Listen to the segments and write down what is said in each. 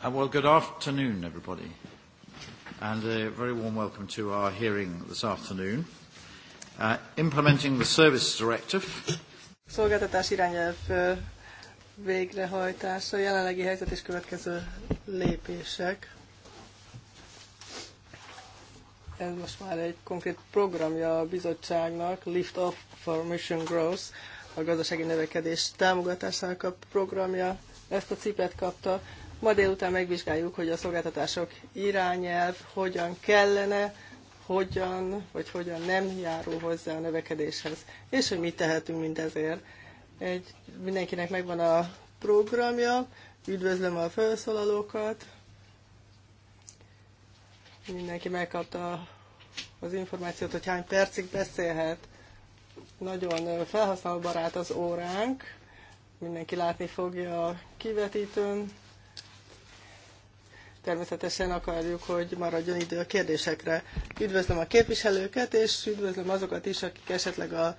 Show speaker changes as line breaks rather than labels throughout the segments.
Uh, well, good afternoon, everybody, and a very warm welcome to our hearing this afternoon. Uh, implementing the Service Directive.
Szolgáltatás irányelv uh, végrehajtása, jelenlegi helyzet és következő lépések. Ez most már egy konkrét programja a bizottságnak, Lift Off for Mission Growth, a gazdasági növekedés támogatásának a programja. Ezt a cipet kapta Ma délután megvizsgáljuk, hogy a szolgáltatások irányelv hogyan kellene, hogyan vagy hogyan nem járul hozzá a növekedéshez, és hogy mit tehetünk mindezért. Egy, mindenkinek megvan a programja, üdvözlöm a felszólalókat, mindenki megkapta az információt, hogy hány percig beszélhet. Nagyon barát az óránk, mindenki látni fogja a kivetítőn természetesen akarjuk, hogy maradjon idő a kérdésekre. Üdvözlöm a képviselőket, és üdvözlöm azokat is, akik esetleg a,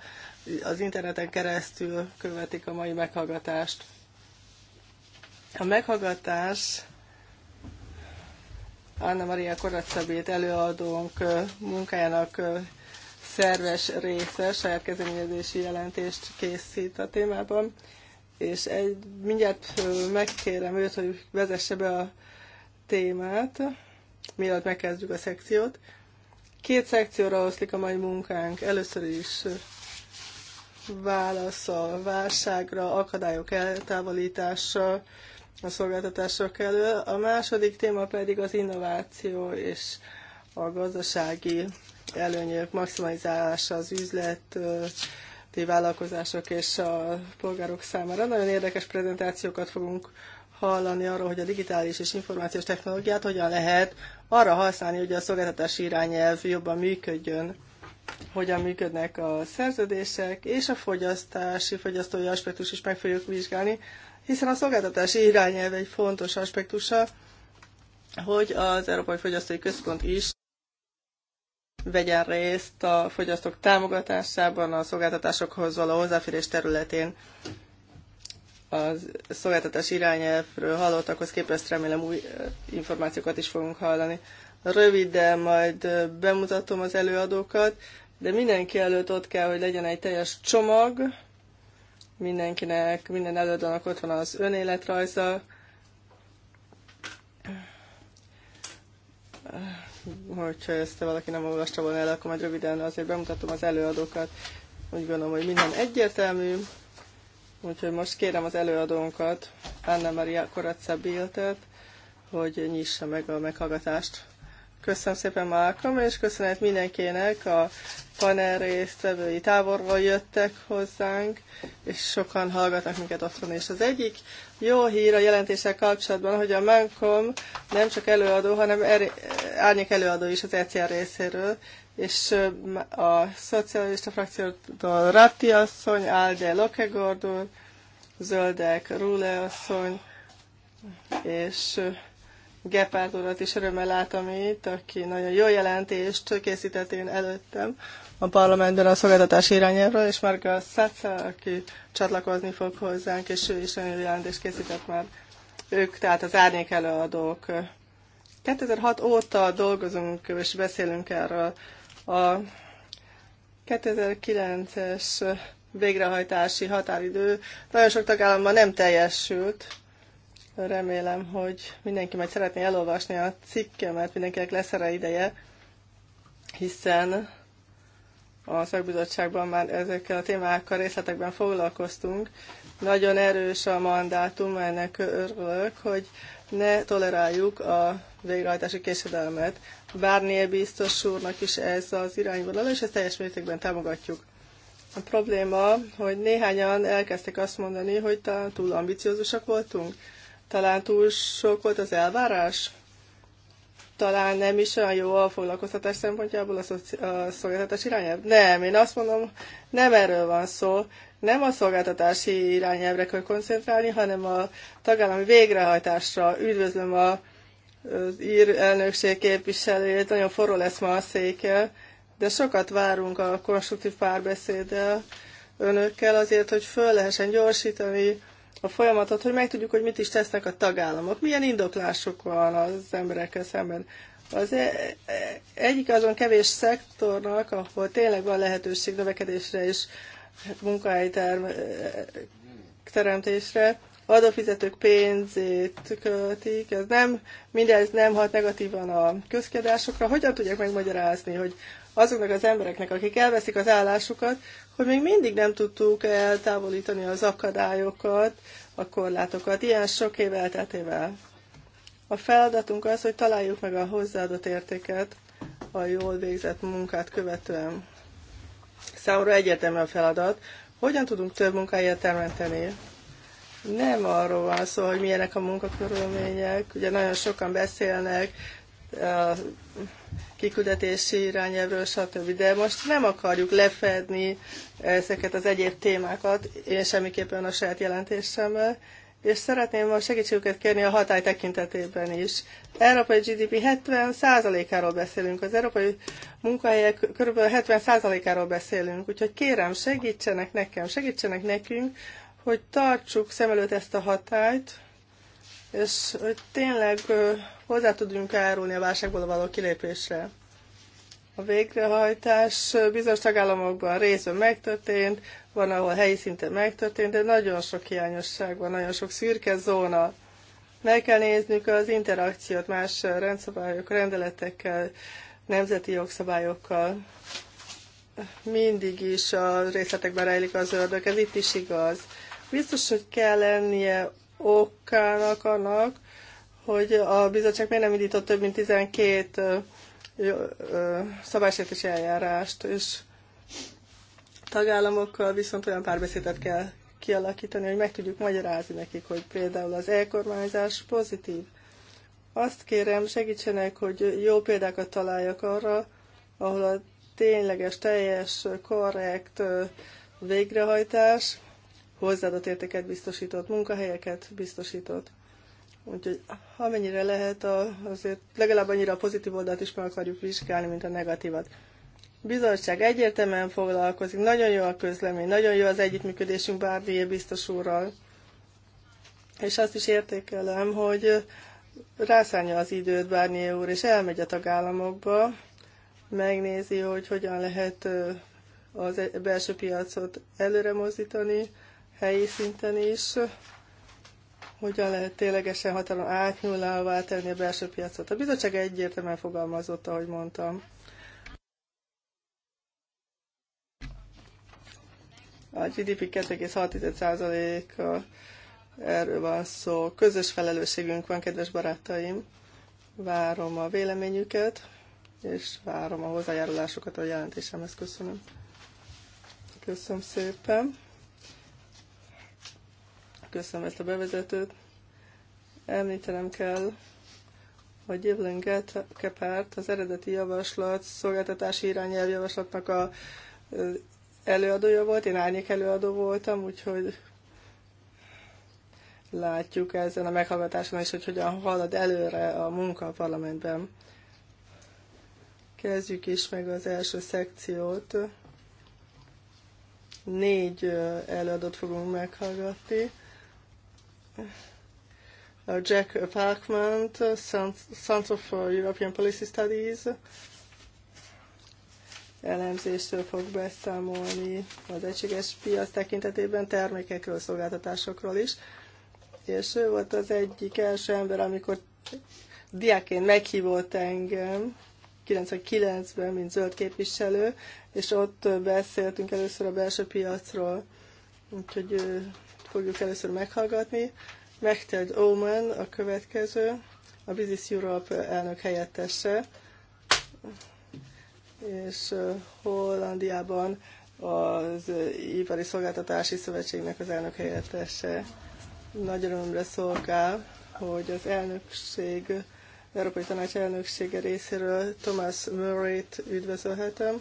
az interneten keresztül követik a mai meghallgatást. A meghallgatás Anna Maria Koracabét előadónk munkájának szerves része, saját kezdeményezési jelentést készít a témában, és egy, mindjárt megkérem őt, hogy vezesse be a témát, mielőtt megkezdjük a szekciót. Két szekcióra oszlik a mai munkánk. Először is válasz a válságra, akadályok eltávolítása a szolgáltatások elől. A második téma pedig az innováció és a gazdasági előnyök maximalizálása az üzlet vállalkozások és a polgárok számára. Nagyon érdekes prezentációkat fogunk hallani arról, hogy a digitális és információs technológiát hogyan lehet arra használni, hogy a szolgáltatási irányelv jobban működjön, hogyan működnek a szerződések, és a fogyasztási, fogyasztói aspektus is meg fogjuk vizsgálni, hiszen a szolgáltatási irányelv egy fontos aspektusa, hogy az Európai Fogyasztói Központ is vegyen részt a fogyasztók támogatásában, a szolgáltatásokhoz való hozzáférés területén az szolgáltatás irányelvről hallottakhoz képest remélem új információkat is fogunk hallani. Röviden majd bemutatom az előadókat, de mindenki előtt ott kell, hogy legyen egy teljes csomag, mindenkinek, minden előadónak ott van az önéletrajza, hogyha ezt valaki nem olvasta volna el, akkor majd röviden azért bemutatom az előadókat. Úgy gondolom, hogy minden egyértelmű, Úgyhogy most kérem az előadónkat, Anna Maria Koratza Biltet, hogy nyissa meg a meghallgatást. Köszönöm szépen Malcolm, és köszönet mindenkinek, a panel résztvevői táborból jöttek hozzánk, és sokan hallgatnak minket otthon. És az egyik jó hír a jelentéssel kapcsolatban, hogy a Malcolm nem csak előadó, hanem er- árnyék előadó is az ECR részéről, és a szocialista frakciótól Ratti asszony, Alde Lokegordul, Zöldek Rule asszony, és Gepárt urat is örömmel látom itt, aki nagyon jó jelentést készített én előttem a parlamentben a szolgáltatás irányáról, és már a Szaca, aki csatlakozni fog hozzánk, és ő is nagyon jó jelentést készített már. Ők, tehát az árnyék előadók. 2006 óta dolgozunk és beszélünk erről a 2009-es végrehajtási határidő nagyon sok tagállamban nem teljesült. Remélem, hogy mindenki majd szeretné elolvasni a cikkemet, mindenkinek lesz erre ideje, hiszen a szakbizottságban már ezekkel a témákkal részletekben foglalkoztunk, nagyon erős a mandátum, ennek örülök, hogy ne toleráljuk a végrehajtási késedelmet. Bárnél biztos úrnak is ez az irányvonal, és ezt teljes mértékben támogatjuk. A probléma, hogy néhányan elkezdtek azt mondani, hogy talán túl ambiciózusak voltunk, talán túl sok volt az elvárás, talán nem is olyan jó a foglalkoztatás szempontjából a, a szolgáltatás irányelv. Nem, én azt mondom, nem erről van szó nem a szolgáltatási irányelvre kell koncentrálni, hanem a tagállami végrehajtásra. Üdvözlöm a, az ír elnökség képviselőjét, nagyon forró lesz ma a széke, de sokat várunk a konstruktív párbeszéddel önökkel azért, hogy föl lehessen gyorsítani a folyamatot, hogy megtudjuk, hogy mit is tesznek a tagállamok, milyen indoklások van az emberekkel szemben. Az e- e- egyik azon kevés szektornak, ahol tényleg van lehetőség növekedésre és munkahelyi term- teremtésre, adófizetők pénzét költik, ez nem, mindez nem hat negatívan a közkedásokra. Hogyan tudják megmagyarázni, hogy azoknak az embereknek, akik elveszik az állásukat, hogy még mindig nem tudtuk eltávolítani az akadályokat, a korlátokat, ilyen sok év elteltével. A feladatunk az, hogy találjuk meg a hozzáadott értéket a jól végzett munkát követően. Számomra egyértelmű feladat, hogyan tudunk több munkáját teremteni. Nem arról van szó, hogy milyenek a munkakörülmények. Ugye nagyon sokan beszélnek a kiküldetési irányelvről, stb. De most nem akarjuk lefedni ezeket az egyéb témákat, én semmiképpen a saját jelentésemmel, és szeretném a segítségüket kérni a hatály tekintetében is. Európai GDP 70%-áról beszélünk, az európai munkahelyek kb. 70%-áról beszélünk, úgyhogy kérem, segítsenek nekem, segítsenek nekünk, hogy tartsuk szem előtt ezt a hatályt, és hogy tényleg hozzá tudjunk árulni a válságból való kilépésre. A végrehajtás bizonyos tagállamokban részben megtörtént, van, ahol helyi szinten megtörtént, de nagyon sok hiányosság van, nagyon sok szürke zóna. Meg kell néznünk az interakciót más rendszabályok, rendeletekkel, nemzeti jogszabályokkal. Mindig is a részletekben rejlik az ördög, ez itt is igaz. Biztos, hogy kell lennie okának annak, hogy a bizottság miért nem indított több mint 12 szabálysértési eljárást, és tagállamokkal viszont olyan párbeszédet kell kialakítani, hogy meg tudjuk magyarázni nekik, hogy például az elkormányzás pozitív. Azt kérem, segítsenek, hogy jó példákat találjak arra, ahol a tényleges, teljes, korrekt végrehajtás hozzáadott értéket biztosított, munkahelyeket biztosított. Úgyhogy amennyire lehet, azért legalább annyira a pozitív oldalt is meg akarjuk vizsgálni, mint a negatívat. Bizottság egyértelműen foglalkozik, nagyon jó a közlemény, nagyon jó az együttműködésünk Bárdié biztos úrral. És azt is értékelem, hogy rászánja az időt Bárnyé úr, és elmegy a tagállamokba, megnézi, hogy hogyan lehet az e- belső piacot előre mozdítani, helyi szinten is, hogyan lehet ténylegesen hatalom átnyúlálva tenni a belső piacot. A bizottság egyértelműen fogalmazott, ahogy mondtam. A GDP 2,6%-a erről van szó. Közös felelősségünk van, kedves barátaim. Várom a véleményüket, és várom a hozzájárulásokat a jelentésemhez. Köszönöm. Köszönöm szépen. Köszönöm ezt a bevezetőt. Említenem kell, hogy Evelyn Gepárt az eredeti javaslat, szolgáltatási irányelvjavaslatnak javaslatnak a előadója volt, én árnyék előadó voltam, úgyhogy látjuk ezen a meghallgatáson is, hogy hogyan halad előre a munka a parlamentben. Kezdjük is meg az első szekciót. Négy előadót fogunk meghallgatni. Jack Parkman, Center for European Policy Studies elemzéstől fog beszámolni az egységes piac tekintetében termékekről, szolgáltatásokról is. És ő volt az egyik első ember, amikor diákén meghívott engem 99-ben, mint zöld képviselő, és ott beszéltünk először a belső piacról. Úgyhogy fogjuk először meghallgatni. Mechted Oman a következő, a Business Europe elnök helyettese, és Hollandiában az Ipari Szolgáltatási Szövetségnek az elnök helyettese. Nagy örömre szolgál, hogy az elnökség, Európai Tanács elnöksége részéről Thomas Murray-t üdvözölhetem,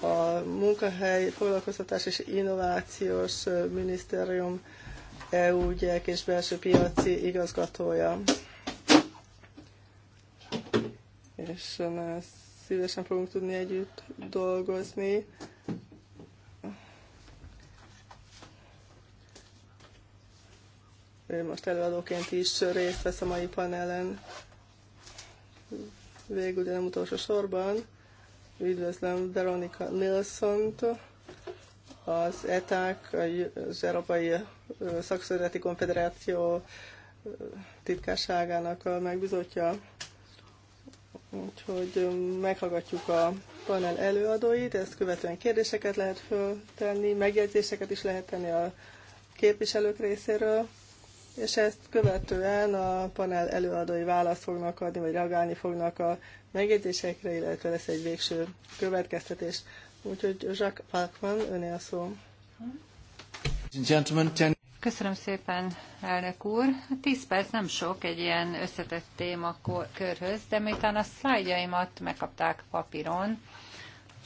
a munkahely, foglalkoztatás és innovációs minisztérium EU ügyek és belső piaci igazgatója. És szívesen fogunk tudni együtt dolgozni. Én most előadóként is részt vesz a mai panelen. Végül, de nem utolsó sorban Üdvözlöm Veronika nilsson az ETAK, az Európai szakszervezeti Konfederáció titkárságának a megbizotja. Úgyhogy meghallgatjuk a panel előadóit, ezt követően kérdéseket lehet föltenni, megjegyzéseket is lehet tenni a képviselők részéről és ezt követően a panel előadói választ fognak adni, vagy reagálni fognak a megjegyzésekre, illetve lesz egy végső következtetés.
Úgyhogy Jacques Parkman, öné a szó. Köszönöm szépen, elnök úr. Tíz perc nem sok egy ilyen összetett témakörhöz, de miután a szlájdjaimat megkapták papíron,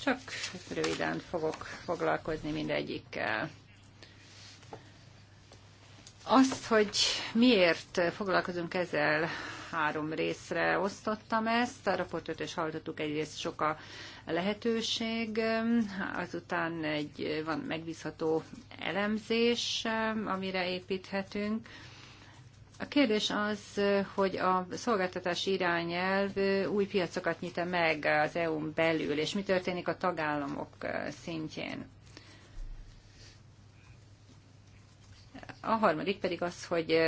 csak röviden fogok foglalkozni mindegyikkel. Azt, hogy miért foglalkozunk ezzel, három részre osztottam ezt. A raportot is hallottuk, egyrészt sok a lehetőség, azután egy van megbízható elemzés, amire építhetünk. A kérdés az, hogy a szolgáltatás irányelv új piacokat nyit -e meg az EU-n belül, és mi történik a tagállamok szintjén. A harmadik pedig az, hogy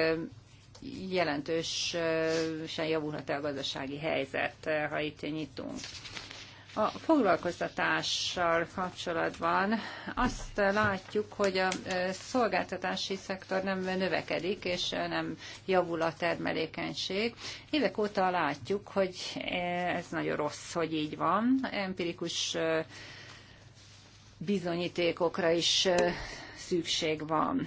jelentősen javulhat el a gazdasági helyzet, ha itt nyitunk. A foglalkoztatással kapcsolatban azt látjuk, hogy a szolgáltatási szektor nem növekedik, és nem javul a termelékenység. Évek óta látjuk, hogy ez nagyon rossz, hogy így van. Empirikus bizonyítékokra is szükség van.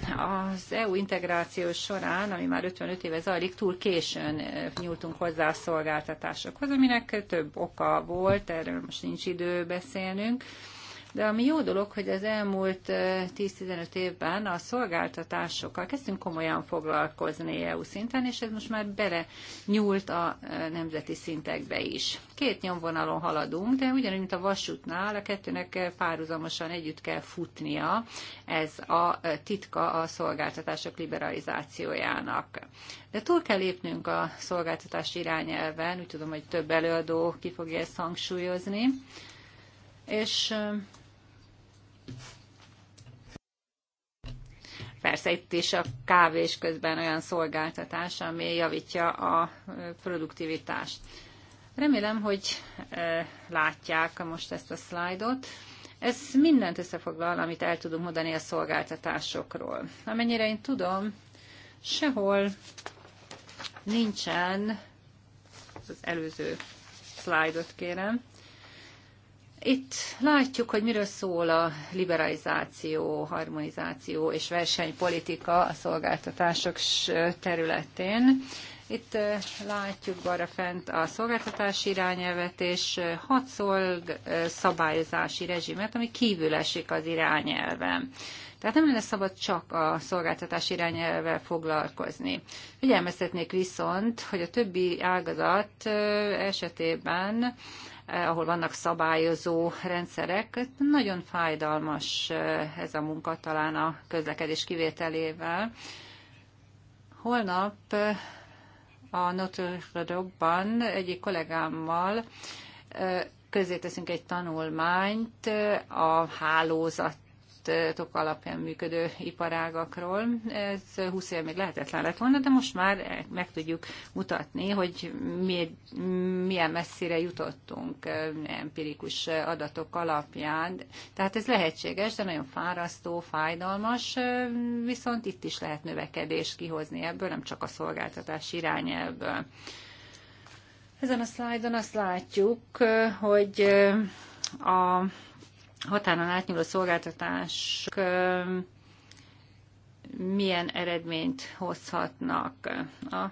Az EU integráció során, ami már 55 éve zajlik, túl későn eh, nyúltunk hozzá a szolgáltatásokhoz, aminek több oka volt, erről most nincs idő beszélnünk. De ami jó dolog, hogy az elmúlt 10-15 évben a szolgáltatásokkal kezdtünk komolyan foglalkozni EU szinten, és ez most már bele nyúlt a nemzeti szintekbe is. Két nyomvonalon haladunk, de ugyanúgy, mint a vasútnál, a kettőnek párhuzamosan együtt kell futnia. Ez a titka a szolgáltatások liberalizációjának. De túl kell lépnünk a szolgáltatás irányelven, úgy tudom, hogy több előadó ki fogja ezt hangsúlyozni. És Persze itt is a kávés közben olyan szolgáltatás, ami javítja a produktivitást. Remélem, hogy látják most ezt a szlájdot. Ez mindent összefoglal, amit el tudunk mondani a szolgáltatásokról. Amennyire én tudom, sehol nincsen, az előző szlájdot kérem, itt látjuk, hogy miről szól a liberalizáció, harmonizáció és versenypolitika a szolgáltatások területén. Itt látjuk balra fent a szolgáltatási irányelvet és hat szolg szabályozási rezsimet, ami kívül esik az irányelven. Tehát nem lenne szabad csak a szolgáltatás irányelvvel foglalkozni.
Figyelmeztetnék
viszont, hogy a többi ágazat esetében Eh, ahol vannak szabályozó rendszerek. Nagyon fájdalmas eh, ez a munka talán a közlekedés kivételével. Holnap eh, a Notre-Dame-ban egyik kollégámmal közzéteszünk egy tanulmányt a hálózat adatok alapján működő iparágakról. Ez 20 év még lehetetlen lett volna, de most már meg tudjuk mutatni, hogy mi, milyen messzire jutottunk eh, empirikus adatok alapján. Tehát ez lehetséges, de nagyon fárasztó, fájdalmas, eh, viszont itt is lehet növekedést kihozni ebből, nem csak a szolgáltatás irányelvből. Ezen a szlájdon azt látjuk, eh, hogy a határon átnyúló szolgáltatások milyen eredményt hozhatnak. A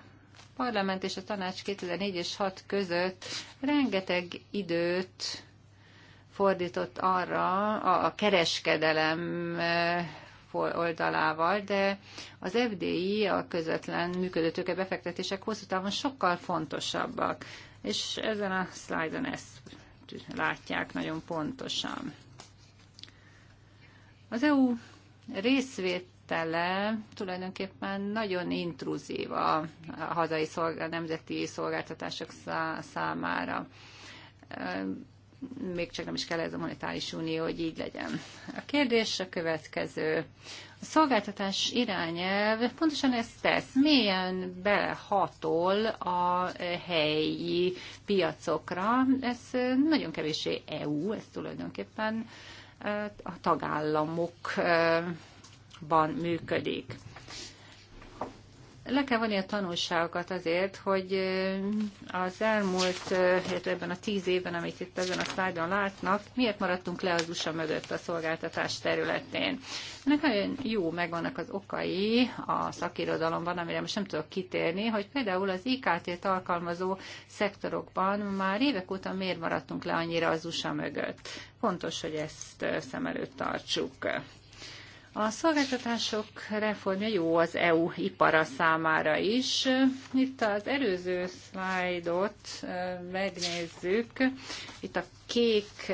parlament és a tanács 2004 és 6 között rengeteg időt fordított arra a kereskedelem oldalával, de az FDI, a közvetlen működőtőke befektetések hosszú távon sokkal fontosabbak, és ezen a szlájdon ezt látják nagyon pontosan. Az EU részvétele tulajdonképpen nagyon intruzív a hazai szolgál, nemzeti szolgáltatások számára. Még csak nem is kell ez a monetáris unió, hogy így legyen. A kérdés a következő. A szolgáltatás irányelv pontosan ezt tesz. Milyen belehatol a helyi piacokra? Ez nagyon kevésé EU, ez tulajdonképpen a tagállamokban működik le kell vonni a tanulságokat azért, hogy az elmúlt, ebben a tíz évben, amit itt ezen a szlájdon látnak, miért maradtunk le az USA mögött a szolgáltatás területén. Ennek nagyon jó megvannak az okai a szakirodalomban, amire most nem tudok kitérni, hogy például az IKT-t alkalmazó szektorokban már évek óta miért maradtunk le annyira az USA mögött. Fontos, hogy ezt szem előtt tartsuk. A szolgáltatások reformja jó az EU ipara számára is. Itt az előző szlájdot megnézzük. Itt a kék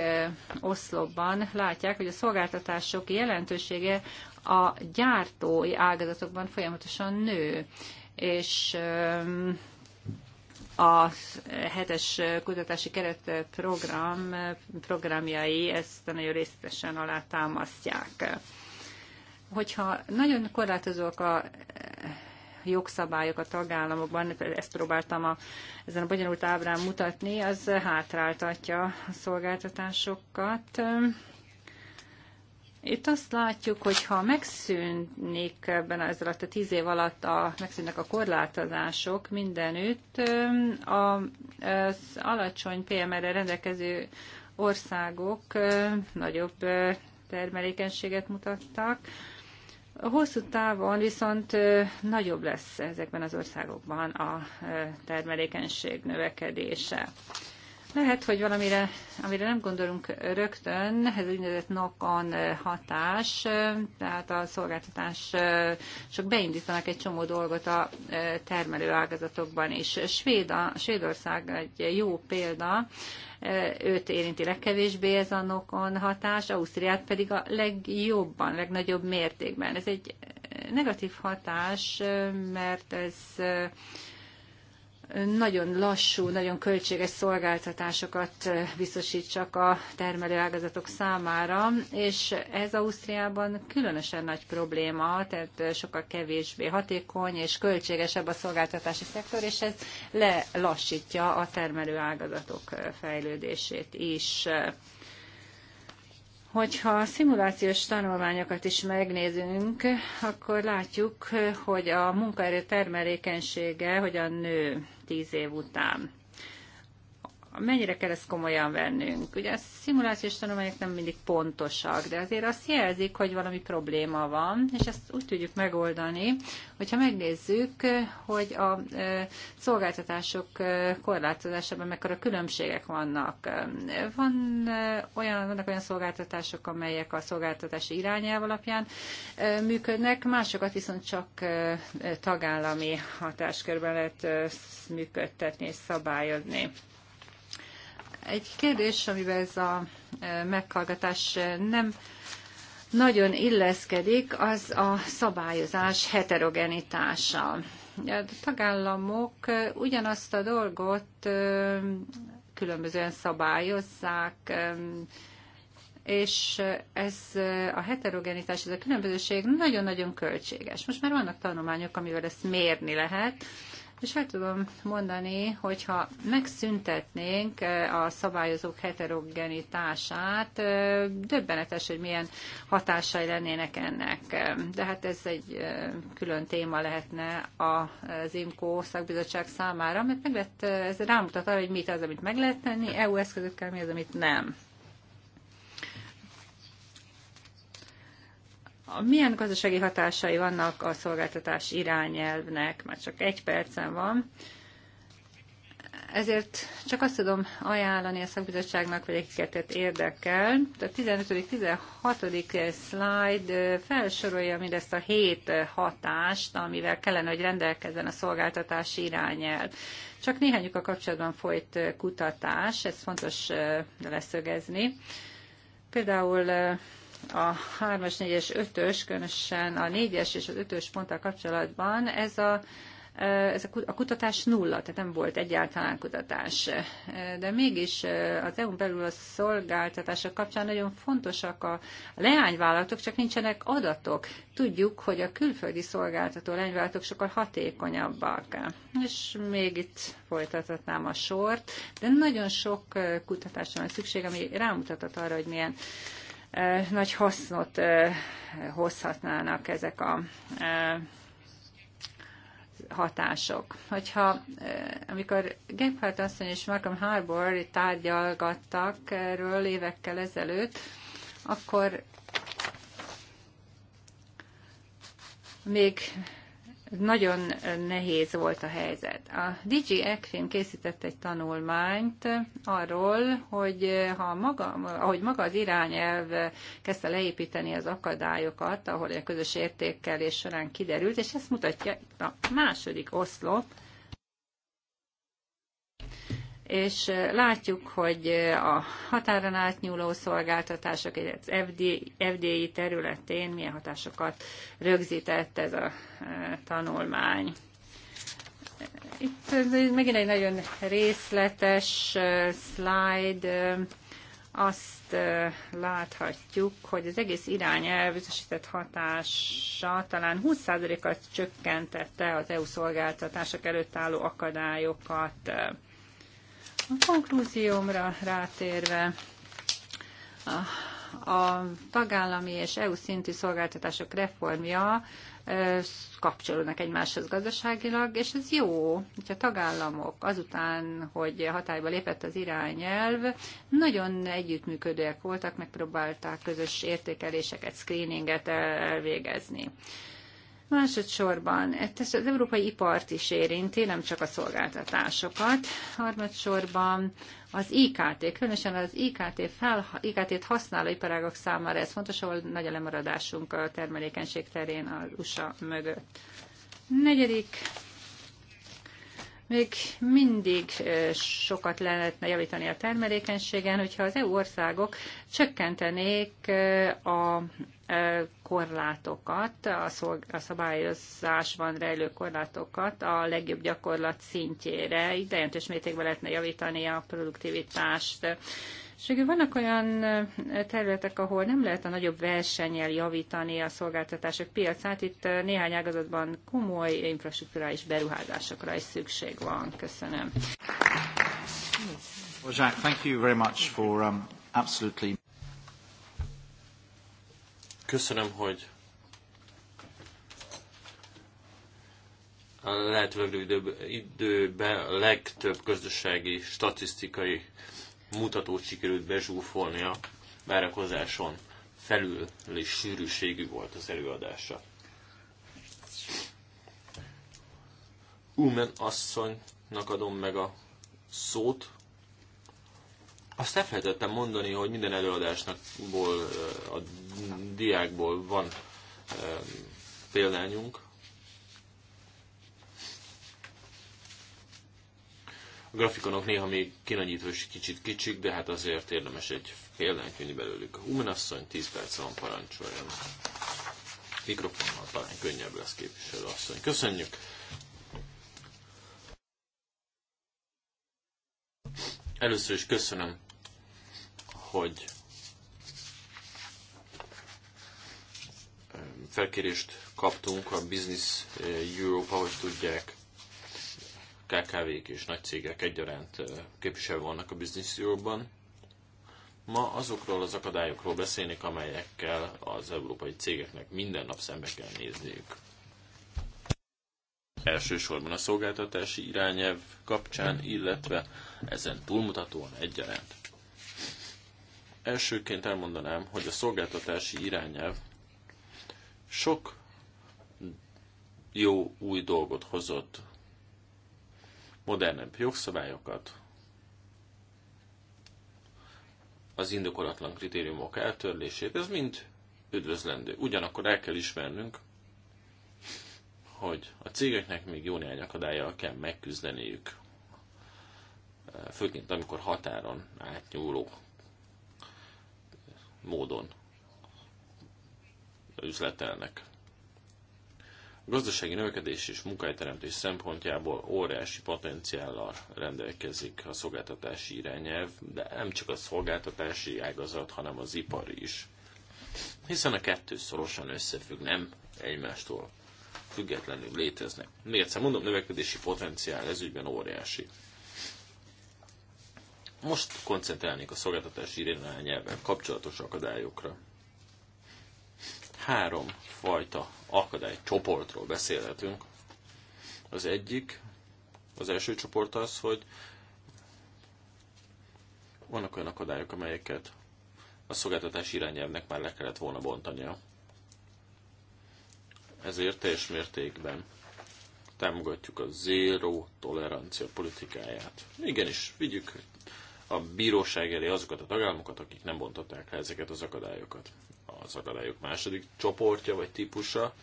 oszlopban látják, hogy a szolgáltatások jelentősége a gyártói ágazatokban folyamatosan nő, és a hetes kutatási keret program programjai ezt nagyon részletesen alátámasztják hogyha nagyon korlátozók a eh, jogszabályok a tagállamokban, ezt próbáltam a, ezen a bonyolult ábrán mutatni, az hátráltatja a szolgáltatásokat. Itt azt látjuk, hogy ha megszűnnék ebben ez alatt a tíz év alatt a, megszűnnek a korlátozások mindenütt, eh, az alacsony PMR-re rendelkező országok eh, nagyobb termelékenységet mutattak, Hosszú távon viszont nagyobb lesz ezekben az országokban a termelékenység növekedése. Lehet, hogy valamire, amire nem gondolunk rögtön, ez úgynevezett nokon hatás, tehát a szolgáltatás sok beindítanak egy csomó dolgot a termelő ágazatokban is. Svéd, Svédország egy jó példa, őt érinti legkevésbé ez a nokon hatás, Ausztriát pedig a legjobban, legnagyobb mértékben. Ez egy negatív hatás, mert ez nagyon lassú, nagyon költséges szolgáltatásokat eh, biztosít a termelőágazatok számára, és ez Ausztriában különösen nagy probléma, tehát eh, sokkal kevésbé hatékony és költségesebb a szolgáltatási szektor, és ez lelassítja a termelőágazatok eh, fejlődését is. Hogyha a szimulációs tanulmányokat is megnézünk, akkor látjuk, hogy a munkaerő termelékenysége hogyan nő tíz év után mennyire kell ezt komolyan vennünk? Ugye a szimulációs tanulmányok nem mindig pontosak, de azért azt jelzik, hogy valami probléma van, és ezt úgy tudjuk megoldani, hogyha megnézzük, hogy a szolgáltatások korlátozásában mekkora különbségek vannak. Van olyan, vannak olyan szolgáltatások, amelyek a szolgáltatási irányelv alapján működnek, másokat viszont csak tagállami hatáskörben lehet működtetni és szabályozni. Egy kérdés, amivel ez a e, meghallgatás e, nem nagyon illeszkedik, az a szabályozás heterogenitása. A tagállamok e, ugyanazt a dolgot különbözően szabályozzák, és ez a heterogenitás, ez a különbözőség nagyon-nagyon költséges. Most már vannak tanulmányok, amivel ezt mérni lehet, és el tudom mondani, hogyha megszüntetnénk eh, a szabályozók heterogenitását, eh, döbbenetes, hogy milyen hatásai lennének ennek. De hát ez egy eh, külön téma lehetne az IMCO szakbizottság számára, mert meg lett, ez rámutat arra, hogy mit az, amit meg lehet tenni EU eszközökkel, mi az, amit nem. Milyen gazdasági hatásai vannak a szolgáltatás irányelvnek? Már csak egy percen van. Ezért csak azt tudom ajánlani a szakbizottságnak, hogy akiket érdekel. A 15.-16. slide felsorolja mindezt a hét hatást, amivel kellene, hogy rendelkezzen a szolgáltatás irányelv. Csak néhányuk a kapcsolatban folyt kutatás, ez fontos leszögezni. Például a 3-as, 4-es, 5-ös, különösen a 4-es és az 5-ös ponttal kapcsolatban ez a e, ez a kutatás nulla, tehát nem volt egyáltalán kutatás. E, de mégis e, az EU-n belül a szolgáltatások kapcsán nagyon fontosak a leányvállalatok, csak nincsenek adatok. Tudjuk, hogy a külföldi szolgáltató leányvállalatok sokkal hatékonyabbak. És még itt folytathatnám a sort, de nagyon sok kutatásra van szükség, ami rámutatott arra, hogy milyen nagy hasznot hozhatnának ezek a hatások. Hogyha, amikor Gephardt asszony és Malcolm Harbour tárgyalgattak erről évekkel ezelőtt, akkor még nagyon nehéz volt a helyzet. A DG Ekfin készített egy tanulmányt arról, hogy ha maga, ahogy maga az irányelv kezdte leépíteni az akadályokat, ahol a közös értékelés során kiderült, és ezt mutatja itt a második oszlop, és látjuk, hogy a határon átnyúló szolgáltatások, az FDI területén milyen hatásokat rögzített ez a tanulmány. Itt megint egy nagyon részletes slide, azt láthatjuk, hogy az egész irány elbizsített hatása talán 20%-at csökkentette az EU szolgáltatások előtt álló akadályokat. A konklúziómra rátérve, a, tagállami és EU szintű szolgáltatások reformja kapcsolódnak egymáshoz gazdaságilag, és ez jó, hogyha tagállamok azután, hogy hatályba lépett az irányelv, nagyon együttműködőek voltak, megpróbálták közös értékeléseket, screeninget elvégezni. Másodszorban ez az európai ipart is érinti, nem csak a szolgáltatásokat. Harmadsorban az IKT, különösen az IKT fel, IKT-t használó iparágok számára ez fontos, ahol nagy a lemaradásunk a termelékenység terén az USA mögött. Negyedik, még mindig sokat lehetne javítani a termelékenységen, hogyha az EU országok csökkentenék a korlátokat, a, szolg- a szabályozásban rejlő korlátokat a legjobb gyakorlat szintjére. Itt jelentős mértékben lehetne javítani a produktivitást. És vannak olyan eh, területek, ahol nem lehet a nagyobb versennyel javítani a szolgáltatások piacát. Itt eh, néhány ágazatban komoly infrastruktúrális beruházásokra is szükség van. Köszönöm.
Well, Jack, thank you very much for um, absolutely Köszönöm, hogy
a lehető időben a legtöbb gazdasági, statisztikai mutatót sikerült bezsúfolni a várakozáson felül és sűrűségű volt az előadása. Umen asszonynak adom meg a szót, azt elfelejtettem mondani, hogy minden előadásnakból, a diákból van példányunk. A grafikonok néha még kinagyítva is kicsit kicsik, de hát azért érdemes egy példánykönyv belőlük. Humanasszony 10 perc van parancsoljon. Mikrofonnal talán könnyebb lesz képviselő asszony. Köszönjük! Először is köszönöm hogy felkérést kaptunk a Business Europe, ahogy tudják, KKV-k és nagy cégek egyaránt képviselve vannak a Business Europe-ban. Ma azokról az akadályokról beszélnék, amelyekkel az európai cégeknek minden nap szembe kell nézniük. Elsősorban a szolgáltatási irányelv kapcsán, illetve ezen túlmutatóan egyaránt. Elsőként elmondanám, hogy a szolgáltatási irányelv sok jó új dolgot hozott, modernebb jogszabályokat, az indokolatlan kritériumok eltörlését, ez mind üdvözlendő. Ugyanakkor el kell ismernünk, hogy a cégeknek még jó néhány akadályjal kell megküzdeniük, főként amikor határon átnyúló módon üzletelnek. A gazdasági növekedés és munkahelyteremtés szempontjából óriási potenciállal rendelkezik a szolgáltatási irányelv, de nem csak a szolgáltatási ágazat, hanem az ipari is. Hiszen a kettő szorosan összefügg, nem egymástól függetlenül léteznek. Még egyszer mondom, növekedési potenciál ez ügyben óriási. Most koncentrálnék a szolgáltatás irányelvvel kapcsolatos akadályokra. Három fajta akadálycsoportról beszélhetünk. Az egyik, az első csoport az, hogy vannak olyan akadályok, amelyeket a szolgáltatás irányelvnek már le kellett volna bontania. Ezért teljes mértékben támogatjuk a zéró tolerancia politikáját. Igenis, vigyük a bíróság elé azokat a tagállamokat, akik nem bontották le ezeket az akadályokat. Az akadályok második csoportja vagy típusa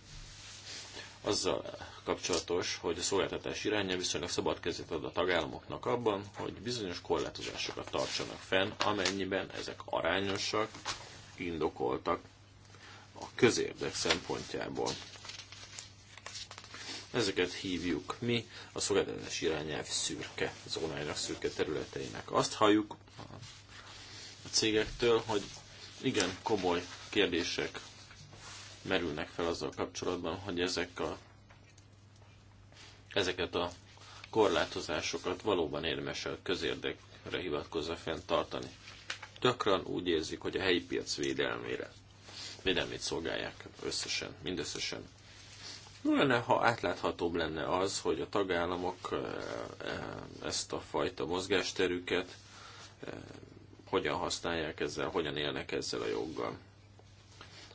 azzal kapcsolatos, hogy a szolgáltatás irányja viszonylag szabad kezét ad a tagállamoknak abban, hogy bizonyos korlátozásokat tartsanak fenn, amennyiben ezek arányosak, indokoltak a közérdek szempontjából. Ezeket hívjuk mi a szolgáltatás irányelv szürke zónájának szürke területeinek. Azt halljuk a cégektől, hogy igen komoly kérdések merülnek fel azzal kapcsolatban, hogy ezek a, ezeket a korlátozásokat valóban érdemes a közérdekre hivatkozva fenntartani. Tökran úgy érzik, hogy a helyi piac védelmére, védelmét szolgálják összesen, mindösszesen. Jó lenne, ha átláthatóbb lenne az, hogy a tagállamok eh, eh, ezt a fajta mozgásterüket eh, hogyan használják ezzel, hogyan élnek ezzel a joggal.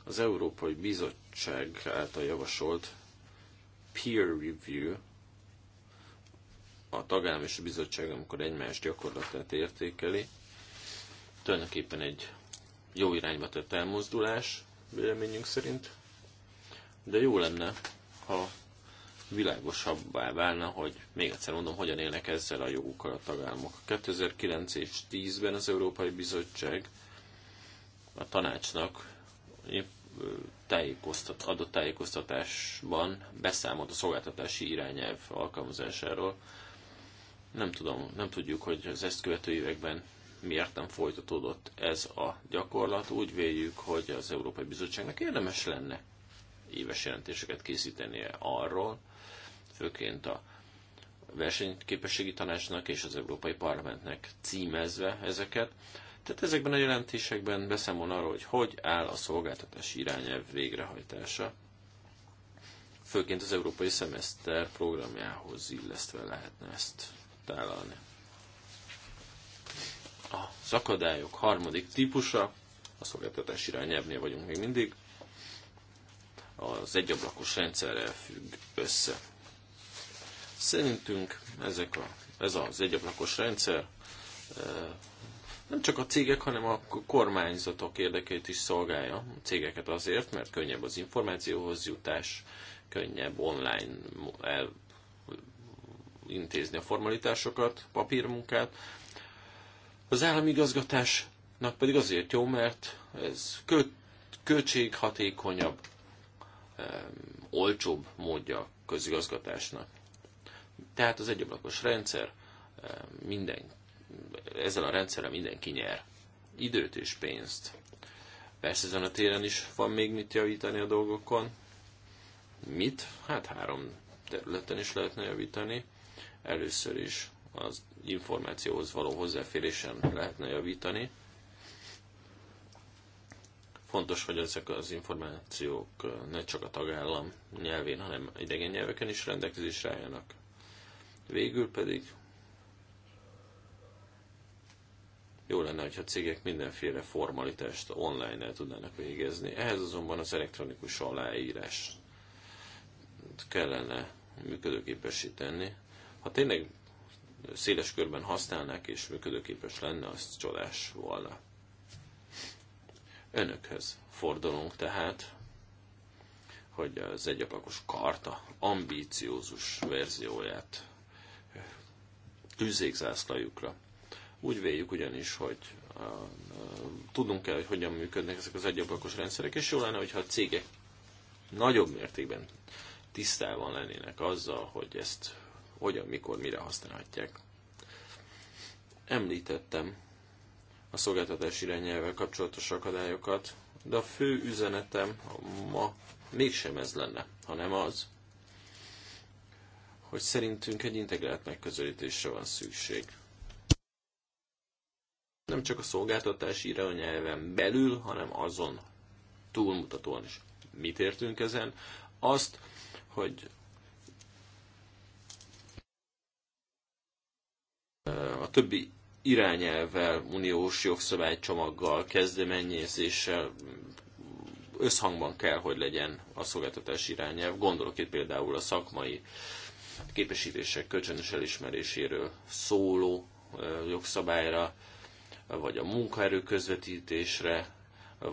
Az Európai Bizottság által javasolt peer review a tagállam és a bizottság, amikor egymás gyakorlatát értékeli, tulajdonképpen egy jó irányba tett elmozdulás, véleményünk szerint, de jó lenne, ha világosabbá válna, hogy még egyszer mondom, hogyan élnek ezzel a jogukkal a tagállamok. 2009 és 10-ben az Európai Bizottság a tanácsnak tájékoztat, adott tájékoztatásban beszámolt a szolgáltatási irányelv alkalmazásáról. Nem tudom, nem tudjuk, hogy az ezt követő években miért nem folytatódott ez a gyakorlat. Úgy véljük, hogy az Európai Bizottságnak érdemes lenne éves jelentéseket készítenie arról, főként a versenyképességi tanácsnak és az Európai Parlamentnek címezve ezeket. Tehát ezekben a jelentésekben beszámol arról, hogy hogy áll a szolgáltatási irányelv végrehajtása, főként az európai szemeszter programjához illesztve lehetne ezt tálalni. A szakadályok harmadik típusa, a szolgáltatás irányelvnél vagyunk még mindig, az egyablakos rendszerrel függ össze.
Szerintünk
ezek a, ez az egyablakos rendszer e, nem csak a cégek, hanem a kormányzatok érdekeit is szolgálja. A cégeket azért, mert könnyebb az információhoz jutás, könnyebb online el, intézni a formalitásokat, papírmunkát. Az állami igazgatásnak pedig azért jó, mert ez költséghatékonyabb, olcsóbb módja a közigazgatásnak. Tehát az egyablakos rendszer, minden, ezzel a rendszerrel mindenki nyer időt és pénzt. Persze ezen a téren is van még mit javítani a dolgokon. Mit? Hát három területen is lehetne javítani. Először is az információhoz való hozzáférésen lehetne javítani. Fontos, hogy ezek az információk ne csak a tagállam nyelvén, hanem idegen nyelveken is rendelkezésre álljanak. Végül pedig jó lenne, hogyha cégek mindenféle formalitást online el tudnának végezni. Ehhez azonban az elektronikus aláírás kellene működőképesíteni. Ha tényleg széles körben használnák és működőképes lenne, az csodás volna. Önökhöz fordulunk tehát, hogy az egyapakos karta ambíciózus verzióját tűzzék Úgy véljük ugyanis, hogy a, a, kell, hogy hogyan működnek ezek az egyablakos rendszerek, és jó lenne, hogyha a cégek nagyobb mértékben tisztában lennének azzal, hogy ezt hogyan, mikor, mire használhatják. Említettem a szolgáltatás irányelvvel kapcsolatos akadályokat, de a fő üzenetem ma mégsem ez lenne, hanem az, hogy szerintünk egy integrált megközelítésre van szükség. Nem csak a szolgáltatás irányelven belül, hanem azon túlmutatóan is. Mit értünk ezen? Azt, hogy eh, a többi irányelvvel, uniós jogszabálycsomaggal, kezdeményezéssel összhangban kell, hogy legyen a szolgáltatás irányelv. Gondolok itt például a szakmai képesítések kölcsönös elismeréséről szóló jogszabályra, vagy a munkaerő közvetítésre,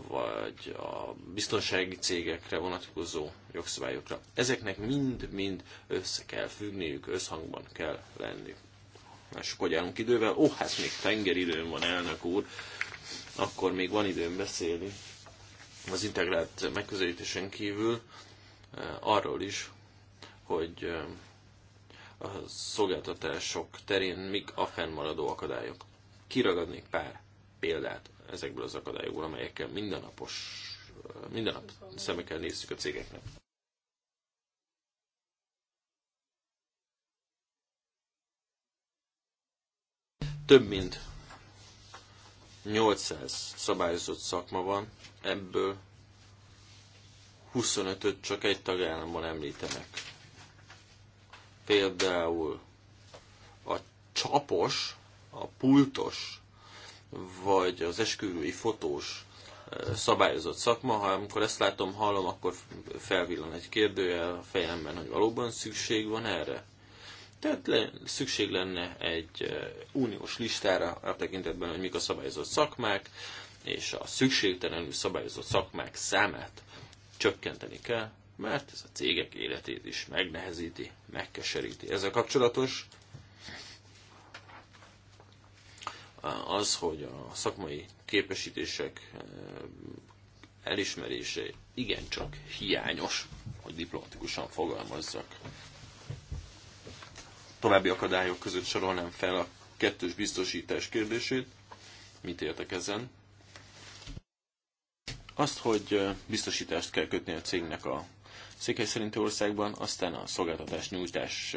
vagy a biztonsági cégekre vonatkozó jogszabályokra. Ezeknek mind-mind össze kell függniük, összhangban kell lenniük és hogy állunk idővel. Ó, oh, hát még tengeridőm van, elnök úr. Akkor még van időm beszélni az integrált megközelítésen kívül eh, arról is, hogy eh, a szolgáltatások terén mik a fennmaradó akadályok. Kiragadnék pár példát ezekből az akadályokból, amelyekkel mindennapos, eh, minden nap szemekkel nézzük a cégeknek. Több mint 800 szabályozott szakma van, ebből 25-öt csak egy tagállamban említenek. Például a csapos, a pultos, vagy az esküvői fotós e, szabályozott szakma. Ha amikor ezt látom, hallom, akkor felvillan egy kérdőjel a fejemben, hogy valóban szükség van erre. Tehát le, szükség lenne egy uniós listára a tekintetben, hogy mik a szabályozott szakmák, és a szükségtelenül szabályozott szakmák számát csökkenteni kell, mert ez a cégek életét is megnehezíti, megkeseríti. Ezzel kapcsolatos az, hogy a szakmai képesítések elismerése igencsak hiányos, hogy diplomatikusan fogalmazzak további akadályok között sorolnám fel a kettős biztosítás kérdését. Mit értek ezen? Azt, hogy biztosítást kell kötni a cégnek a székely szerinti országban, aztán a szolgáltatás nyújtás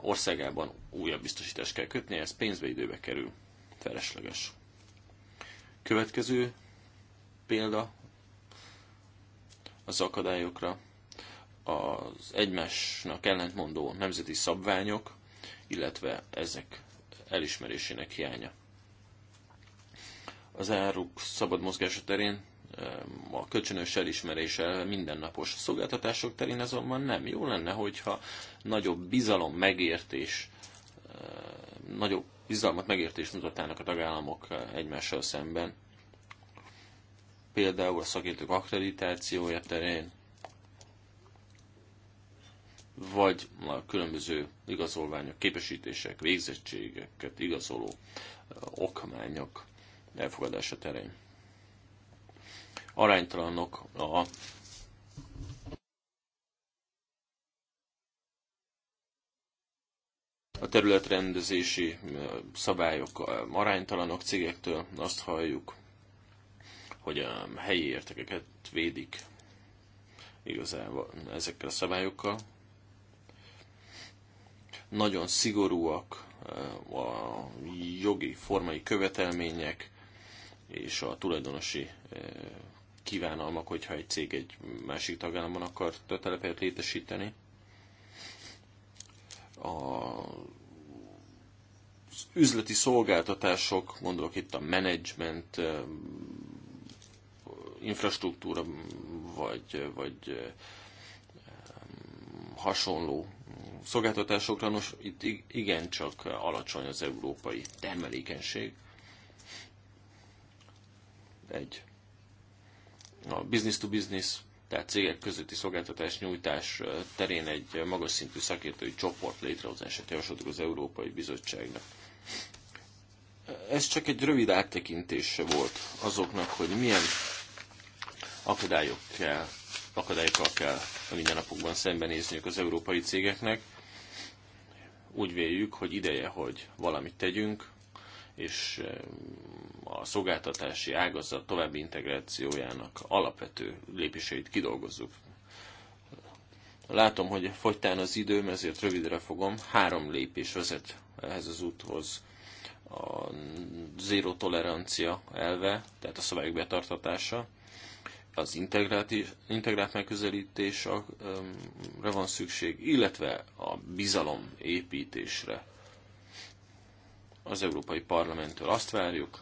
országában újabb biztosítást kell kötni, ez pénzbe időbe kerül. Felesleges. Következő példa az akadályokra az egymásnak ellentmondó nemzeti szabványok, illetve ezek elismerésének hiánya. Az áruk szabad mozgása terén eh, a kölcsönös elismerése mindennapos szolgáltatások terén azonban nem. Jó lenne, hogyha nagyobb bizalom, megértés, eh, nagyobb bizalmat, megértés mutatnának a tagállamok eh, egymással szemben. Például a szakértők akkreditációja terén, vagy a különböző igazolványok, képesítések, végzettségeket igazoló okmányok elfogadása terén. Aránytalanok a a területrendezési szabályok aránytalanok cégektől, azt halljuk, hogy a helyi értekeket védik igazából ezekkel a szabályokkal nagyon szigorúak eh, a jogi, formai követelmények és a tulajdonosi eh, kívánalmak, hogyha egy cég egy másik tagállamban akar telepet létesíteni. A üzleti szolgáltatások, gondolok itt a menedzsment, eh, infrastruktúra, vagy, vagy hasonló szolgáltatásokra, nos itt igencsak alacsony az európai termelékenység. Egy a business to business, tehát cégek közötti szolgáltatás nyújtás terén egy magas szintű szakértői csoport létrehozását javasoltuk az Európai Bizottságnak. Ez csak egy rövid áttekintése volt azoknak, hogy milyen akadályok kell akadályokkal kell a mindennapokban szembenézniük az európai cégeknek. Úgy véljük, hogy ideje, hogy valamit tegyünk, és eh, a szolgáltatási ágazat további integrációjának alapvető lépéseit kidolgozzuk. Látom, hogy fogytán az időm, ezért rövidre fogom. Három lépés vezet ehhez az úthoz. A zéró tolerancia elve, tehát a szabályok betartatása, az integrált, integrált megközelítésre um, van szükség, illetve a bizalom építésre. Az Európai Parlamenttől azt várjuk,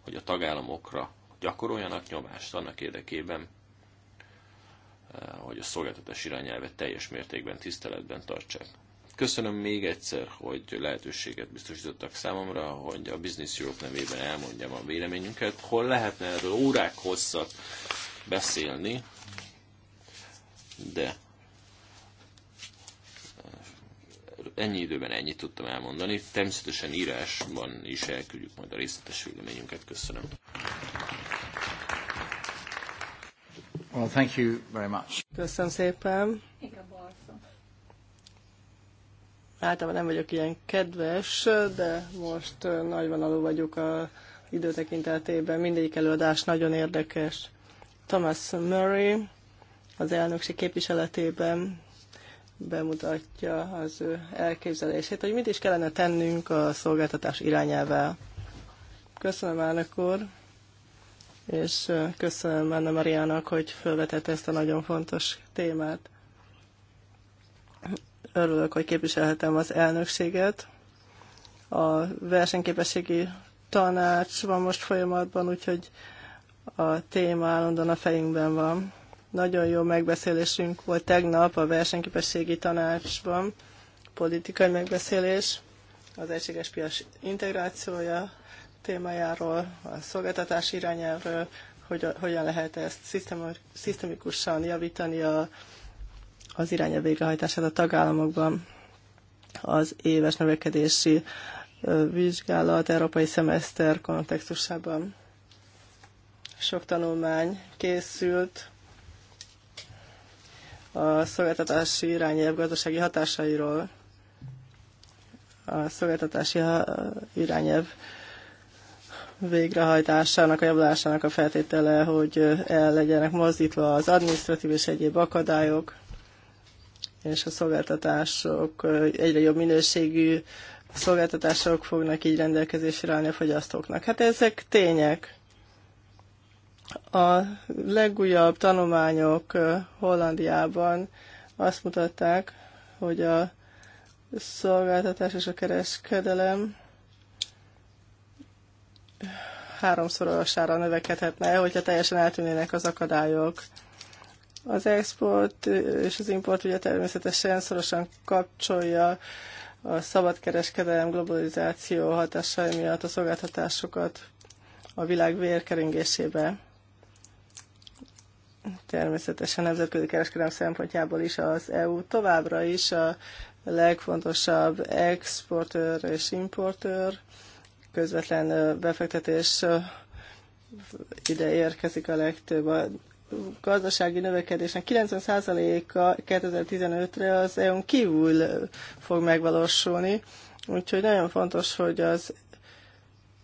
hogy a tagállamokra gyakoroljanak nyomást annak érdekében, eh, hogy a szolgáltatás irányelvet teljes mértékben tiszteletben tartsák. Köszönöm még egyszer, hogy lehetőséget biztosítottak számomra, hogy a Business Europe nevében elmondjam a véleményünket. Hol lehetne erről órák hosszat beszélni, de eh, ennyi időben ennyit tudtam elmondani. Természetesen írásban is elküldjük majd a részletes véleményünket. Köszönöm.
Well, thank you very much.
Köszönöm szépen. Általában nem vagyok ilyen kedves, de most nagyvonalú vagyok a időtekintetében. Mindegyik előadás nagyon érdekes. Thomas Murray az elnökség képviseletében bemutatja az ő elképzelését, hogy mit is kellene tennünk a szolgáltatás irányával. Köszönöm, elnök úr, és köszönöm Anna Mariának, hogy felvetett ezt a nagyon fontos témát. Örülök, hogy képviselhetem az elnökséget. A versenyképességi tanács van most folyamatban, úgyhogy a téma állandóan a fejünkben van. Nagyon jó megbeszélésünk volt tegnap a versenyképességi tanácsban, politikai megbeszélés, az egységes piac integrációja témájáról, a szolgáltatás irányáról hogy, hogyan lehet ezt szisztemikusan javítani a az irányelv végrehajtását a tagállamokban. Az éves növekedési vizsgálat európai szemeszter kontextusában. Sok tanulmány készült a szolgáltatási irányelv gazdasági hatásairól. A szolgáltatási irányelv végrehajtásának, a javulásának a feltétele, hogy el legyenek mozdítva az administratív és egyéb akadályok, és a szolgáltatások egyre jobb minőségű szolgáltatások fognak így rendelkezésre állni a fogyasztóknak. Hát ezek tények. A legújabb tanulmányok Hollandiában azt mutatták, hogy a szolgáltatás és a kereskedelem háromszorosára növekedhetne, hogyha teljesen eltűnének az akadályok. Az export és az import ugye természetesen szorosan kapcsolja a szabadkereskedelem globalizáció hatásai miatt a szolgáltatásokat a világ vérkeringésébe. Természetesen nemzetközi kereskedelem szempontjából is az EU továbbra is a legfontosabb exportőr és importőr, közvetlen befektetés ide érkezik a legtöbb a gazdasági növekedésnek 90%-a 2015-re az EU-n kívül fog megvalósulni, úgyhogy nagyon fontos, hogy az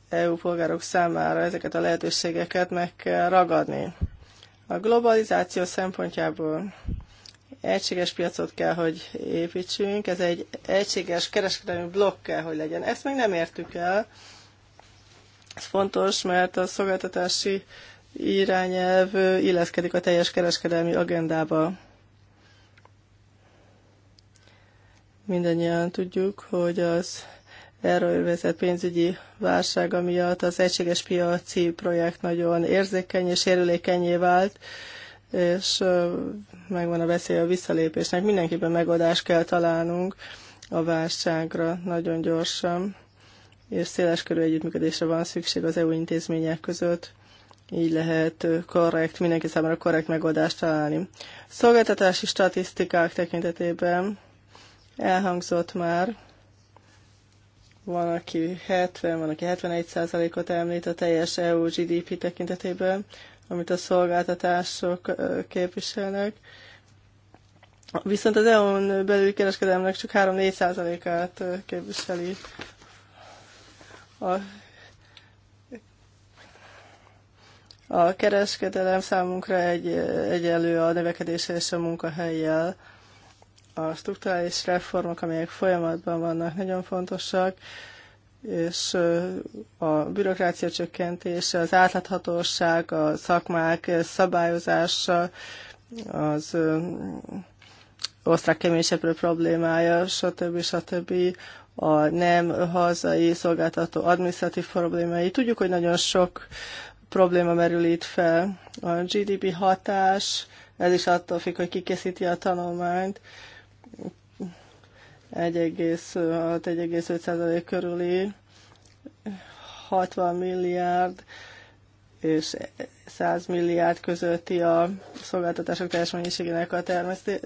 EU polgárok számára ezeket a lehetőségeket meg kell ragadni. A globalizáció szempontjából egységes piacot kell, hogy építsünk, ez egy egységes kereskedelmi blokk kell, hogy legyen. Ezt még nem értük el. Ez fontos, mert a szolgáltatási irányelv illeszkedik a teljes kereskedelmi agendába. Mindennyian tudjuk, hogy az euróvezet pénzügyi válsága miatt az egységes piaci projekt nagyon érzékeny és érülékenyé vált, és megvan a veszély a visszalépésnek. Mindenképpen megoldást kell találnunk a válságra nagyon gyorsan, és széleskörű együttműködésre van szükség az EU intézmények között így lehet korrekt, mindenki számára korrekt megoldást találni. Szolgáltatási statisztikák tekintetében elhangzott már, van, aki 70, van, aki 71%-ot említ a teljes EU GDP tekintetében, amit a szolgáltatások képviselnek. Viszont az EU-n belül kereskedelemnek csak 3-4%-át képviseli a A kereskedelem számunkra egy, egyenlő a növekedés és a munkahelyjel. A struktúrális reformok, amelyek folyamatban vannak, nagyon fontosak, és a bürokrácia csökkentése, az átláthatóság, a szakmák szabályozása, az osztrák keménysebb problémája, stb. stb. a nem hazai szolgáltató adminisztratív problémái. Tudjuk, hogy nagyon sok probléma merül itt fel. A GDP hatás, ez is attól függ, hogy kikészíti a tanulmányt, 15 15 százalék körüli 60 milliárd és 100 milliárd közötti a szolgáltatások teljes mennyiségének a termeszté-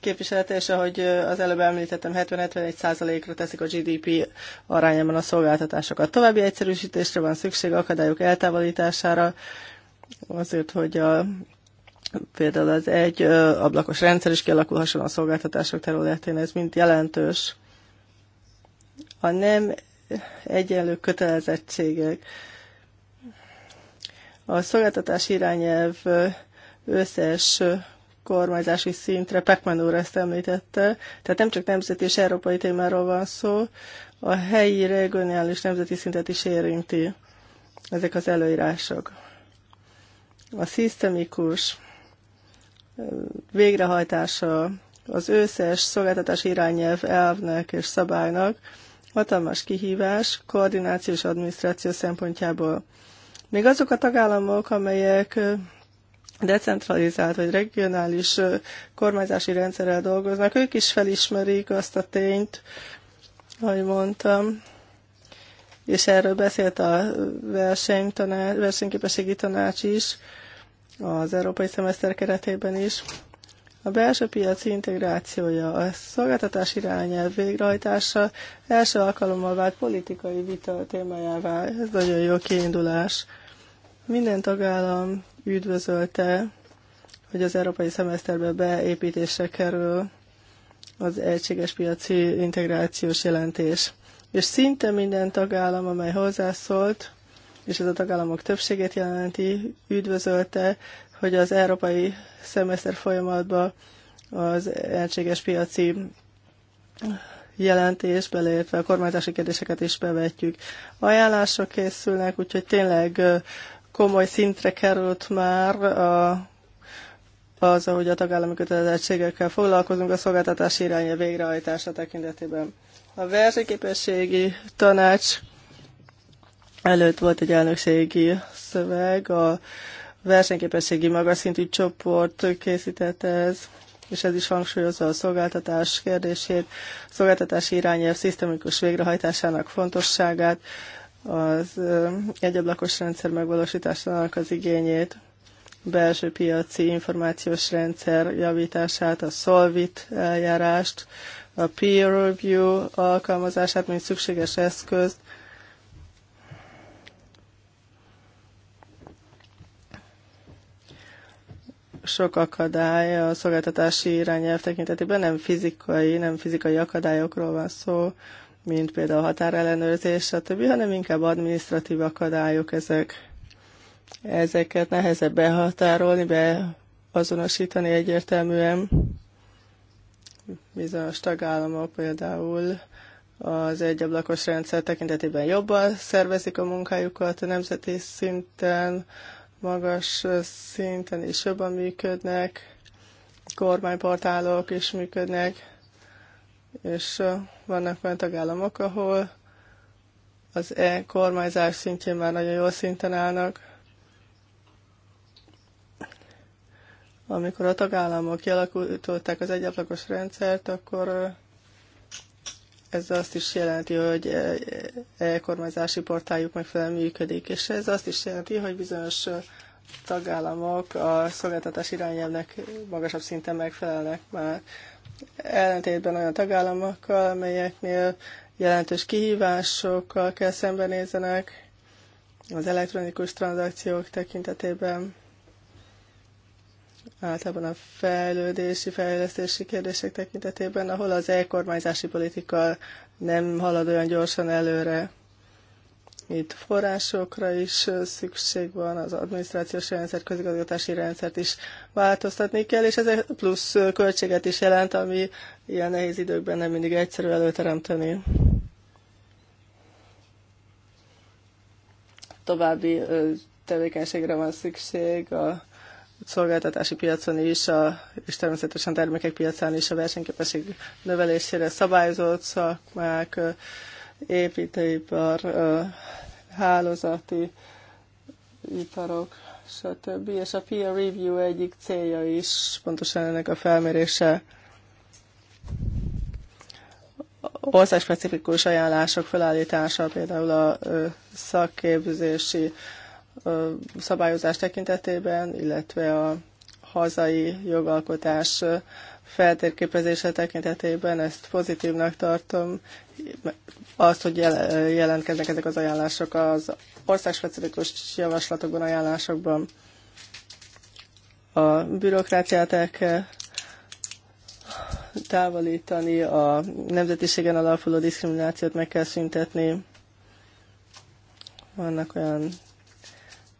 képviselete, és ahogy az előbb említettem, 70-71 százalékra teszik a GDP arányában a szolgáltatásokat. További egyszerűsítésre van szükség, akadályok eltávolítására, azért, hogy a például az egy ablakos rendszer is kialakulhasson a szolgáltatások területén, ez mind jelentős. A nem egyenlő kötelezettségek a szolgáltatás irányelv összes kormányzási szintre, Pekman úr ezt említette, tehát nem csak nemzeti és európai témáról van szó, a helyi, regionális, nemzeti szintet is érinti ezek az előírások. A szisztemikus végrehajtása az összes szolgáltatás irányelv elvnek és szabálynak hatalmas kihívás koordinációs adminisztráció szempontjából. Még azok a tagállamok, amelyek decentralizált vagy regionális kormányzási rendszerrel dolgoznak, ők is felismerik azt a tényt, ahogy mondtam, és erről beszélt a versenyképességi tanács is, az európai szemeszter keretében is. A belső piaci integrációja, a szolgáltatás irányelv végrehajtása első alkalommal vált politikai vita témájává. Ez nagyon jó kiindulás. Minden tagállam üdvözölte, hogy az európai szemeszterbe beépítésre kerül az egységes piaci integrációs jelentés. És szinte minden tagállam, amely hozzászólt, és ez a tagállamok többségét jelenti, üdvözölte, hogy az európai szemeszter folyamatban az egységes piaci jelentés, beleértve a kormányzási kérdéseket is bevetjük. Ajánlások készülnek, úgyhogy tényleg komoly szintre került már a, az, ahogy a tagállami kötelezettségekkel foglalkozunk a szolgáltatás irányja végrehajtása tekintetében. A versenyképességi tanács előtt volt egy elnökségi szöveg, a versenyképességi magas szintű csoport készítette ez, és ez is hangsúlyozza a szolgáltatás kérdését, szolgáltatási irányelv szisztemikus végrehajtásának fontosságát, az egyablakos rendszer megvalósításának az igényét, belső piaci információs rendszer javítását, a Solvit eljárást, a peer review alkalmazását, mint szükséges eszközt, sok akadály a szolgáltatási irányelv tekintetében, nem fizikai, nem fizikai akadályokról van szó, mint például határellenőrzés, stb., hanem inkább administratív akadályok ezek. Ezeket nehezebb behatárolni, beazonosítani egyértelműen. Bizonyos tagállamok például az egyablakos rendszer tekintetében jobban szervezik a munkájukat, a nemzeti szinten, magas szinten is jobban működnek, kormányportálok is működnek, és vannak olyan tagállamok, ahol az e-kormányzás szintjén már nagyon jó szinten állnak. Amikor a tagállamok kialakították az egyablakos rendszert, akkor ez azt is jelenti, hogy e, e, e-kormányzási portáljuk megfelelően működik, és ez azt is jelenti, hogy bizonyos tagállamok a szolgáltatás irányelvnek magasabb szinten megfelelnek már ellentétben olyan tagállamokkal, amelyeknél jelentős kihívásokkal kell szembenézenek az elektronikus tranzakciók tekintetében, általában a fejlődési, fejlesztési kérdések tekintetében, ahol az e-kormányzási politika nem halad olyan gyorsan előre. Itt forrásokra is szükség van, az adminisztrációs rendszer, közigazgatási rendszert is változtatni kell, és ez egy plusz költséget is jelent, ami ilyen nehéz időkben nem mindig egyszerű előteremteni. További tevékenységre van szükség a szolgáltatási piacon is, a, és természetesen termékek piacán is a versenyképesség növelésére szabályozott szakmák, építőipar, hálózati iparok, stb. És a peer review egyik célja is pontosan ennek a felmérése országspecifikus ajánlások felállítása, például a szakképzési szabályozás tekintetében, illetve a hazai jogalkotás feltérképezése tekintetében ezt pozitívnak tartom. Azt, hogy jelentkeznek ezek az ajánlások az országspecifikus javaslatokban, ajánlásokban. A bürokráciát el kell távolítani, a nemzetiségen alapuló diszkriminációt meg kell szüntetni. Vannak olyan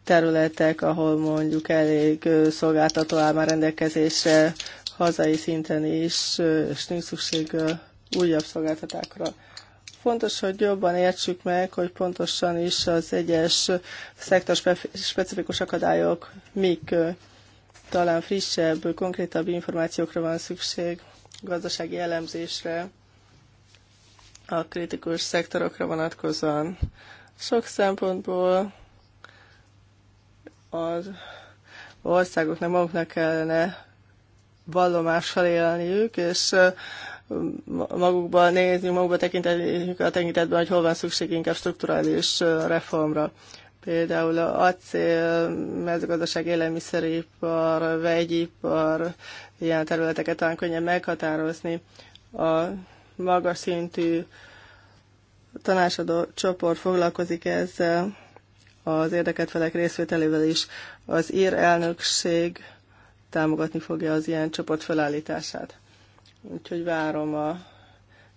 területek, ahol mondjuk elég szolgáltató áll már rendelkezésre, hazai szinten is, és nincs szükség újabb szolgáltatákra. Fontos, hogy jobban értsük meg, hogy pontosan is az egyes szektor specifikus akadályok mik, talán frissebb, konkrétabb információkra van szükség, gazdasági elemzésre, a kritikus szektorokra vonatkozóan. Sok szempontból az országoknak maguknak kellene vallomással élniük, és magukba nézni, magukba tekinteni a tekintetben, hogy hol van szükség inkább strukturális reformra. Például acél, mezőgazdaság, élelmiszeripar, vegyipar, ilyen területeket talán könnyen meghatározni. A magas szintű tanácsadó csoport foglalkozik ezzel az érdeket felek részvételével is. Az ír elnökség támogatni fogja az ilyen csoport felállítását. Úgyhogy várom a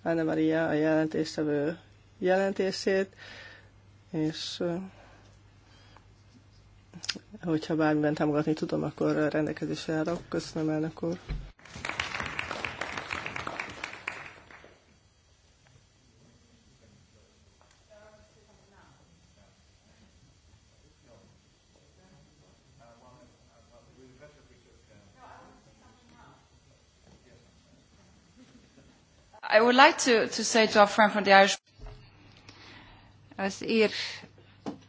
Anna Maria a jelentéstevő jelentését, és eh, hogyha bármiben támogatni tudom, akkor rendelkezésre állok. Köszönöm, elnök úr.
I would like to, to say to our friend from the Irish... Az ír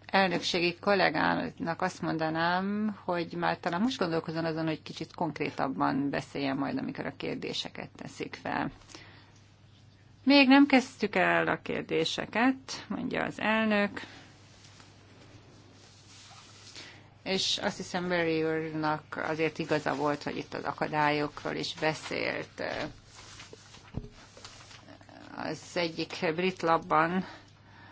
elnökségi kollégának azt mondanám, hogy már talán most gondolkozom azon, hogy kicsit konkrétabban beszéljen majd, amikor a kérdéseket teszik fel. Még nem kezdtük el a kérdéseket, mondja az elnök. És azt hiszem, Murray úrnak azért igaza volt, hogy itt az akadályokról is beszélt az egyik brit labban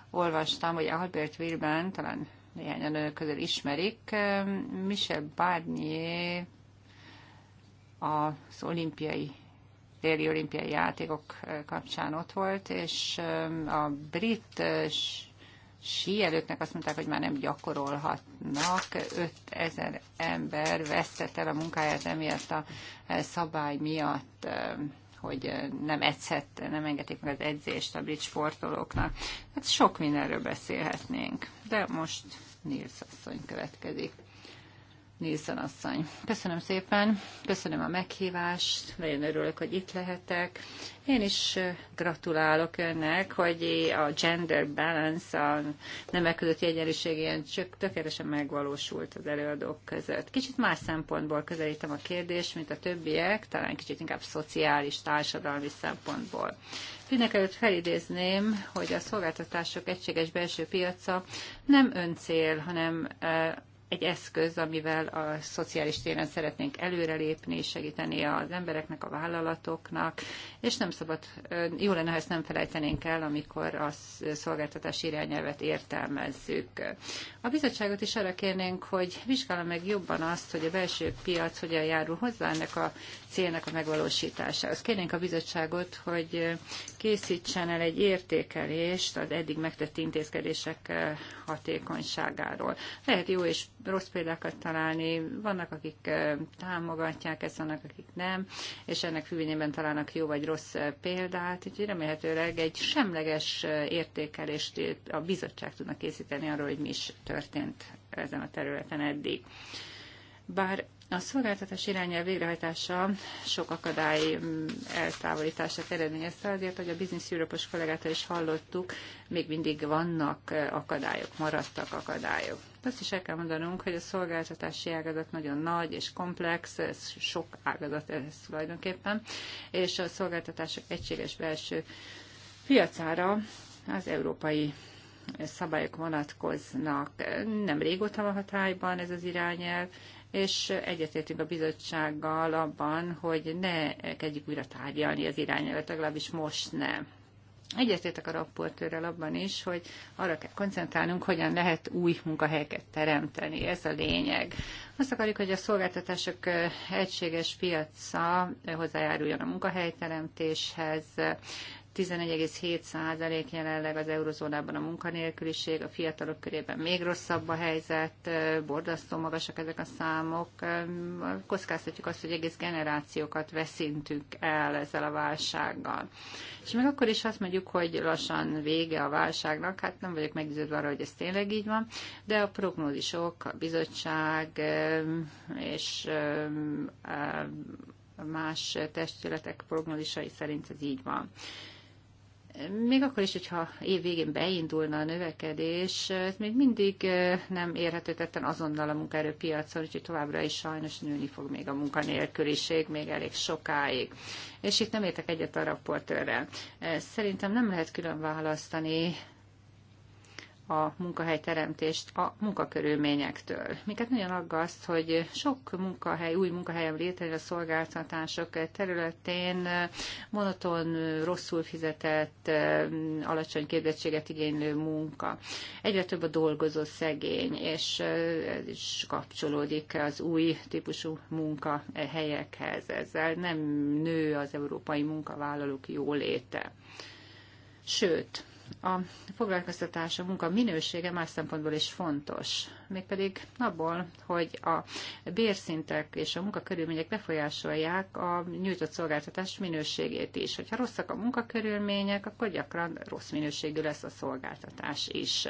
olvastam, hogy Albert Wilben, talán néhányan önök közül ismerik, um, Michel Barnier az olimpiai téli olimpiai játékok uh, kapcsán ott volt, és um, a brit uh, síelőknek azt mondták, hogy már nem gyakorolhatnak. 5000 ember vesztett el a munkáját emiatt a uh, szabály miatt. Um, hogy eh, nem edzhet, nem engedik meg az edzést a brit sportolóknak. Hát sok mindenről beszélhetnénk, de most Nils asszony következik. Nézzen asszony. Köszönöm szépen, köszönöm a meghívást, nagyon örülök, hogy itt lehetek. Én is gratulálok önnek, hogy a gender balance, a nemek közötti egyenlőség ilyen csak tökéletesen megvalósult az előadók között. Kicsit más szempontból közelítem a kérdést, mint a többiek, talán kicsit inkább szociális, társadalmi szempontból. előtt felidézném, hogy a szolgáltatások egységes belső piaca nem öncél, hanem egy eszköz, amivel a szociális téren szeretnénk előrelépni, segíteni az embereknek, a vállalatoknak, és nem szabad, jó lenne, ha ezt nem felejtenénk el, amikor a szolgáltatás irányelvet értelmezzük. A bizottságot is arra kérnénk, hogy vizsgálja meg jobban azt, hogy a belső piac hogyan járul hozzá ennek a célnak a megvalósításához. Kérnénk a bizottságot, hogy készítsen el egy értékelést az eddig megtett intézkedések hatékonyságáról. Lehet jó és rossz példákat találni, vannak, akik támogatják ezt, vannak, akik nem, és ennek függvényében találnak jó vagy rossz példát, úgyhogy remélhetőleg egy semleges értékelést a bizottság tudna készíteni arról, hogy mi is történt ezen a területen eddig. Bár a szolgáltatás irányelv végrehajtása sok akadály mm, eltávolítását eredményezte, azért, hogy a Business europe kollégától is hallottuk, még mindig vannak eh, akadályok, maradtak akadályok. Azt is el kell mondanunk, hogy a szolgáltatási ágazat nagyon nagy és komplex, ez sok ágazat ez tulajdonképpen, és a szolgáltatások egységes belső piacára az európai szabályok vonatkoznak. Nem régóta van hatályban ez az irányelv, és egyetértünk a bizottsággal abban, hogy ne kezdjük újra tárgyalni az irányelvet, legalábbis most nem. Egyetértek a rapportőrrel abban is, hogy arra kell koncentrálnunk, hogyan lehet új munkahelyeket teremteni. Ez a lényeg. Azt akarjuk, hogy a szolgáltatások egységes piaca hozzájáruljon a munkahelyteremtéshez, 11,7% jelenleg az eurozónában a munkanélküliség, a fiatalok körében még rosszabb a helyzet, borzasztó magasak ezek a számok. Kockáztatjuk azt, hogy egész generációkat veszintünk el ezzel a válsággal. És még akkor is azt mondjuk, hogy lassan vége a válságnak, hát nem vagyok meggyőződve arra, hogy ez tényleg így van, de a prognózisok, a bizottság és más testületek prognózisai szerint ez így van még akkor is, hogyha év végén beindulna a növekedés, ez még mindig nem érhető tetten azonnal a munkaerőpiacon, úgyhogy továbbra is sajnos nőni fog még a munkanélküliség, még elég sokáig. És itt nem értek egyet a raportőrrel. Szerintem nem lehet külön választani a munkahelyteremtést a munkakörülményektől. Miket nagyon aggaszt, hogy sok munkahely, új munkahelyem létrejön a szolgáltatások területén monoton, rosszul fizetett, alacsony képzettséget igénylő munka. Egyre több a dolgozó szegény, és ez is kapcsolódik az új típusú munkahelyekhez. Ezzel nem nő az európai munkavállalók jóléte. Sőt, a foglalkoztatás, a munka minősége más szempontból is fontos, mégpedig abból, hogy a bérszintek és a munkakörülmények befolyásolják a nyújtott szolgáltatás minőségét is. Hogyha rosszak a munkakörülmények, akkor gyakran rossz minőségű lesz a szolgáltatás is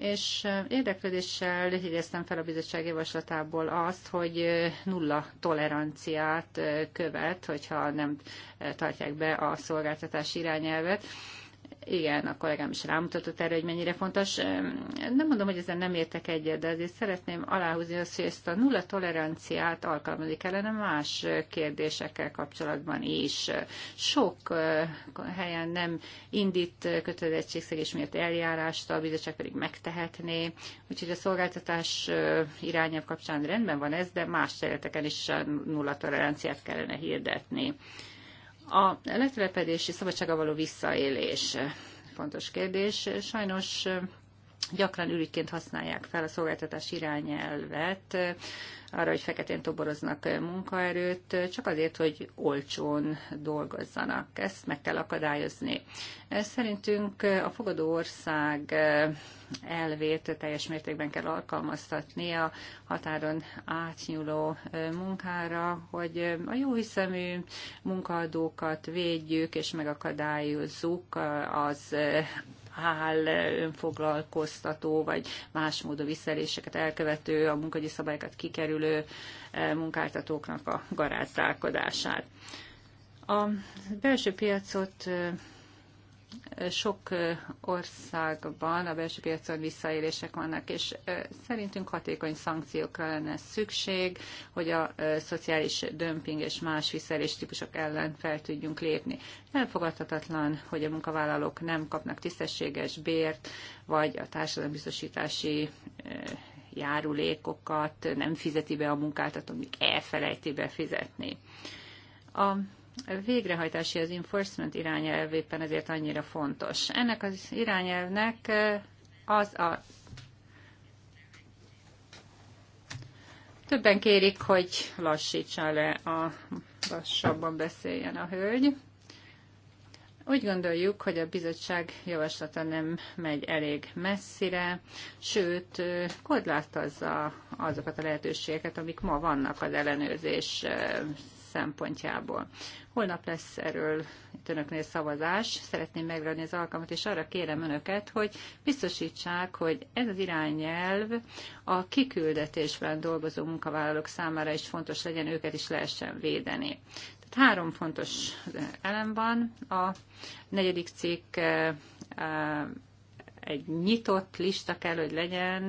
és érdeklődéssel jegyeztem fel a bizottság javaslatából azt, hogy nulla toleranciát követ, hogyha nem tartják be a szolgáltatás irányelvet. Igen, a kollégám is rámutatott erre, hogy mennyire fontos. Nem mondom, hogy ezen nem értek egyet, de azért szeretném aláhúzni azt, hogy ezt a nulla toleranciát alkalmazni kellene más kérdésekkel kapcsolatban is. Sok eh, helyen nem indít kötelezettségszegés miatt eljárást, a bizottság pedig megtehetné. Úgyhogy a szolgáltatás eh, irányelv kapcsán rendben van ez, de más területeken is a nulla toleranciát kellene hirdetni. A letelepedési szabadsága való visszaélés fontos kérdés. Sajnos gyakran ürügyként használják fel a szolgáltatás irányelvet arra, hogy feketén toboroznak munkaerőt, csak azért, hogy olcsón dolgozzanak. Ezt meg kell akadályozni. Szerintünk a fogadó ország elvét teljes mértékben kell alkalmaztatni a határon átnyúló munkára, hogy a jó hiszemű munkaadókat védjük és megakadályozzuk az áll önfoglalkoztató, vagy más módon visszaeléseket elkövető, a munkagyi szabályokat kikerülő eh, munkáltatóknak a garázdálkodását. A belső piacot eh, sok országban a belső piacon visszaélések vannak, és szerintünk hatékony szankciókra lenne szükség, hogy a szociális dömping és más visszaélés típusok ellen fel tudjunk lépni. Elfogadhatatlan, hogy a munkavállalók nem kapnak tisztességes bért, vagy a társadalombiztosítási járulékokat nem fizeti be a munkáltató, míg elfelejti befizetni. A végrehajtási, az enforcement irányelv éppen ezért annyira fontos. Ennek az irányelvnek eh, az a Többen kérik, hogy lassítsa le, a, lassabban beszéljen a hölgy. Úgy gondoljuk, hogy a bizottság javaslata nem megy elég messzire, sőt, eh, korlátozza azokat a lehetőségeket, amik ma vannak az ellenőrzés eh, szempontjából. Holnap lesz erről itt önöknél szavazás. Szeretném megragadni az alkalmat, és arra kérem önöket, hogy biztosítsák, hogy ez az irányelv a kiküldetésben dolgozó munkavállalók számára is fontos legyen, őket is lehessen védeni. Tehát három fontos elem van. A negyedik cikk eh, egy nyitott lista kell, hogy legyen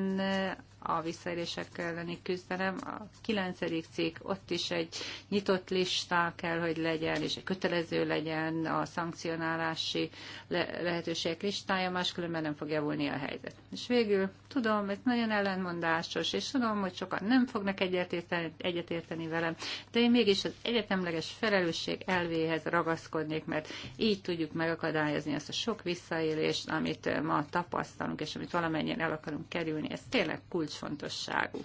a visszaélések elleni küzdelem. A kilencedik cikk, ott is egy nyitott lista kell, hogy legyen, és kötelező legyen a szankcionálási lehetőségek listája, máskülönben nem fog javulni a helyzet. És végül tudom, ez nagyon ellenmondásos és tudom, hogy sokan nem fognak egyetérteni, egyetérteni velem, de én mégis az egyetemleges felelősség elvéhez ragaszkodnék, mert így tudjuk megakadályozni azt a sok visszaélést, amit ma tapasztalunk, és amit valamennyien el akarunk kerülni. Ez tényleg kult kulcsfontosságú.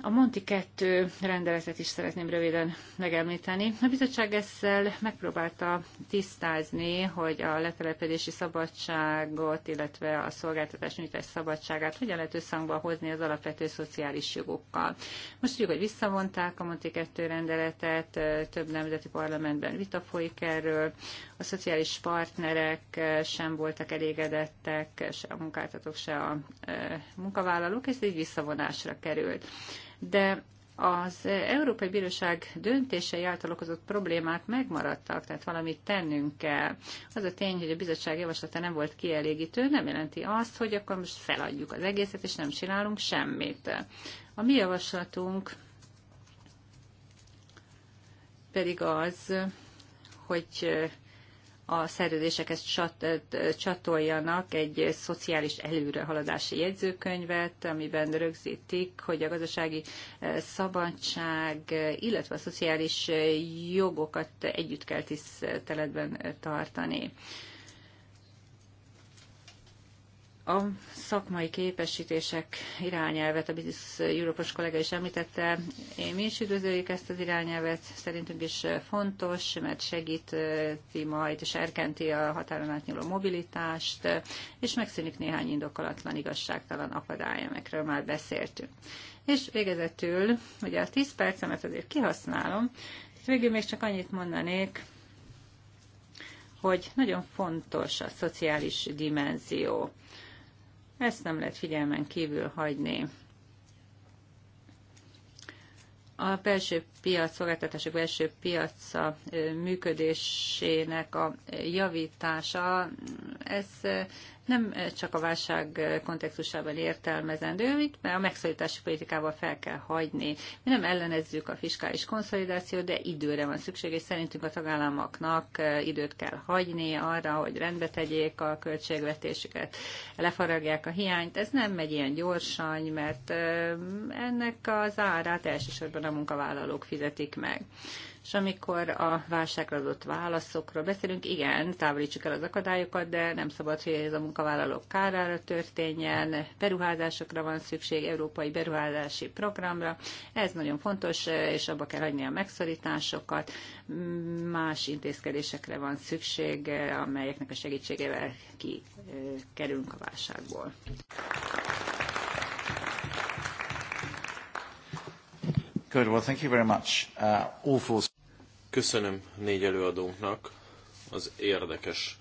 A Monti 2 rendeletet is szeretném röviden megemlíteni. A bizottság ezzel megpróbálta tisztázni, hogy a letelepedési szabadságot, illetve a szolgáltatás nyújtás szabadságát hogyan lehet összhangba hozni az alapvető szociális jogokkal. Most tudjuk, hogy visszavonták a Monti 2 rendeletet, több nemzeti parlamentben vita folyik erről, a szociális partnerek sem voltak elégedettek, se a munkáltatók, se a munkavállalók, ez így visszavonásra került de az Európai Bíróság döntései által okozott problémák megmaradtak, tehát valamit tennünk kell. Az a tény, hogy a bizottság javaslata nem volt kielégítő, nem jelenti azt, hogy akkor most feladjuk az egészet, és nem csinálunk semmit. A mi javaslatunk pedig az, hogy a szerződésekhez csatoljanak egy szociális előrehaladási jegyzőkönyvet, amiben rögzítik, hogy a gazdasági eh, szabadság, eh, illetve a szociális eh, jogokat együtt kell tiszteletben tartani. A szakmai képesítések irányelvet a Business Európos kollega is említette. Én mi is üdvözöljük ezt az irányelvet, szerintünk is fontos, mert segíti majd és erkenti a határon átnyúló mobilitást, és megszűnik néhány indokolatlan, igazságtalan akadály, amikről már beszéltünk. És végezetül, ugye a 10 percemet azért kihasználom, végül még csak annyit mondanék, hogy nagyon fontos a szociális dimenzió. Ezt nem lehet figyelmen kívül hagyni. A belső piac, szolgáltatások belső piaca működésének a javítása, ez nem eh, csak a válság eh, kontextusában értelmezendő, amit a megszorítási politikával fel kell hagyni. Mi nem ellenezzük a fiskális konszolidációt, de időre van szükség, és szerintünk a tagállamoknak eh, időt kell hagyni arra, hogy rendbe tegyék a költségvetésüket, lefaragják a hiányt. Ez nem megy ilyen gyorsan, mert ennek az árát elsősorban a munkavállalók fizetik meg és amikor a válságra adott válaszokról beszélünk, igen, távolítsuk el az akadályokat, de nem szabad, hogy ez a munkavállalók kárára történjen, beruházásokra van szükség, európai beruházási programra, ez nagyon fontos, és abba kell hagyni a megszorításokat, más intézkedésekre van szükség, amelyeknek a segítségével kikerülünk
a válságból. Good. Well, thank you very much, uh, all four. Köszönöm négy
előadónknak az érdekes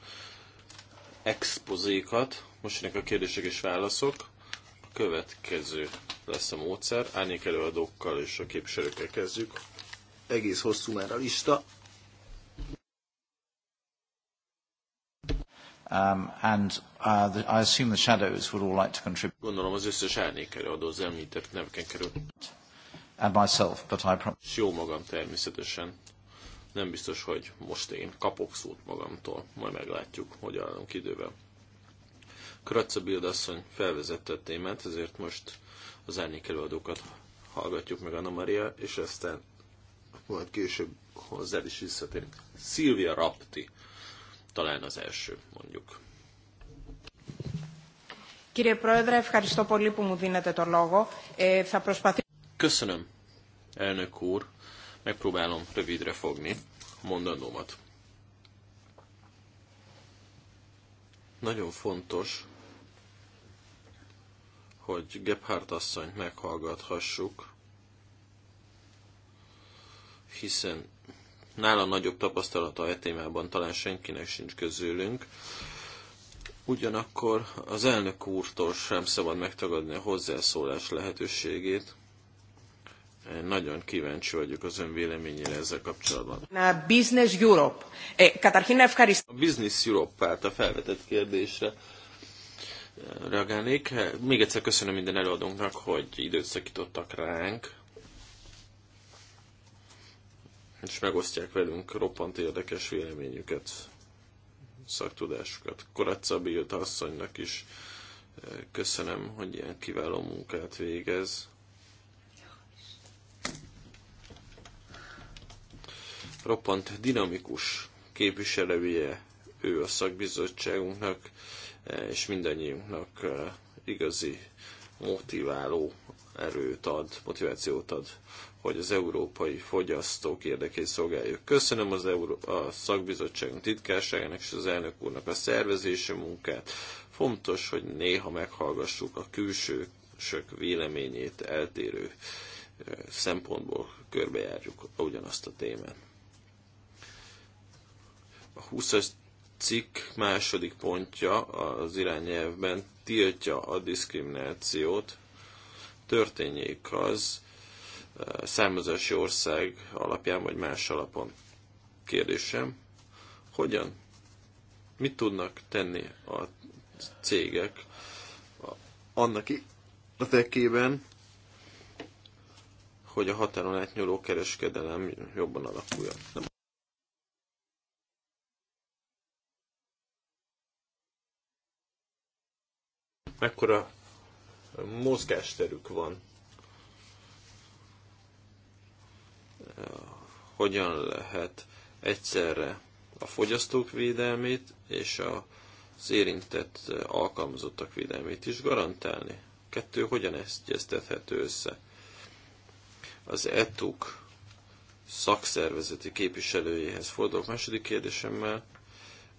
expozékat. Most jönnek a kérdések és válaszok. A következő lesz a módszer. Árnyék előadókkal és a képviselőkkel kezdjük. Egész hosszú már a lista.
Um, and uh, the, I assume the shadows would all like to contribute.
Gondolom az összes árnyék előadó az említett neveken kerül.
And myself, but I promise.
Jó magam természetesen. Nem biztos, hogy most én kapok szót magamtól, majd meglátjuk, hogy állunk idővel. Kratza Bild asszony felvezette a témát, ezért most az árnyék előadókat hallgatjuk meg Anna Maria, és aztán majd később hozzá is visszatérünk. Szilvia Rapti talán az első, mondjuk.
Κύριε Πρόεδρε, ευχαριστώ πολύ που μου
Köszönöm, elnök úr. Megpróbálom rövidre fogni mondanómat. Nagyon fontos, hogy Gebhardt asszonyt meghallgathassuk, hiszen nála nagyobb tapasztalata a e témában talán senkinek sincs közülünk. Ugyanakkor az elnök úrtól sem szabad megtagadni a hozzászólás lehetőségét, nagyon kíváncsi vagyok az ön véleményére ezzel kapcsolatban.
Eh, a Business
Europe. A Business Europe a felvetett kérdésre eh, reagálnék. Még egyszer köszönöm minden előadónknak, hogy időt szakítottak ránk, és megosztják velünk roppant érdekes véleményüket, szaktudásukat. Koratza Bilt asszonynak is eh, köszönöm, hogy ilyen kiváló munkát végez roppant dinamikus képviselője ő a szakbizottságunknak és mindannyiunknak eh, igazi motiváló erőt ad, motivációt ad, hogy az európai fogyasztók érdekét szolgáljuk. Köszönöm az Euró- a szakbizottságunk titkárságának és az elnök úrnak a szervezési munkát. Fontos, hogy néha meghallgassuk a külsősök véleményét eltérő eh, szempontból körbejárjuk ugyanazt a témát. A 20-as cikk második pontja az irányelvben tiltja a diszkriminációt. Történjék az eh, származási ország alapján vagy más alapon. Kérdésem, hogyan? Mit tudnak tenni a cégek annak a tekében, hogy a határon átnyúló kereskedelem jobban alakuljon. mekkora mozgásterük van, hogyan lehet egyszerre a fogyasztók védelmét és az érintett alkalmazottak védelmét is garantálni. Kettő hogyan egyeztethető össze? Az ETUK szakszervezeti képviselőjéhez fordulok második kérdésemmel.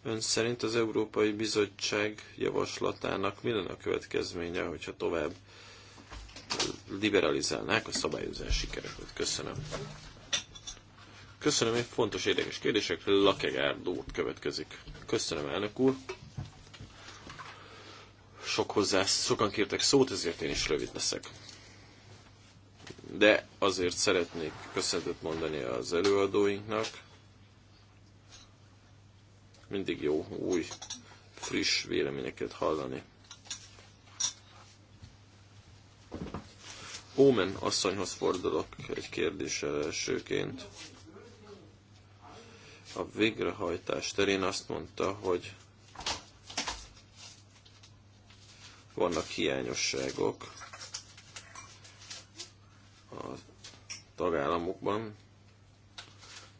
Ön szerint az Európai Bizottság javaslatának mi lenne a következménye, hogyha tovább liberalizálnák a szabályozási keretet? Köszönöm. Köszönöm, egy fontos érdekes kérdések. Lakegárd úr következik. Köszönöm, elnök úr. Sok hozzá, sokan kértek szót, ezért én is rövid leszek. De azért szeretnék köszönetet mondani az előadóinknak, mindig jó új, friss véleményeket hallani. Ómen asszonyhoz fordulok egy kérdés elsőként. A végrehajtás terén azt mondta, hogy vannak hiányosságok a tagállamokban.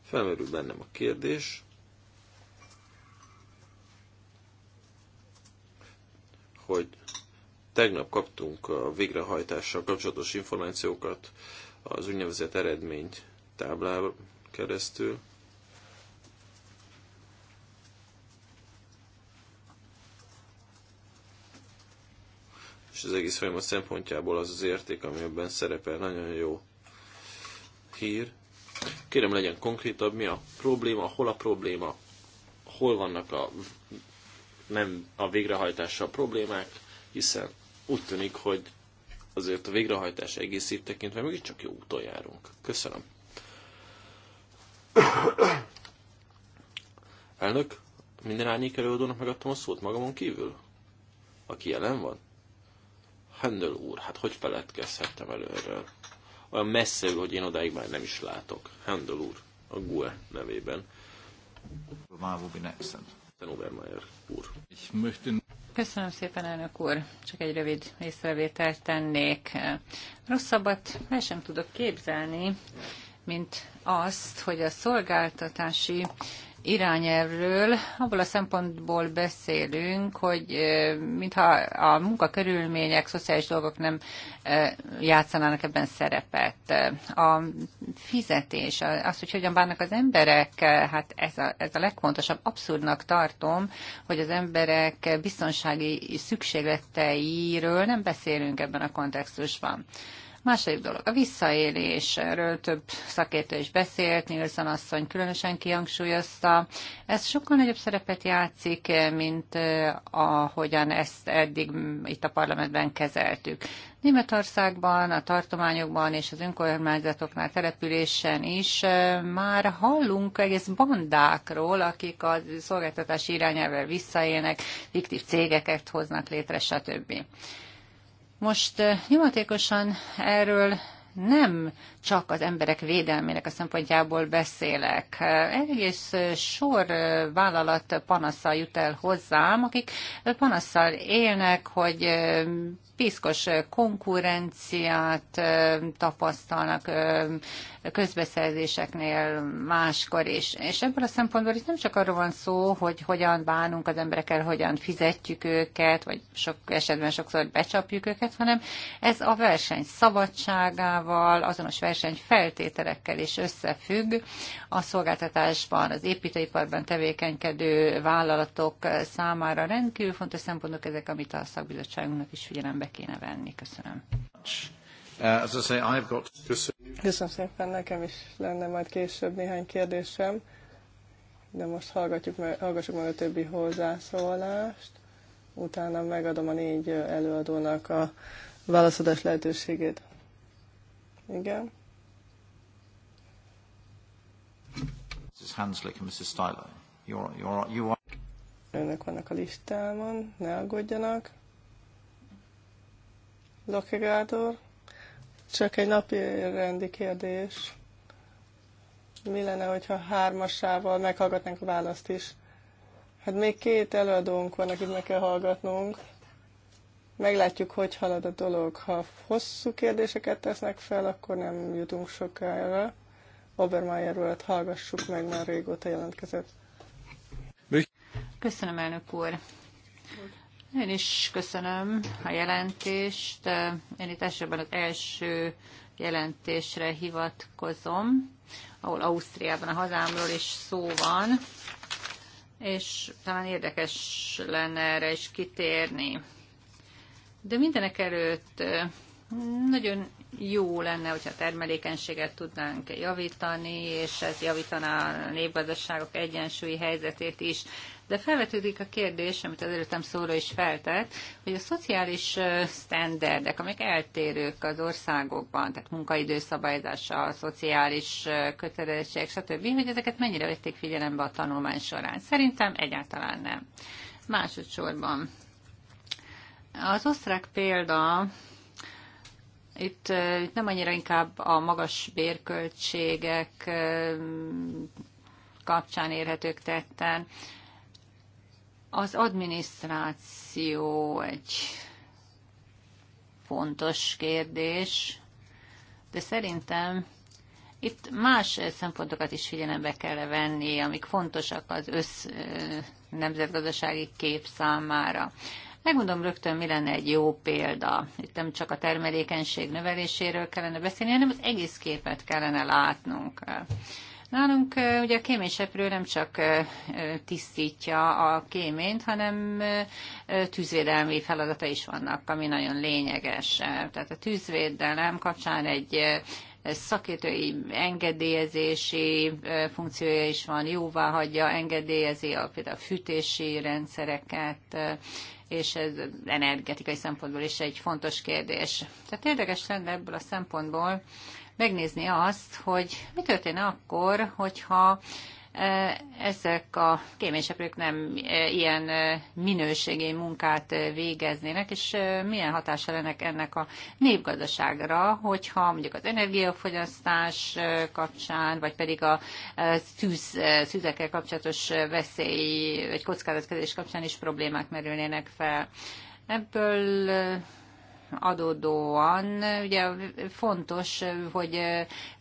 Felmerül bennem a kérdés, hogy tegnap kaptunk a végrehajtással kapcsolatos információkat az úgynevezett eredmény táblára keresztül. És az egész folyamat szempontjából az az érték, ami ebben szerepel, nagyon jó hír. Kérem legyen konkrétabb, mi a probléma, hol a probléma, hol vannak a nem a végrehajtással problémák, hiszen úgy tűnik, hogy azért a végrehajtás egészét tekintve mégiscsak jó úton járunk. Köszönöm. Elnök, minden árnyék előadónak megadtam a szót magamon kívül? Aki jelen van? Hendel úr, hát hogy feledkezhettem előről? Olyan messze ül, hogy én odáig már nem is látok. Hendel úr, a GUE nevében.
Már will be next Obermeier úr.
Köszönöm szépen, elnök úr. Csak egy rövid észrevételt tennék. Rosszabbat el sem tudok képzelni, mint azt, hogy a szolgáltatási irányelvről abból a szempontból beszélünk, hogy mintha a munkakörülmények, szociális dolgok nem játszanának ebben szerepet. A fizetés, az, hogy hogyan bánnak az emberek, hát ez a, ez a legfontosabb. Abszurdnak tartom, hogy az emberek biztonsági szükségleteiről nem beszélünk ebben a kontextusban. Második dolog, a visszaélésről több szakértő is beszélt, Nilsson asszony különösen kihangsúlyozta. Ez sokkal nagyobb szerepet játszik, mint eh, ahogyan ezt eddig itt a parlamentben kezeltük. Németországban, a tartományokban és az önkormányzatoknál településen is eh, már hallunk egész bandákról, akik a szolgáltatás irányával visszaélnek, fiktív cégeket hoznak létre, stb. Most eh, nyomatékosan erről nem csak az emberek védelmének a szempontjából beszélek. Egész sor vállalat panaszsal jut el hozzám, akik panaszsal élnek, hogy piszkos konkurenciát tapasztalnak közbeszerzéseknél máskor is. És ebből a szempontból itt nem csak arról van szó, hogy hogyan bánunk az emberekkel, hogyan fizetjük őket, vagy sok esetben sokszor becsapjuk őket, hanem ez a verseny szabadságával, azonos verseny feltételekkel is összefügg. A szolgáltatásban, az építőiparban tevékenykedő vállalatok számára rendkívül fontos szempontok ezek, amit a szakbizottságunknak is figyelembe kéne venni. Köszönöm.
Uh,
Köszönöm szépen, nekem
is lenne majd később néhány kérdésem, de most hallgatjuk meg, hallgassuk meg a többi hozzászólást, utána megadom a négy előadónak a válaszadás lehetőségét. Igen.
Mrs. Hanslick and Mrs. Styler. You're, you're, you are...
Önök vannak a listámon, ne aggódjanak. Lokegádor, csak egy napi rendi kérdés. Mi lenne, hogyha hármasával meghallgatnánk a választ is? Hát még két előadónk van, akit meg kell hallgatnunk. Meglátjuk, hogy halad a dolog. Ha hosszú kérdéseket tesznek fel, akkor nem jutunk sokára. Obermeyer urat hallgassuk meg, már régóta jelentkezett.
Köszönöm, elnök úr. Én is köszönöm a jelentést. Én itt elsőben az első jelentésre hivatkozom, ahol Ausztriában a hazámról is szó van, és talán érdekes lenne erre is kitérni. De mindenek előtt eh, nagyon jó lenne, hogyha a termelékenységet tudnánk javítani, és ez javítaná a népgazdaságok egyensúlyi helyzetét is. De felvetődik a kérdés, amit az előttem szóra is feltett, hogy a szociális standardek, amik eltérők az országokban, tehát munkaidőszabályzása, a szociális kötelezettség, stb., hogy ezeket mennyire vették figyelembe a tanulmány során. Szerintem egyáltalán nem. Másodszorban. Az osztrák példa itt, itt nem annyira inkább a magas bérköltségek kapcsán érhetők tetten. Az adminisztráció egy fontos kérdés, de szerintem itt más szempontokat is figyelembe kell venni, amik fontosak az össz nemzetgazdasági kép számára. Megmondom rögtön, mi lenne egy jó példa. Itt nem csak a termelékenység növeléséről kellene beszélni, hanem az egész képet kellene látnunk. Nálunk ugye a kéményseprő nem csak tisztítja a kéményt, hanem tűzvédelmi feladata is vannak, ami nagyon lényeges. Tehát a tűzvédelem kapcsán egy szakértői engedélyezési funkciója is van, jóvá hagyja, engedélyezi a, például a fűtési rendszereket, és ez energetikai szempontból is egy fontos kérdés. Tehát érdekes lenne ebből a szempontból megnézni azt, hogy mi történne akkor, hogyha Eh, ezek a kéményseprők nem eh, ilyen eh, minőségi munkát végeznének, és milyen hatása lenne ennek a népgazdaságra, hogyha mondjuk az energiafogyasztás kapcsán, vagy pedig a tűz, tűzekkel kapcsolatos veszély, vagy kockázatkezés kapcsán is problémák merülnének fel. Ebből adódóan. Ugye fontos, hogy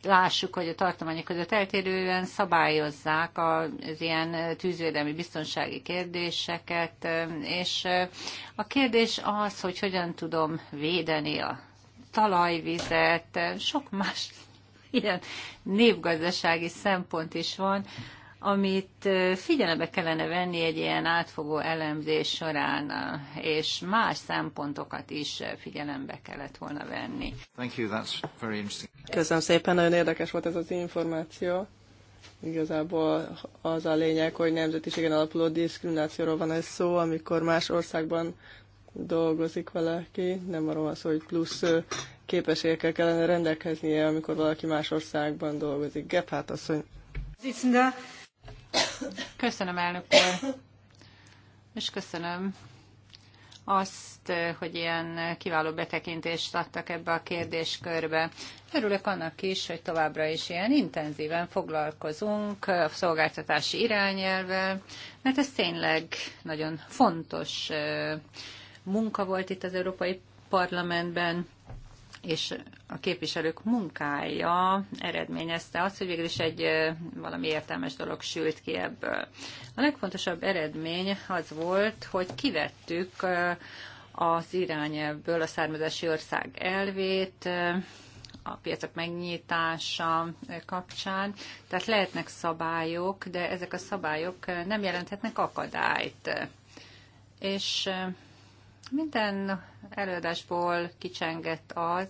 lássuk, hogy a tartományok között eltérően szabályozzák az ilyen tűzvédelmi biztonsági kérdéseket, és a kérdés az, hogy hogyan tudom védeni a talajvizet, sok más ilyen népgazdasági szempont is van, amit figyelembe kellene venni egy ilyen átfogó elemzés során, és más szempontokat is figyelembe kellett volna venni.
Thank you, that's very interesting.
Köszönöm szépen, nagyon érdekes volt ez az információ. Igazából az a lényeg,
hogy nemzetiségen alapuló diszkriminációról van ez szó, amikor más országban dolgozik valaki, nem arról van szó, hogy plusz képességekkel kellene rendelkeznie, amikor valaki más országban dolgozik. Gephardt asszony.
Hogy...
Köszönöm, elnök úr, és köszönöm azt, hogy ilyen kiváló betekintést adtak ebbe a kérdéskörbe. Örülök annak is, hogy továbbra is ilyen intenzíven foglalkozunk a szolgáltatási irányelvel, mert ez tényleg nagyon fontos eh, munka volt itt az Európai Parlamentben és a képviselők munkája eredményezte azt, hogy végül is egy valami értelmes dolog sült ki ebből. A legfontosabb eredmény az volt, hogy kivettük az irányelvből a származási ország elvét, a piacok megnyitása kapcsán. Tehát lehetnek szabályok, de ezek a szabályok nem jelenthetnek akadályt. És minden előadásból kicsengett az,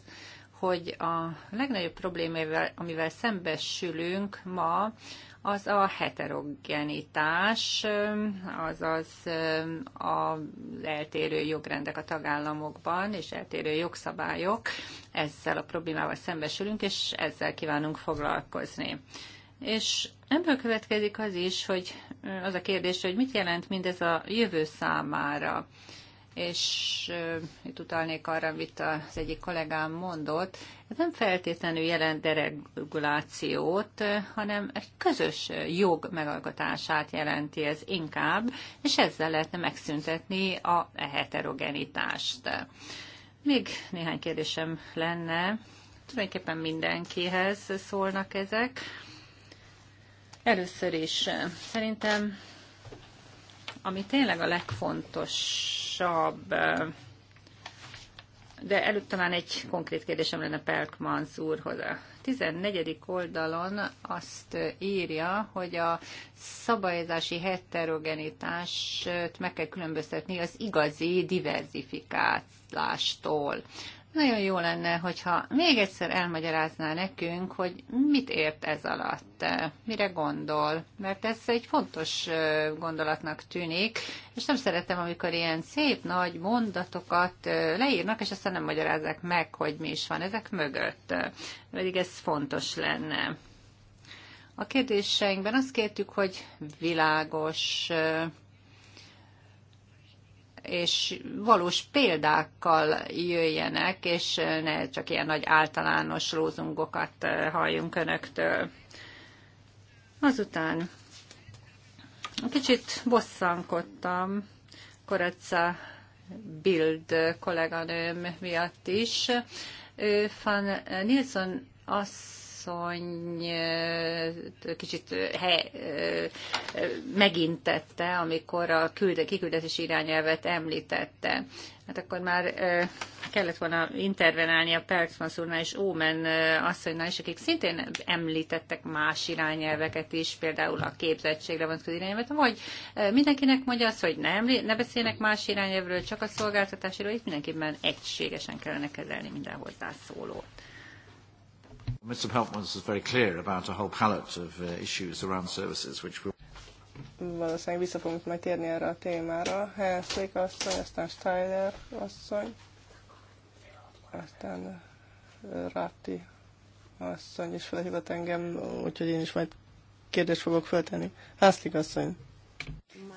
hogy a legnagyobb problémával, amivel szembesülünk ma, az a heterogenitás, azaz az eltérő jogrendek a tagállamokban és eltérő jogszabályok. Ezzel a problémával szembesülünk, és ezzel kívánunk foglalkozni. És ebből következik az is, hogy az a kérdés, hogy mit jelent mindez a jövő számára és itt utalnék arra, amit az egyik kollégám mondott, ez nem feltétlenül jelent deregulációt, hanem egy közös jog megalkotását jelenti ez inkább, és ezzel lehetne megszüntetni a heterogenitást. Még néhány kérdésem lenne, tulajdonképpen mindenkihez szólnak ezek. Először is szerintem ami tényleg a legfontosabb, de előtt talán egy konkrét kérdésem lenne Pelkmans úrhoz. A 14. oldalon azt írja, hogy a szabályozási heterogenitást meg kell különböztetni az igazi diverzifikálástól. Nagyon jó lenne, hogyha még egyszer elmagyarázná nekünk, hogy mit ért ez alatt, mire gondol, mert ez egy fontos gondolatnak tűnik, és nem szeretem, amikor ilyen szép nagy mondatokat leírnak, és aztán nem magyarázzák meg, hogy mi is van ezek mögött. Pedig ez fontos lenne. A kérdéseinkben azt kértük, hogy világos és valós példákkal jöjjenek, és ne csak ilyen nagy általános lózungokat eh, halljunk önöktől. Azután kicsit bosszankodtam Koreca Bild kolléganőm miatt is. Ő Van Nilsson azt asszony kicsit he, megintette, amikor a kiküldetés irányelvet említette. Hát akkor már kellett volna intervenálni a Perkmans úrnál és Ómen asszonynál is, akik szintén említettek más irányelveket is, például a képzettségre vonatkozó irányelvet, vagy mindenkinek mondja azt, hogy nem, ne beszélnek más irányelvről, csak a szolgáltatásról, itt mindenképpen egységesen kellene kezelni mindenhol szólót.
Mr. Peltmans is very clear about a whole palette of uh, issues around services, which will...
Valószínűleg vissza fogunk majd térni erre a témára. Helszék asszony, aztán Steiner asszony, aztán uh, Ratti asszony is felhívott engem, úgyhogy én is majd kérdést fogok feltenni. Hászlik asszony.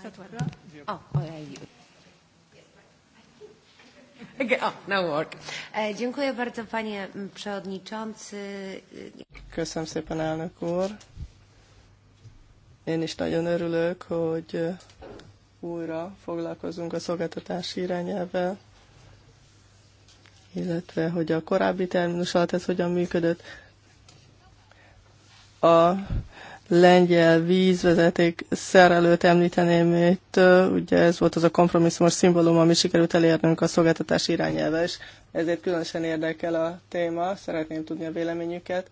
Szatvarra? Ah, aláírjuk. E,
Köszönöm szépen, elnök úr. Én is nagyon örülök, hogy újra foglalkozunk a szolgáltatás irányelvvel, illetve hogy a korábbi terminus alatt ez hogyan működött. A lengyel vízvezeték szerelőt említeném itt, ugye ez volt az a kompromisszumos szimbólum, ami sikerült elérnünk a szolgáltatás irányelve, és ezért különösen érdekel a téma, szeretném tudni a véleményüket,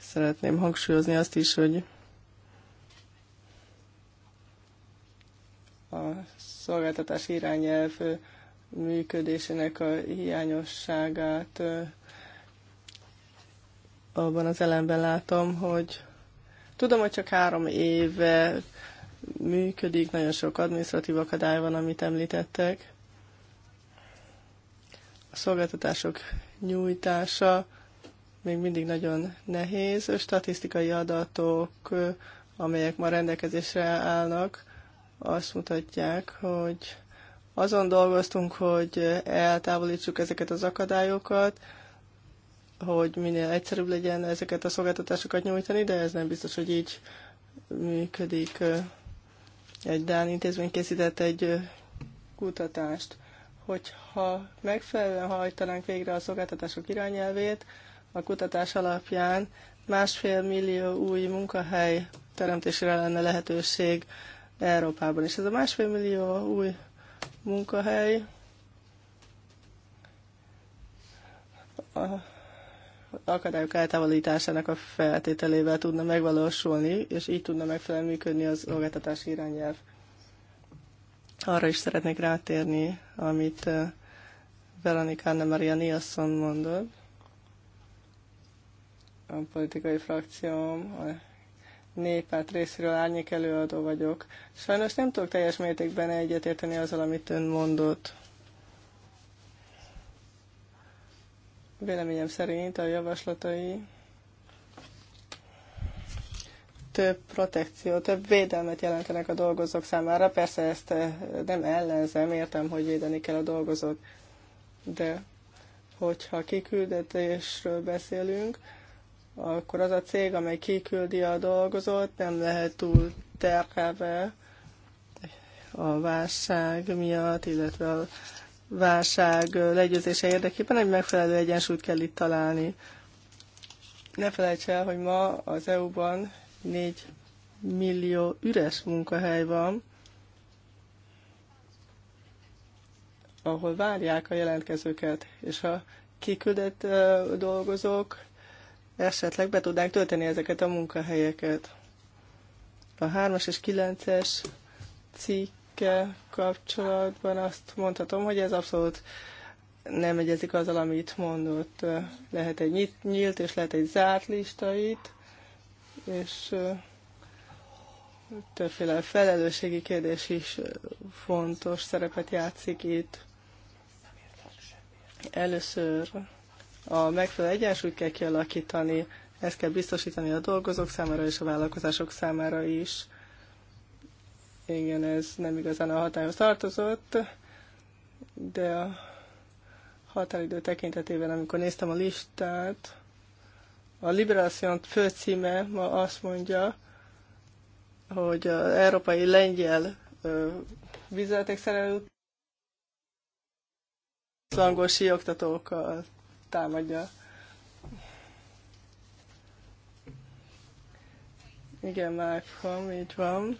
szeretném hangsúlyozni azt is, hogy a szolgáltatás irányelv működésének a hiányosságát abban az elemben látom, hogy Tudom, hogy csak három éve működik, nagyon sok administratív akadály van, amit említettek. A szolgáltatások nyújtása még mindig nagyon nehéz. A statisztikai adatok, amelyek ma rendelkezésre állnak, azt mutatják, hogy azon dolgoztunk, hogy eltávolítsuk ezeket az akadályokat, hogy minél egyszerűbb legyen ezeket a szolgáltatásokat nyújtani, de ez nem biztos, hogy így működik. Egy Dán intézmény készített egy kutatást, hogyha megfelelően hajtanánk végre a szolgáltatások irányelvét, a kutatás alapján másfél millió új munkahely teremtésére lenne lehetőség Európában. És ez a másfél millió új munkahely a akadályok eltávolításának a feltételével tudna megvalósulni, és így tudna megfelelően működni az szolgáltatási irányelv. Arra is szeretnék rátérni, amit Veronika Anna Maria Nilsson mondott, a politikai frakcióm, a néppárt részéről árnyék előadó vagyok. Sajnos nem tudok teljes mértékben egyetérteni azzal, amit ön mondott. Véleményem szerint a javaslatai több protekció, több védelmet jelentenek a dolgozók számára. Persze ezt eh, nem ellenzem, értem, hogy védeni kell a dolgozók, de hogyha kiküldetésről beszélünk, akkor az a cég, amely kiküldi a dolgozót, nem lehet túl terhelve a válság miatt, illetve a válság legyőzése érdekében egy megfelelő egyensúlyt kell itt találni. Ne felejts el, hogy ma az EU-ban 4 millió üres munkahely van, ahol várják a jelentkezőket, és a kiküldött dolgozók esetleg be tudnák tölteni ezeket a munkahelyeket. A 3-as és 9-es cikk ügyekkel kapcsolatban azt mondhatom, hogy ez abszolút nem egyezik azzal, amit mondott. Lehet egy nyílt és lehet egy zárt listait, és többféle felelősségi kérdés is fontos szerepet játszik itt. Először a megfelelő egyensúlyt kell kialakítani, ezt kell biztosítani a dolgozók számára és a vállalkozások számára is igen, ez nem igazán a hatályhoz tartozott, de a határidő tekintetében, amikor néztem a listát, a Liberation főcíme ma azt mondja, hogy az európai lengyel vizeletek szerelő az angol síoktatókkal támadja. Igen, Malcolm, így van.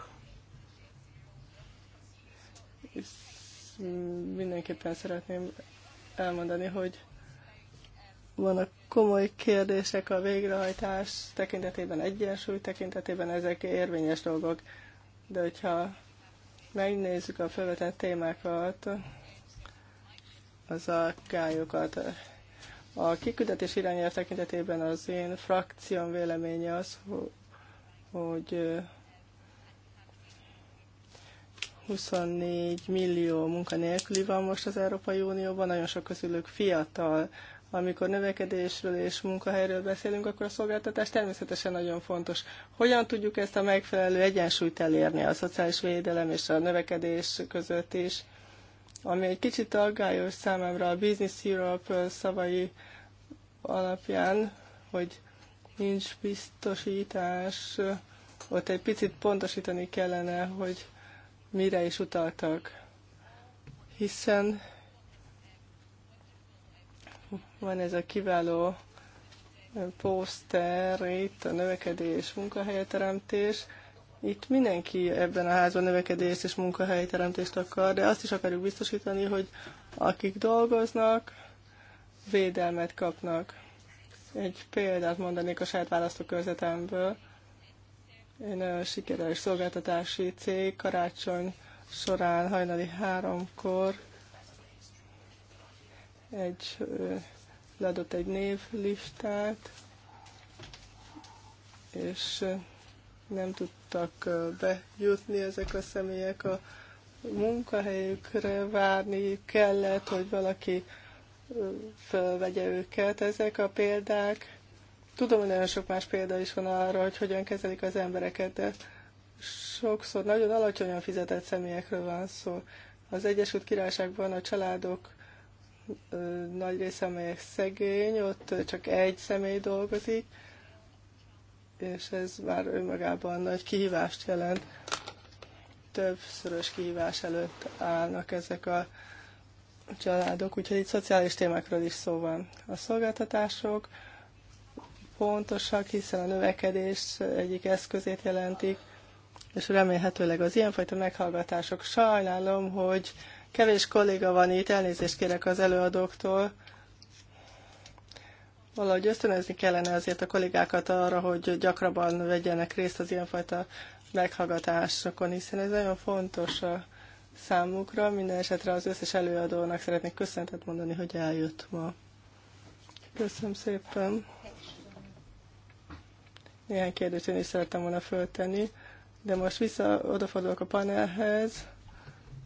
mindenképpen szeretném elmondani, hogy vannak komoly kérdések a végrehajtás tekintetében, egyensúly tekintetében, ezek érvényes dolgok. De hogyha megnézzük a felvetett témákat, az aggályokat, a kiküldetés irányelv tekintetében az én frakcióm véleménye az, hogy 24 millió munkanélküli van most az Európai Unióban, nagyon sok közülük fiatal. Amikor növekedésről és munkahelyről beszélünk, akkor a szolgáltatás természetesen nagyon fontos. Hogyan tudjuk ezt a megfelelő egyensúlyt elérni a szociális védelem és a növekedés között is? Ami egy kicsit aggályos számomra a Business Europe szavai alapján, hogy nincs biztosítás, ott egy picit pontosítani kellene, hogy mire is utaltak. Hiszen van ez a kiváló poszter, itt a növekedés, munkahelyteremtés. Itt mindenki ebben a házban növekedést és munkahelyteremtést akar, de azt is akarjuk biztosítani, hogy akik dolgoznak, védelmet kapnak. Egy példát mondanék a saját választókörzetemből. Én a sikeres szolgáltatási cég karácsony során hajnali háromkor egy, leadott egy névlistát, és nem tudtak bejutni ezek a személyek a munkahelyükre várni kellett, hogy valaki fölvegye őket. Ezek a példák Tudom, hogy nagyon sok más példa is van arra, hogy hogyan kezelik az embereket, de sokszor nagyon alacsonyan fizetett személyekről van szó. Az Egyesült Királyságban a családok nagy része, amelyek szegény, ott csak egy személy dolgozik, és ez már önmagában nagy kihívást jelent. Többszörös kihívás előtt állnak ezek a családok, úgyhogy itt szociális témákról is szó van. A szolgáltatások, fontosak, hiszen a növekedés egyik eszközét jelentik, és remélhetőleg az ilyenfajta meghallgatások. Sajnálom, hogy kevés kolléga van itt, elnézést kérek az előadóktól. Valahogy ösztönözni kellene azért a kollégákat arra, hogy gyakrabban vegyenek részt az ilyenfajta meghallgatásokon, hiszen ez nagyon fontos a számukra. Minden esetre az összes előadónak szeretnék köszöntet mondani, hogy eljött ma. Köszönöm szépen. Néhány kérdést én is szerettem volna föltenni, de most vissza odafordulok a panelhez.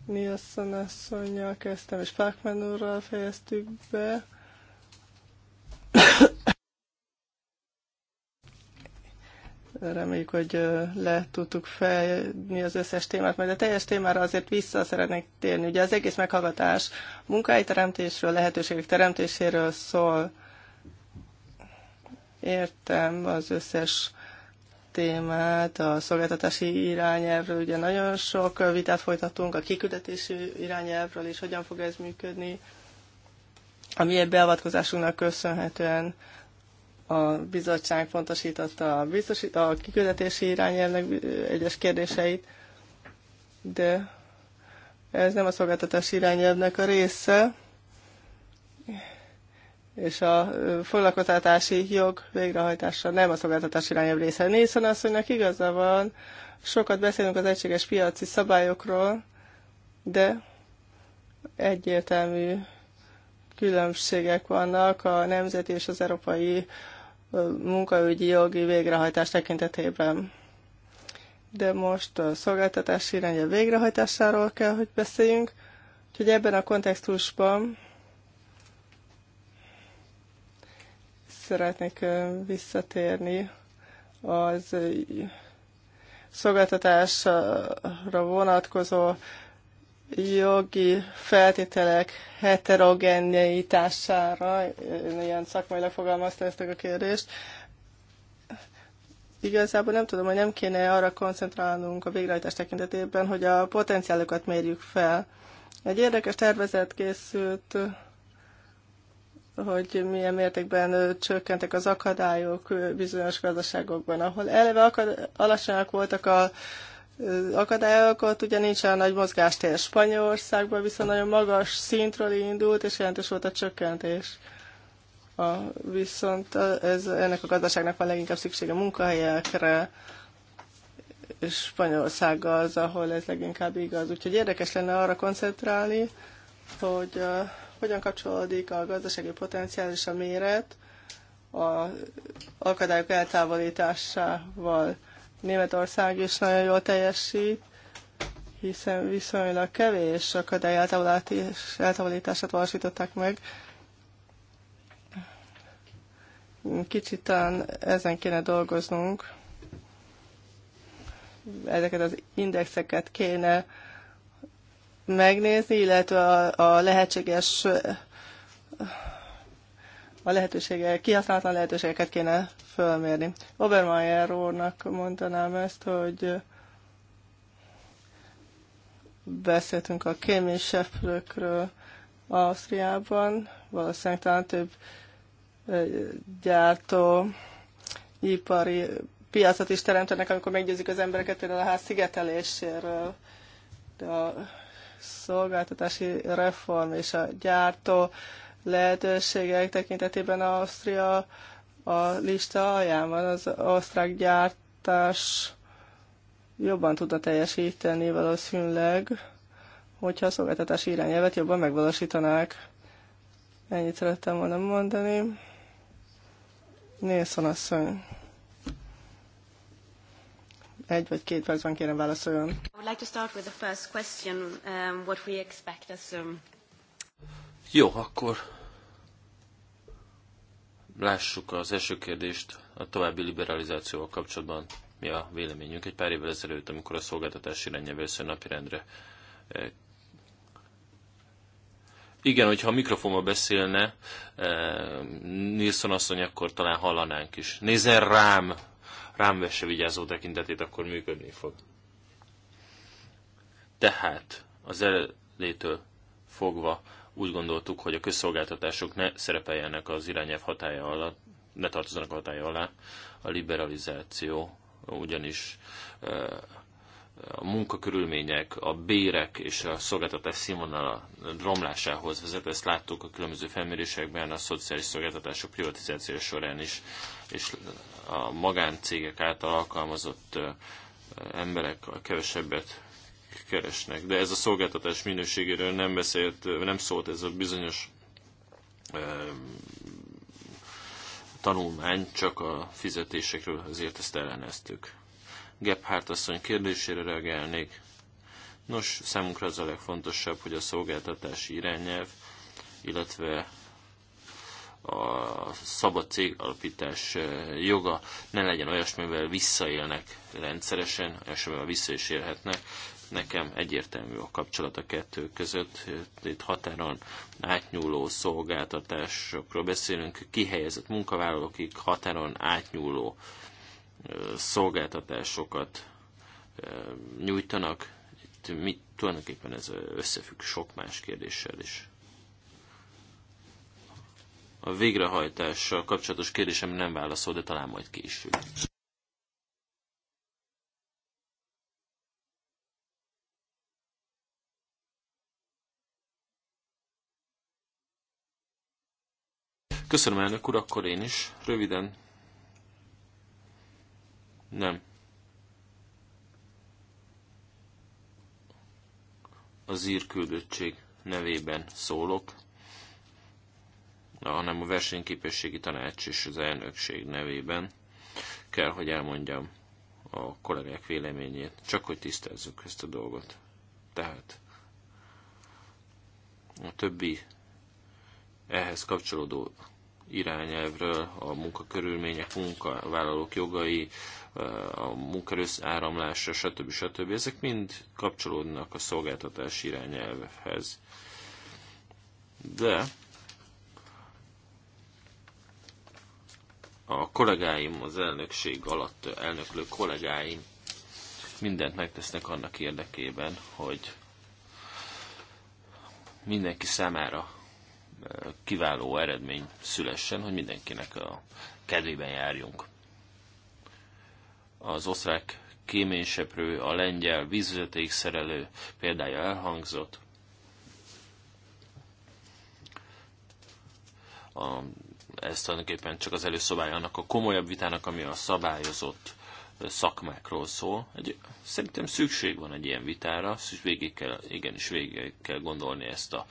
Nilsson asszonynal kezdtem, és Pákman úrral fejeztük be. Reméljük, hogy le tudtuk fejni az összes témát, majd a teljes témára azért vissza szeretnék térni. Ugye az egész meghallgatás munkáiteremtésről, lehetőségek teremtéséről szól, Értem az összes témát, a szolgáltatási irányelvről ugye nagyon sok vitát folytatunk, a kiküldetési irányelvről is, hogyan fog ez működni. A mi beavatkozásunknak köszönhetően a bizottság pontosította a, biztosít, a kiküldetési irányelvnek egyes kérdéseit, de ez nem a szolgáltatási irányelvnek a része, és a foglalkoztatási jog végrehajtása nem a szolgáltatás irányabb része. Nézzen hogy igaza van, sokat beszélünk az egységes piaci szabályokról, de egyértelmű különbségek vannak a nemzeti és az európai munkaügyi jogi végrehajtás tekintetében. De most a szolgáltatási irányabb végrehajtásáról kell, hogy beszéljünk, úgyhogy ebben a kontextusban szeretnék visszatérni az szolgáltatásra vonatkozó jogi feltételek heterogeneitására, ilyen szakmai fogalmazta ezt a kérdést. Igazából nem tudom, hogy nem kéne arra koncentrálnunk a végrehajtás tekintetében, hogy a potenciálokat mérjük fel. Egy érdekes tervezet készült hogy milyen mértékben csökkentek az akadályok bizonyos gazdaságokban, ahol eleve akad, alacsonyak voltak a akadályok, ott ugye nincs olyan nagy mozgástér. Spanyolországban viszont nagyon magas szintről indult, és jelentős volt a csökkentés. A, viszont ez, ennek a gazdaságnak van leginkább szüksége munkahelyekre, és Spanyolország az, ahol ez leginkább igaz. Úgyhogy érdekes lenne arra koncentrálni, hogy uh, hogyan kapcsolódik a gazdasági potenciál és a méret a akadályok eltávolításával. Németország is nagyon jól teljesít, hiszen viszonylag kevés akadály eltávolítását valósították meg. Kicsit talán ezen kéne dolgoznunk. Ezeket az indexeket kéne megnézni, illetve a, a lehetséges a lehetőségek, kihasználatlan lehetőségeket kéne fölmérni. Obermeyer úrnak mondanám ezt, hogy beszéltünk a kéményseprőkről Ausztriában, valószínűleg talán több gyártó ipari piacot is teremtenek, amikor meggyőzik az embereket például a ház szigeteléséről. De a szolgáltatási reform és a gyártó lehetőségek tekintetében Ausztria a lista alján van, az osztrák gyártás jobban tudna teljesíteni valószínűleg, hogyha a szolgáltatási irányelvet jobban megvalósítanák. Ennyit szerettem volna mondani. Nélszon asszony. Egy vagy két percben kérem válaszoljon. I
would like to start with the first question, um, what we expect as um...
Jó, akkor lássuk az első kérdést a további liberalizációval kapcsolatban. Mi a véleményünk? Egy pár évvel ezelőtt, amikor a szolgáltatás irányelve össze napirendre eh, igen, hogyha a mikrofonba beszélne eh, Nilsson asszony, akkor talán hallanánk is. Nézzen rám, rám vesse vigyázó tekintetét, akkor működni fog. Tehát az elétől fogva úgy gondoltuk, hogy a közszolgáltatások ne szerepeljenek az irányelv hatája alatt, ne tartozzanak hatája alá. A liberalizáció ugyanis a munkakörülmények, a bérek és a szolgáltatás színvonala romlásához vezet. Ezt láttuk a különböző felmérésekben, a szociális szolgáltatások privatizációja során is, és a magáncégek által alkalmazott emberek kevesebbet keresnek. De ez a szolgáltatás minőségéről nem beszélt, nem szólt ez a bizonyos tanulmány, csak a fizetésekről, azért ezt elleneztük. Gebhardt asszony kérdésére reagálnék. Nos, számunkra az a legfontosabb, hogy a szolgáltatási irányelv, illetve a szabad cégalapítás alapítás eh, joga ne legyen mivel visszaélnek rendszeresen, olyasmivel vissza is élhetnek. Nekem egyértelmű a kapcsolat a kettő között. Itt határon átnyúló szolgáltatásokról beszélünk, kihelyezett munkavállalókig határon átnyúló eh, szolgáltatásokat eh, nyújtanak. Itt mit tulajdonképpen ez összefügg sok más kérdéssel is. A végrehajtással kapcsolatos kérdésem nem válaszol, de talán majd később. Köszönöm elnök úr, akkor én is. Röviden. Nem. Az írküldöttség nevében szólok hanem a versenyképességi tanács és az elnökség nevében kell, hogy elmondjam a kollégák véleményét, csak hogy tisztázzuk ezt a dolgot. Tehát a többi ehhez kapcsolódó irányelvről, a munkakörülmények, munkavállalók jogai, a munkerősz áramlása, stb. stb. Ezek mind kapcsolódnak a szolgáltatás irányelvhez. De a kollégáim, az elnökség alatt elnöklő kollégáim mindent megtesznek annak érdekében, hogy mindenki számára e, kiváló eredmény szülessen, hogy mindenkinek a kedvében járjunk. Az osztrák kéményseprő, a lengyel vízvezetékszerelő példája elhangzott. A ez tulajdonképpen csak az előszobája annak a komolyabb vitának, ami a szabályozott szakmákról szól. Egy, szerintem szükség van egy ilyen vitára, és végig kell, igenis végig kell gondolni ezt a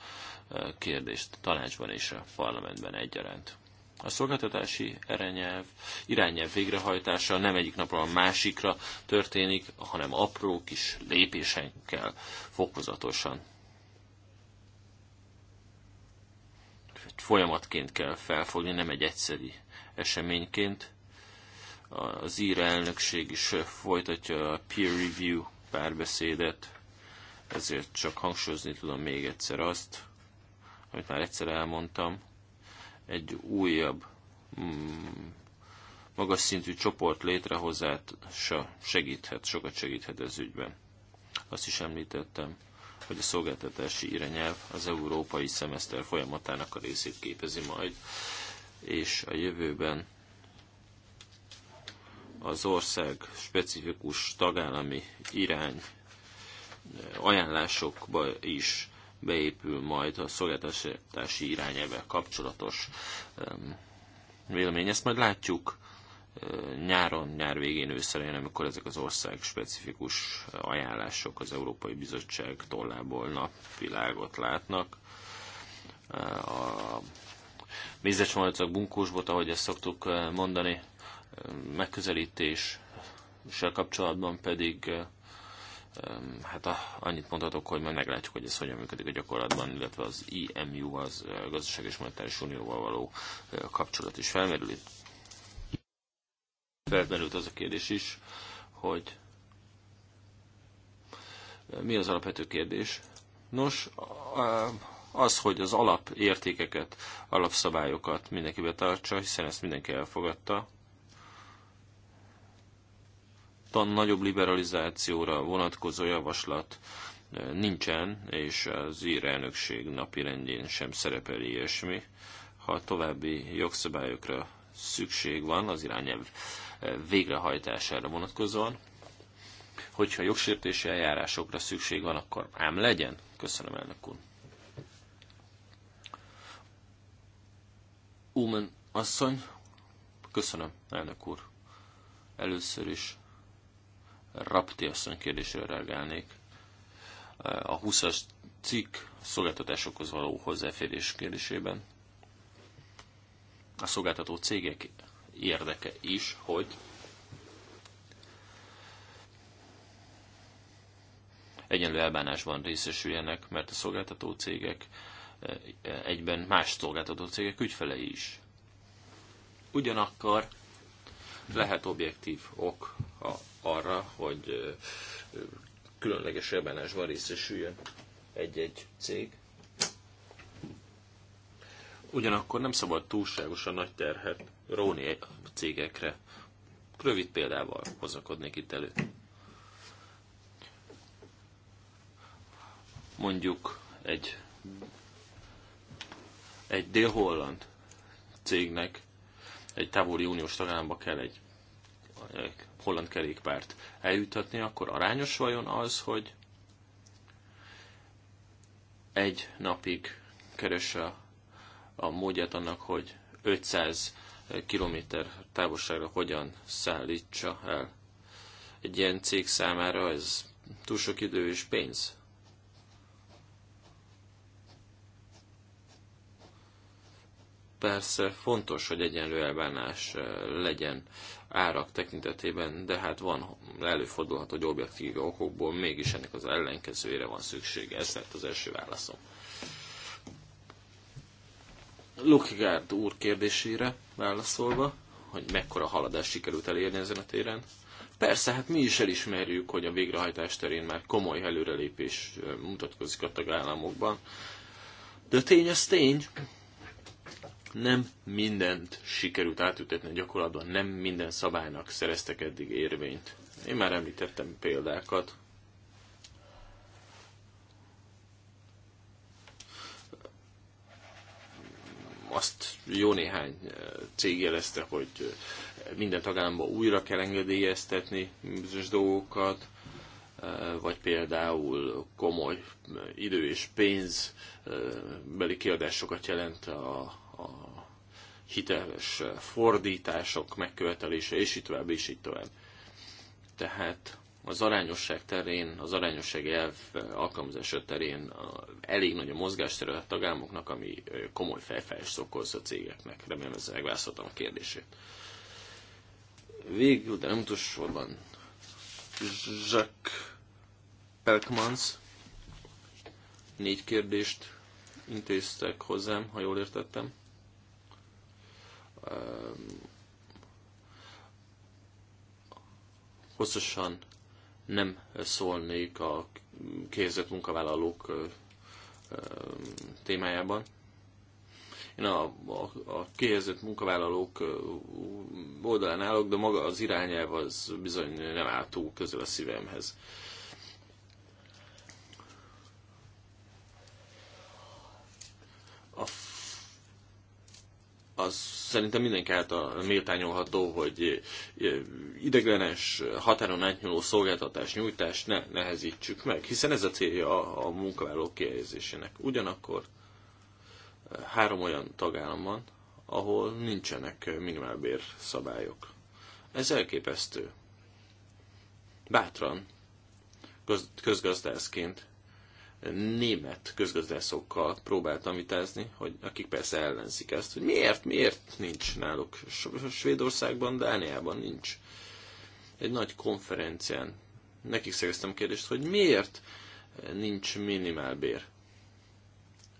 kérdést tanácsban és a parlamentben egyaránt. A szolgáltatási erenyelv, irányelv végrehajtása nem egyik napról a másikra történik, hanem apró kis kell fokozatosan folyamatként kell felfogni, nem egy egyszeri eseményként. Az ír elnökség is folytatja a peer review párbeszédet, ezért csak hangsúlyozni tudom még egyszer azt, amit már egyszer elmondtam, egy újabb mm, magas szintű csoport létrehozása segíthet, sokat segíthet ez ügyben. Azt is említettem, hogy a szolgáltatási irányelv az európai szemeszter folyamatának a részét képezi majd, és a jövőben az ország specifikus tagállami irány eh, ajánlásokba is beépül majd a szolgáltatási irányelvvel kapcsolatos vélemény. Ezt majd látjuk nyáron, nyár végén, ősszel amikor ezek az ország specifikus ajánlások az Európai Bizottság tollából napvilágot látnak. A bunkós volt, ahogy ezt szoktuk mondani, megközelítéssel kapcsolatban pedig hát a, annyit mondhatok, hogy majd meglátjuk, hogy ez hogyan működik a gyakorlatban, illetve az IMU, az Gazdaság és Monetáris Unióval való kapcsolat is felmerül. Itt felmerült az a kérdés is, hogy mi az alapvető kérdés? Nos, az, hogy az alapértékeket, alapszabályokat mindenki betartsa, hiszen ezt mindenki elfogadta. Tan nagyobb liberalizációra vonatkozó javaslat e, nincsen, és az ír elnökség napi rendjén sem szerepel ilyesmi. Ha további jogszabályokra szükség van, az irányelv végrehajtására vonatkozóan. Hogyha jogsértési eljárásokra szükség van, akkor ám legyen. Köszönöm, elnök úr. Umen asszony, köszönöm, elnök úr. Először is Rapti asszony kérdésére reagálnék. A 20-as cikk szolgáltatásokhoz való hozzáférés kérdésében. A szolgáltató cégek érdeke is, hogy egyenlő elbánásban részesüljenek, mert a szolgáltató cégek eh, egyben más szolgáltató cégek ügyfelei is. Ugyanakkor lehet objektív ok arra, hogy eh, különleges elbánásban részesüljön egy-egy cég. Ugyanakkor nem szabad túlságosan nagy terhet róni cégekre. Rövid példával hozakodnék itt elő. Mondjuk egy, egy dél-holland cégnek egy távoli uniós tagállamba kell egy, egy holland kerékpárt eljutatni, akkor arányos vajon az, hogy egy napig a, a módját annak, hogy 500 kilométer távolságra hogyan szállítsa el. Egy ilyen cég számára ez túl sok idő és pénz. Persze fontos, hogy egyenlő elbánás eh, legyen árak tekintetében, de hát van, előfordulhat, hogy objektív okokból mégis ennek az ellenkezőjére van szüksége. Ez lett az első válaszom. Lukigárd úr kérdésére válaszolva, hogy mekkora haladás sikerült elérni ezen a téren. Persze, hát mi is elismerjük, hogy a végrehajtás terén már komoly előrelépés mutatkozik a tagállamokban. De a tény az tény, nem mindent sikerült átütetni a gyakorlatban, nem minden szabálynak szereztek eddig érvényt. Én már említettem példákat, azt jó néhány eh, cég jelezte, hogy eh, minden tagállamban újra kell engedélyeztetni bizonyos dolgokat, eh, vagy például komoly idő és pénz beli kiadásokat jelent a, a hiteles fordítások megkövetelése, és így tovább, és így tovább. Tehát az arányosság terén, az arányosság elv alkalmazása terén elég nagy a mozgástere a tagállamoknak, ami komoly fejfájást okoz a cégeknek. Remélem ezzel megválaszoltam a kérdését. Végül, de nem utolsó sorban, Jacques Pelkmans négy kérdést intéztek hozzám, ha jól értettem. Hosszasan nem szólnék a képzett munkavállalók témájában. Én a, a, a kihelyezett munkavállalók oldalán állok, de maga az irányelv az bizony nem áll túl közel a szívemhez. az szerintem mindenki által méltányolható, hogy ideglenes, határon átnyúló szolgáltatás nyújtást ne nehezítsük meg, hiszen ez a célja a, a munkavállalók kihelyezésének. Ugyanakkor három olyan tagállam van, ahol nincsenek minimálbér szabályok. Ez elképesztő. Bátran, közgazdászként német közgazdászokkal próbáltam vitázni, hogy, akik persze ellenzik ezt, hogy miért, miért nincs náluk. Svédországban, Dániában nincs. Egy nagy konferencián nekik szegeztem kérdést, hogy miért nincs minimálbér.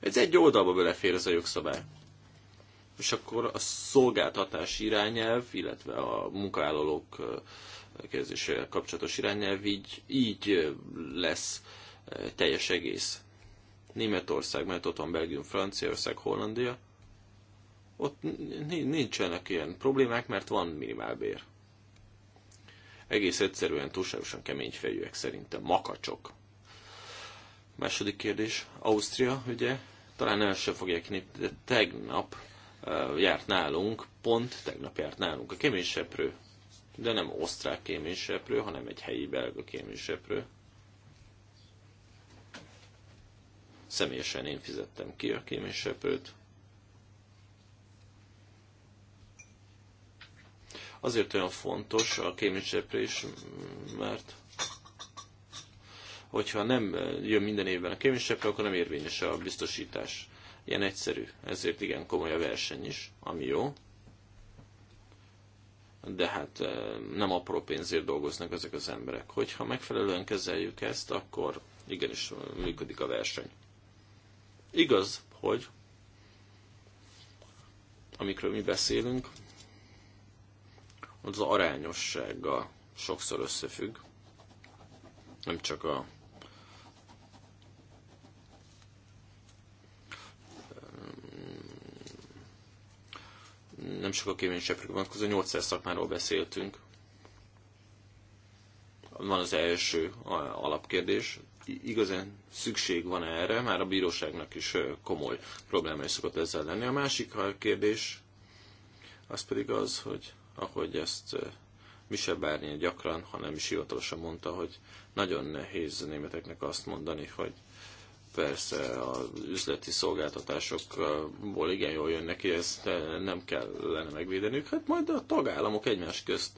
Ez egy oldalba belefér ez a jogszabály. És akkor a szolgáltatás irányelv, illetve a munkavállalók kérdésével kapcsolatos irányelv így, így lesz teljes egész. Németország, mert ott van Belgium, Franciaország, Hollandia, ott nincsenek ilyen problémák, mert van minimálbér. Egész egyszerűen túlságosan kemény fejűek szerintem, makacsok. Második kérdés, Ausztria, ugye, talán el sem fogják nyitni, de tegnap uh, járt nálunk, pont tegnap járt nálunk a kéményseprő. De nem osztrák kéményseprő, hanem egy helyi belga kéményseprő. Személyesen én fizettem ki a kéményseprőt. Azért olyan fontos a kéményseprés, mert hogyha nem jön minden évben a kéményseprő, akkor nem érvényes a biztosítás. Ilyen egyszerű. Ezért igen komoly a verseny is, ami jó de hát eh, nem apró pénzért dolgoznak ezek az emberek. Hogyha megfelelően kezeljük ezt, akkor igenis működik a verseny. Igaz, hogy amikről mi beszélünk, az arányossággal sokszor összefügg. Nem csak a nem csak a kéményseprők vonatkozó 800 szakmáról beszéltünk. Van az első alapkérdés, igazán szükség van erre, már a bíróságnak is komoly is szokott ezzel lenni. A másik a kérdés az pedig az, hogy ahogy ezt Mise Bárnyi gyakran, ha nem is hivatalosan mondta, hogy nagyon nehéz a németeknek azt mondani, hogy persze az üzleti szolgáltatásokból igen jól jön neki, ezt nem kellene megvédenünk. Hát majd a tagállamok egymás közt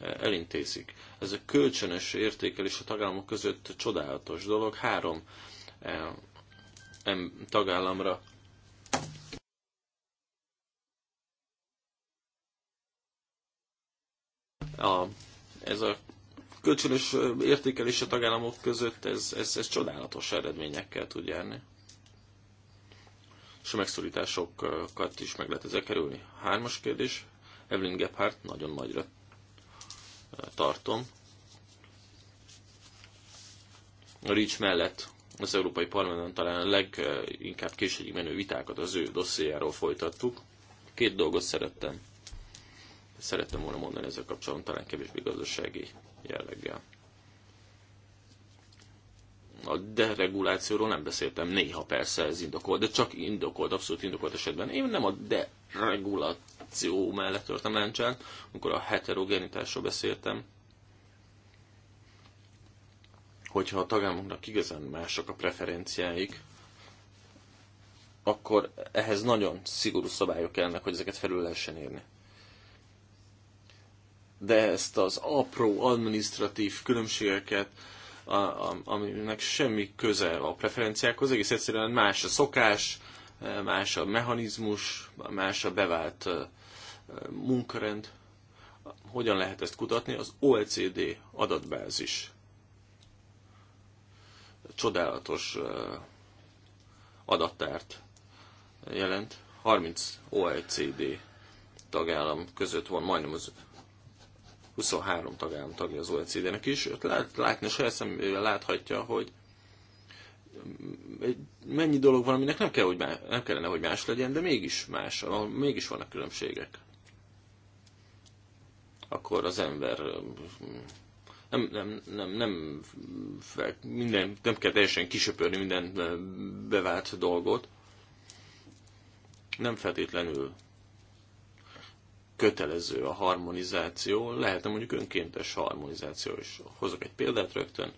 elintézik. Ez a kölcsönös értékelés a tagállamok között csodálatos dolog. Három eh, tagállamra a, ez a kölcsönös eh, értékelés a tagállamok között, ez, ez, ez csodálatos eredményekkel tud járni. És a megszorításokat is meg lehet ezzel kerülni. Hármas kérdés, Evelyn Gephardt nagyon nagyra tartom. A Rics mellett az Európai Parlamentben talán a leginkább későbbi menő vitákat az ő dossziéjáról folytattuk. Két dolgot szerettem. Szerettem volna mondani ezzel kapcsolatban, talán kevésbé gazdasági jelleggel. A deregulációról nem beszéltem, néha persze ez indokolt, de csak indokolt, abszolút indokolt esetben. Én nem a deregulat migráció mellett a mencsen, amikor a heterogenitásról beszéltem, hogyha a tagállamoknak igazán mások a preferenciáik, akkor ehhez nagyon szigorú szabályok kellnek, hogy ezeket felül lehessen érni. De ezt az apró administratív különbségeket, a, a, aminek semmi köze a preferenciákhoz, egész egyszerűen más a szokás, más a mechanizmus, más a bevált munkarend. Hogyan lehet ezt kutatni? Az OECD adatbázis. Csodálatos adattárt jelent. 30 OECD tagállam között van majdnem az 23 tagállam tagja az OECD-nek is. látni a saját szemével láthatja, hogy mennyi dolog van, aminek nem, kell, hogy más, nem kellene, hogy más legyen, de mégis más, mégis vannak különbségek. Akkor az ember nem, nem, nem, nem, fel, minden, nem kell teljesen kisöpörni minden bevált dolgot. Nem feltétlenül kötelező a harmonizáció, lehetne mondjuk önkéntes harmonizáció is. Hozok egy példát rögtön,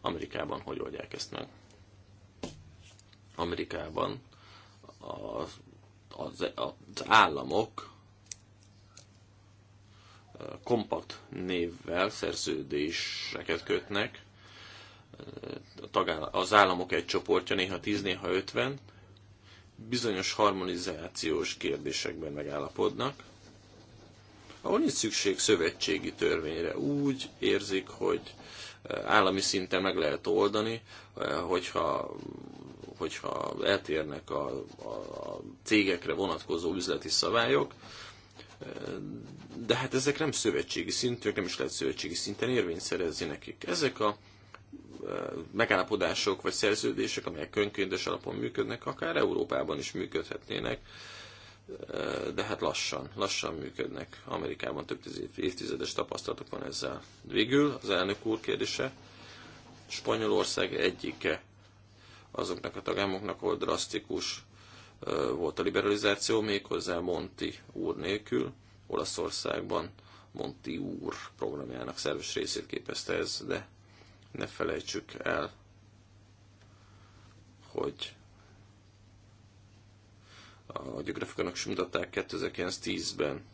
Amerikában hogy oldják ezt meg. Amerikában az, az, az államok kompakt névvel szerződéseket kötnek. Az államok egy csoportja, néha 10, néha 50, bizonyos harmonizációs kérdésekben megállapodnak, ahol nincs szükség szövetségi törvényre. Úgy érzik, hogy állami szinten meg lehet oldani, hogyha hogyha eltérnek a, a, a cégekre vonatkozó üzleti szabályok, de hát ezek nem szövetségi szintű, nem is lehet szövetségi szinten érvényt szerezni nekik. Ezek a e, megállapodások vagy szerződések, amelyek könyvkéntes alapon működnek, akár Európában is működhetnének, e, de hát lassan, lassan működnek. Amerikában több tíz évtizedes tapasztalatok van ezzel. Végül az elnök úr kérdése, Spanyolország egyike azoknak a tagállamoknak, ahol drasztikus volt a liberalizáció, méghozzá Monti úr nélkül, Olaszországban Monti úr programjának szerves részét képezte ez, de ne felejtsük el, hogy a gyografikának is mutatták 2009-10-ben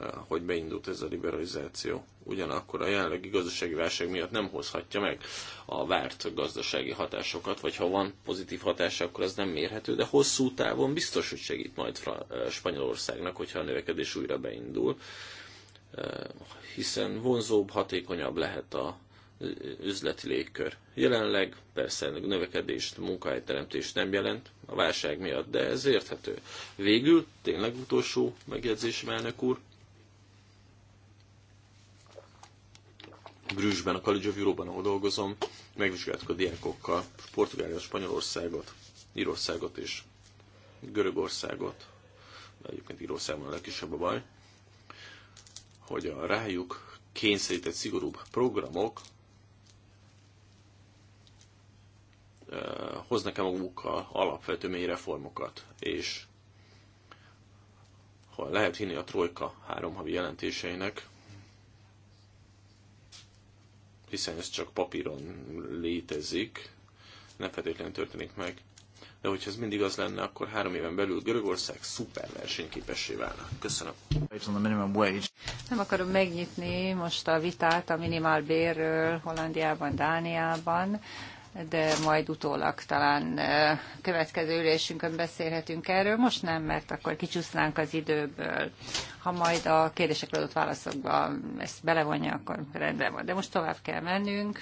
Eh, hogy beindult ez a liberalizáció. Ugyanakkor a jelenlegi gazdasági válság miatt nem hozhatja meg a várt gazdasági hatásokat, vagy ha van pozitív hatás, akkor ez nem mérhető, de hosszú távon biztos, hogy segít majd eh, Spanyolországnak, hogyha a növekedés újra beindul, eh, hiszen vonzóbb, hatékonyabb lehet a üzleti légkör. Jelenleg persze növekedést, munkahelyteremtést nem jelent a válság miatt, de ez érthető. Végül, tényleg utolsó megjegyzésem, elnök úr, Brüsszben, a College of Europe-ban, ahol dolgozom, megvizsgáltuk a diákokkal Portugália, Spanyolországot, Írországot és Görögországot, de egyébként Írországban a legkisebb a baj, hogy a rájuk kényszerített szigorúbb programok eh, hoznak-e magukkal alapvető mély reformokat, és ha lehet hinni a Trojka három havi jelentéseinek, hiszen ez csak papíron létezik, nem feltétlenül történik meg. De hogyha ez mindig az lenne, akkor három éven belül
Görögország szuper versenyképessé válna. Köszönöm.
Nem akarom megnyitni most a vitát a minimálbérről Hollandiában, Dániában de majd utólag talán következő ülésünkön beszélhetünk erről. Most nem, mert akkor kicsúsznánk az időből. Ha majd a kérdésekre adott válaszokba ezt belevonja, akkor rendben van. De most tovább kell mennünk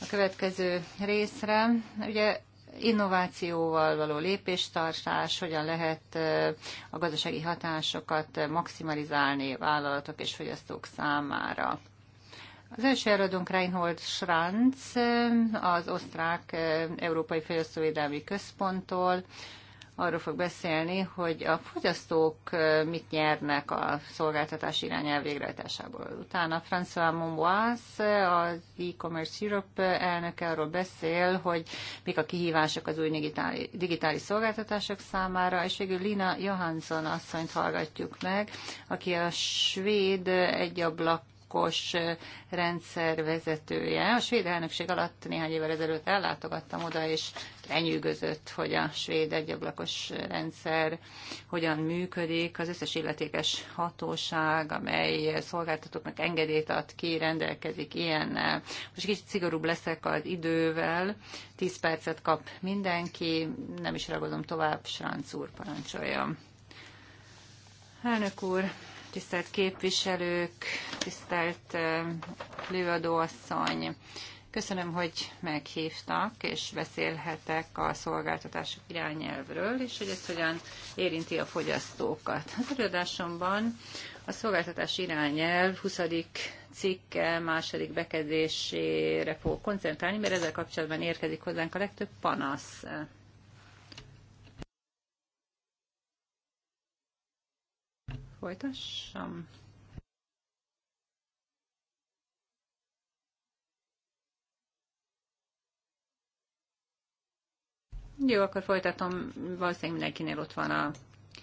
a következő részre. Ugye innovációval való lépéstartás, hogyan lehet a gazdasági hatásokat maximalizálni vállalatok és fogyasztók számára. Az első előadónk Reinhold Schranz, az osztrák Európai Fogyasztóvédelmi Központtól. Arról fog beszélni, hogy a fogyasztók mit nyernek a szolgáltatás irányelv végrehajtásából. Utána François Mombois, az e-commerce Europe elnöke arról beszél, hogy mik a kihívások az új digitális, digitális szolgáltatások számára, és végül Lina Johansson asszonyt hallgatjuk meg, aki a svéd egyablak bankos rendszer vezetője. A svéd elnökség alatt néhány évvel ezelőtt ellátogattam oda, és lenyűgözött, hogy a svéd egyablakos rendszer hogyan működik. Az összes illetékes hatóság, amely szolgáltatóknak engedélyt ad ki, rendelkezik ilyennel. Most kicsit szigorúbb leszek az idővel, tíz percet kap mindenki, nem is ragadom tovább, Sránc úr parancsolja. Elnök úr, tisztelt képviselők, tisztelt lőadóasszony, Köszönöm, hogy meghívtak, és beszélhetek a szolgáltatások irányelvről, és hogy ez hogyan érinti a fogyasztókat. Az előadásomban a szolgáltatás irányelv 20. cikke második bekezdésére fog koncentrálni, mert ezzel kapcsolatban érkezik hozzánk a legtöbb panasz Folytassam? Jó, akkor folytatom. Valószínűleg mindenkinél ott van a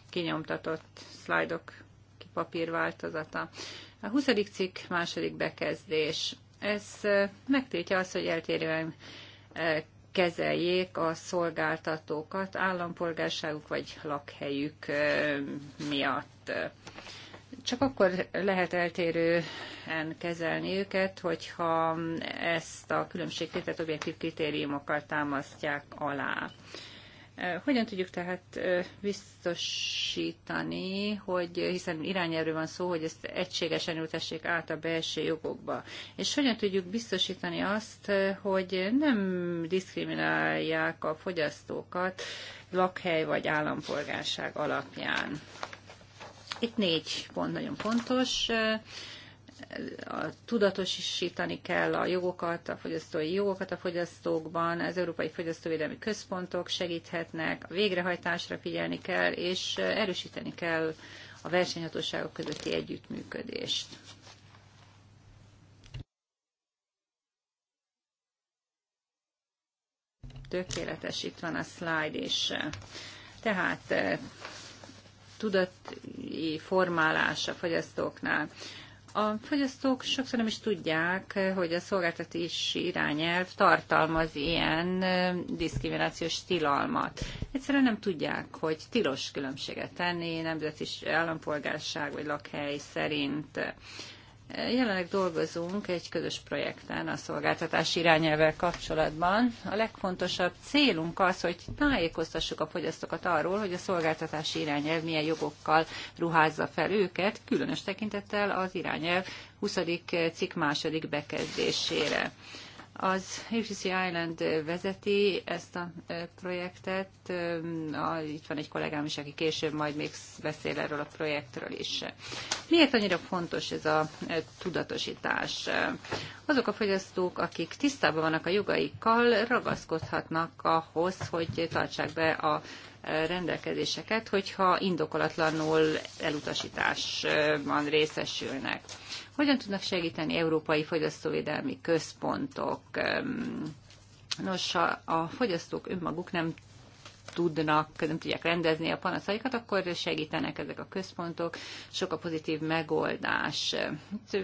kinyomtatott szlájdok papír változata. A 20. cikk második bekezdés. Ez eh, megtiltja azt, hogy eltérően eh, kezeljék a szolgáltatókat állampolgárságuk vagy lakhelyük miatt. Csak akkor lehet eltérően kezelni őket, hogyha ezt a különbségtételt objektív kritériumokkal támasztják alá. Hogyan tudjuk tehát biztosítani, hogy hiszen irányelvről van szó, hogy ezt egységesen ültessék át a belső jogokba, és hogyan tudjuk biztosítani azt, hogy nem diszkriminálják a fogyasztókat lakhely vagy állampolgárság alapján. Itt négy pont nagyon fontos a tudatosítani kell a jogokat, a fogyasztói jogokat a fogyasztókban, az Európai Fogyasztóvédelmi Központok segíthetnek, a végrehajtásra figyelni kell, és erősíteni kell a versenyhatóságok közötti együttműködést. Tökéletes, itt van a slide is. Tehát eh, tudati formálás a fogyasztóknál. A fogyasztók sokszor nem is tudják, hogy a szolgáltatási irányelv tartalmaz ilyen diszkriminációs tilalmat. Egyszerűen nem tudják, hogy tilos különbséget tenni nemzeti állampolgárság vagy lakhely szerint. Jelenleg dolgozunk egy közös projekten a szolgáltatás irányelvel kapcsolatban. A legfontosabb célunk az, hogy tájékoztassuk a fogyasztókat arról, hogy a szolgáltatás irányelv milyen jogokkal ruházza fel őket, különös tekintettel az irányelv 20. cikk második bekezdésére. Az UCC Island vezeti ezt a projektet. Itt van egy kollégám is, aki később majd még beszél erről a projektről is. Miért annyira fontos ez a tudatosítás? Azok a fogyasztók, akik tisztában vannak a jogaikkal, ragaszkodhatnak ahhoz, hogy tartsák be a rendelkezéseket, hogyha indokolatlanul elutasításban részesülnek. Hogyan tudnak segíteni európai fogyasztóvédelmi központok? Nos, ha a fogyasztók önmaguk nem tudnak, nem tudják rendezni a panaszaikat, akkor segítenek ezek a központok, sok a pozitív megoldás.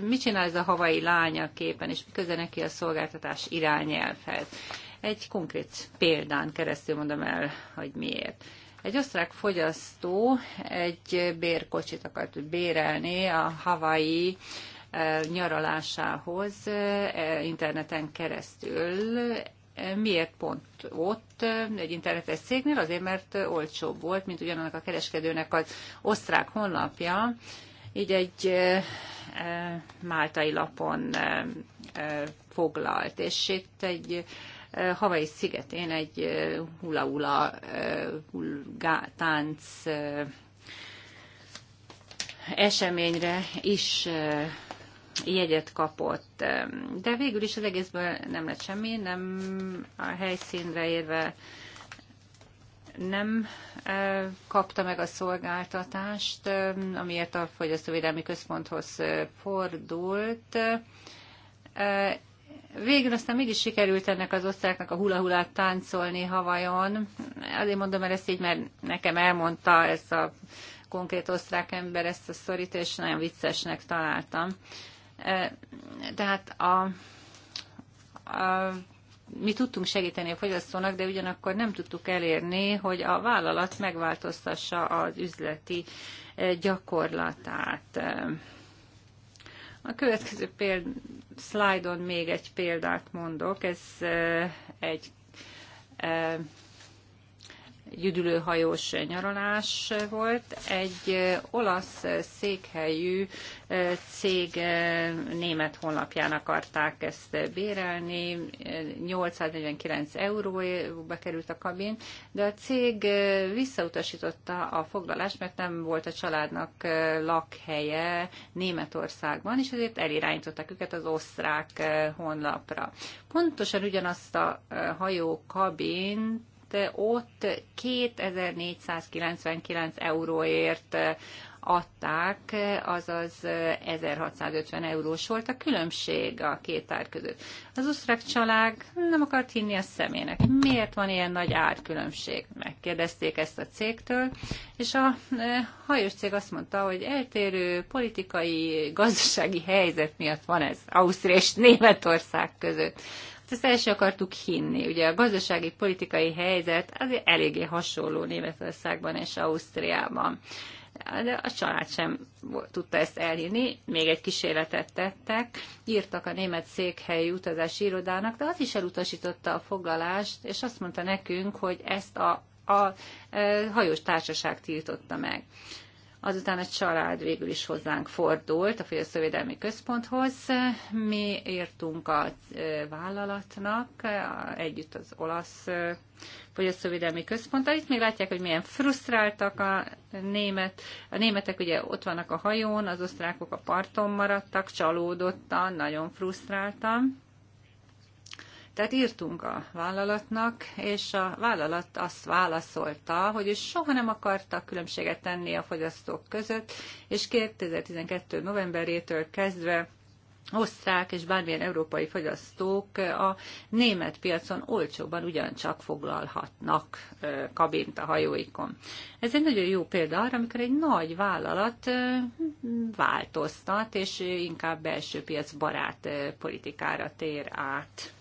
Mit csinál ez a havai lány a képen, és mi köze neki a szolgáltatás irányelvhez? Egy konkrét példán keresztül mondom el, hogy miért. Egy osztrák fogyasztó egy bérkocsit akart bérelni a havai nyaralásához e, interneten keresztül. Miért pont ott egy internetes cégnél? Azért, mert olcsóbb volt, mint ugyanannak a kereskedőnek az osztrák honlapja. Így egy e, e, máltai lapon foglalt, és itt egy Havai szigetén egy hula-hula tánc eseményre is jegyet kapott. De végül is az egészből nem lett semmi, nem a helyszínre érve nem e, kapta meg a szolgáltatást, e, amiért a Fogyasztóvédelmi Központhoz e, fordult. Végül aztán mégis sikerült ennek az osztráknak a hula-hulát táncolni Havajon. Azért mondom el ezt így, mert nekem elmondta ez a konkrét osztrák ember ezt a szorít, és nagyon viccesnek találtam. Tehát a, a mi tudtunk segíteni a fogyasztónak, de ugyanakkor nem tudtuk elérni, hogy a vállalat megváltoztassa az üzleti gyakorlatát. A következő péld, szlájdon még egy példát mondok, ez egy üdülőhajós nyaralás volt. Egy olasz székhelyű cég német honlapján akarták ezt bérelni, 849 euróba került a kabin, de a cég visszautasította a foglalást, mert nem volt a családnak lakhelye Németországban, és ezért elirányították őket az osztrák honlapra. Pontosan ugyanazt a hajó kabint mert ott 2499 euróért adták, azaz 1650 eurós volt a különbség a két ár között. Az osztrák család nem akart hinni a szemének. Miért van ilyen nagy árkülönbség? Megkérdezték ezt a cégtől, és a e, hajós cég azt mondta, hogy eltérő politikai, gazdasági helyzet miatt van ez Ausztria és Németország között ezt el sem akartuk hinni. Ugye a gazdasági politikai helyzet azért eléggé hasonló Németországban és Ausztriában. De a család sem tudta ezt elhinni, még egy kísérletet tettek, írtak a német székhelyi utazási irodának, de az is elutasította a foglalást, és azt mondta nekünk, hogy ezt a, a, a e, hajós társaság tiltotta meg. Azután a család végül is hozzánk fordult a Fogyasztóvédelmi Központhoz. Mi írtunk a vállalatnak együtt az olasz Fogyasztóvédelmi Központtal. Itt még látják, hogy milyen frusztráltak a német. A németek ugye ott vannak a hajón, az osztrákok a parton maradtak, csalódottan, nagyon frusztráltan. Tehát írtunk a vállalatnak, és a vállalat azt válaszolta, hogy soha nem akartak különbséget tenni a fogyasztók között, és 2012. novemberétől kezdve osztrák és bármilyen európai fogyasztók a német piacon olcsóban ugyancsak foglalhatnak kabint a hajóikon. Ez egy nagyon jó példa arra, amikor egy nagy vállalat változtat, és inkább belső piac barát politikára tér át.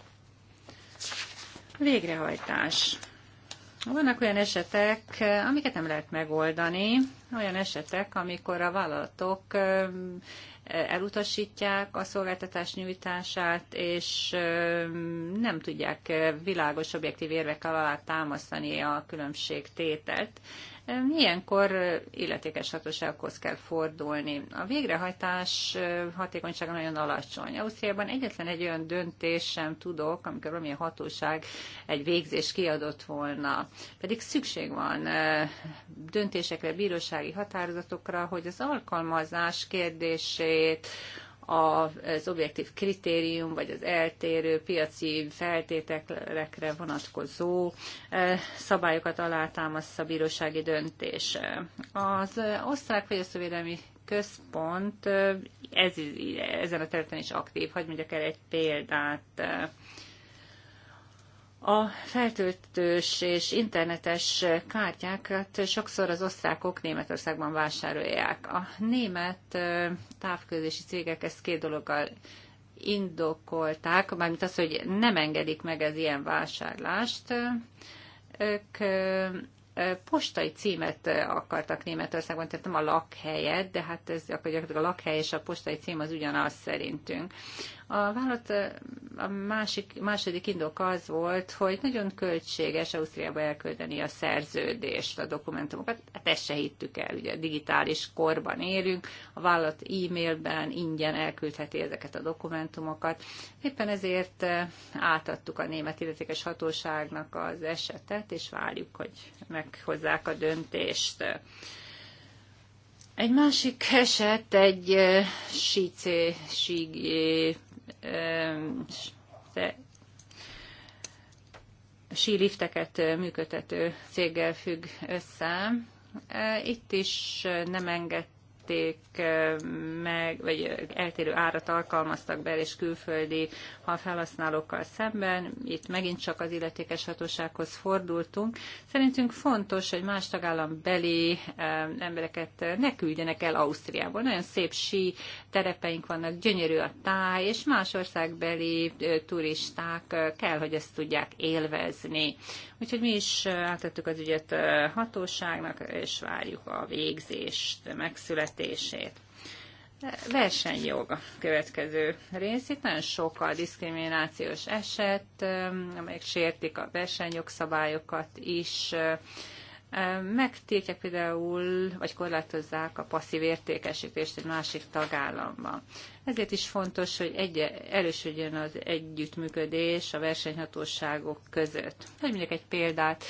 Végrehajtás. Vannak olyan esetek, amiket nem lehet megoldani, olyan esetek, amikor a vállalatok elutasítják a szolgáltatás nyújtását, és nem tudják világos objektív érvek alá támasztani a különbségtételt. Milyenkor illetékes hatósághoz kell fordulni? A végrehajtás hatékonysága nagyon alacsony. Ausztriában egyetlen egy olyan döntés sem tudok, amikor valamilyen hatóság egy végzés kiadott volna. Pedig szükség van döntésekre, bírósági határozatokra, hogy az alkalmazás kérdését, az objektív kritérium, vagy az eltérő piaci feltételekre vonatkozó eh, szabályokat alátámasztja a bírósági döntés. Az osztrák fogyasztóvédelmi központ eh, ez, ezen a területen is aktív. Hagy mondjak el egy példát. A feltöltős és internetes kártyákat sokszor az osztrákok Németországban vásárolják. A német távközlési cégek ezt két dologgal indokolták, mármint az, hogy nem engedik meg az ilyen vásárlást. Ők postai címet akartak Németországban, tehát nem a lakhelyet, de hát ez akkor gyakorlatilag a lakhely és a postai cím az ugyanaz szerintünk. A vállalat a másik, második indok az volt, hogy nagyon költséges Ausztriába elküldeni a szerződést, a dokumentumokat. Hát ezt se hittük el, ugye digitális korban élünk, a vállalat e-mailben ingyen elküldheti ezeket a dokumentumokat. Éppen ezért átadtuk a német illetékes hatóságnak az esetet, és várjuk, hogy meghozzák a döntést. Egy másik eset egy sícé, sígé sílifteket működtető céggel függ össze. Itt is nem engedte fizették eh, meg, vagy eh, eltérő árat alkalmaztak bel és külföldi felhasználókkal szemben. Itt megint csak az illetékes hatósághoz fordultunk. Szerintünk fontos, hogy más tagállam beli eh, embereket ne küldjenek el Ausztriából. Nagyon szép sí terepeink vannak, gyönyörű a táj, és más országbeli turisták kell, hogy ezt tudják élvezni. Úgyhogy mi is átadtuk az ügyet hatóságnak, és várjuk a végzést, megszületést megszüntetését. Versenyjog a következő rész. Itt nagyon sok a diszkriminációs eset, amelyek sértik a versenyjogszabályokat is. Megtiltják például, vagy korlátozzák a passzív értékesítést egy másik tagállamban. Ezért is fontos, hogy egy erősödjön az együttműködés a versenyhatóságok között. Hogy mondjuk egy példát,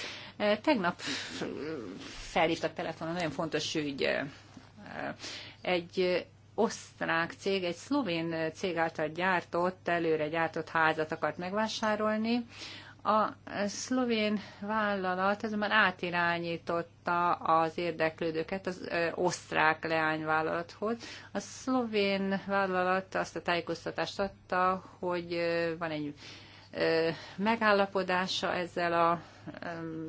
tegnap felhívtak telefonon, nagyon fontos ügy egy osztrák cég, egy szlovén cég által gyártott, előre gyártott házat akart megvásárolni. A szlovén vállalat azonban átirányította az érdeklődőket az osztrák leányvállalathoz. A szlovén vállalat azt a tájékoztatást adta, hogy van egy megállapodása ezzel a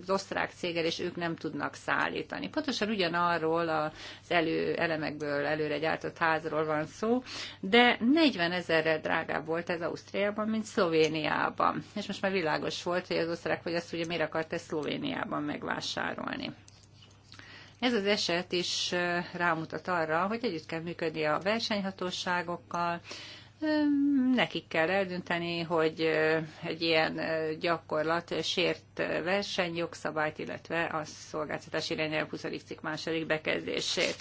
az osztrák céggel, és ők nem tudnak szállítani. Pontosan ugyanarról az elő, elemekből előre gyártott házról van szó, de 40 ezerrel drágább volt ez Ausztriában, mint Szlovéniában. És most már világos volt, hogy az osztrák hogy azt ugye miért akart ezt Szlovéniában megvásárolni. Ez az eset is rámutat arra, hogy együtt kell működni a versenyhatóságokkal, nekik kell eldönteni, hogy egy ilyen gyakorlat sért versenyjogszabályt, illetve a szolgáltatási irányelv 20. cikk második bekezdését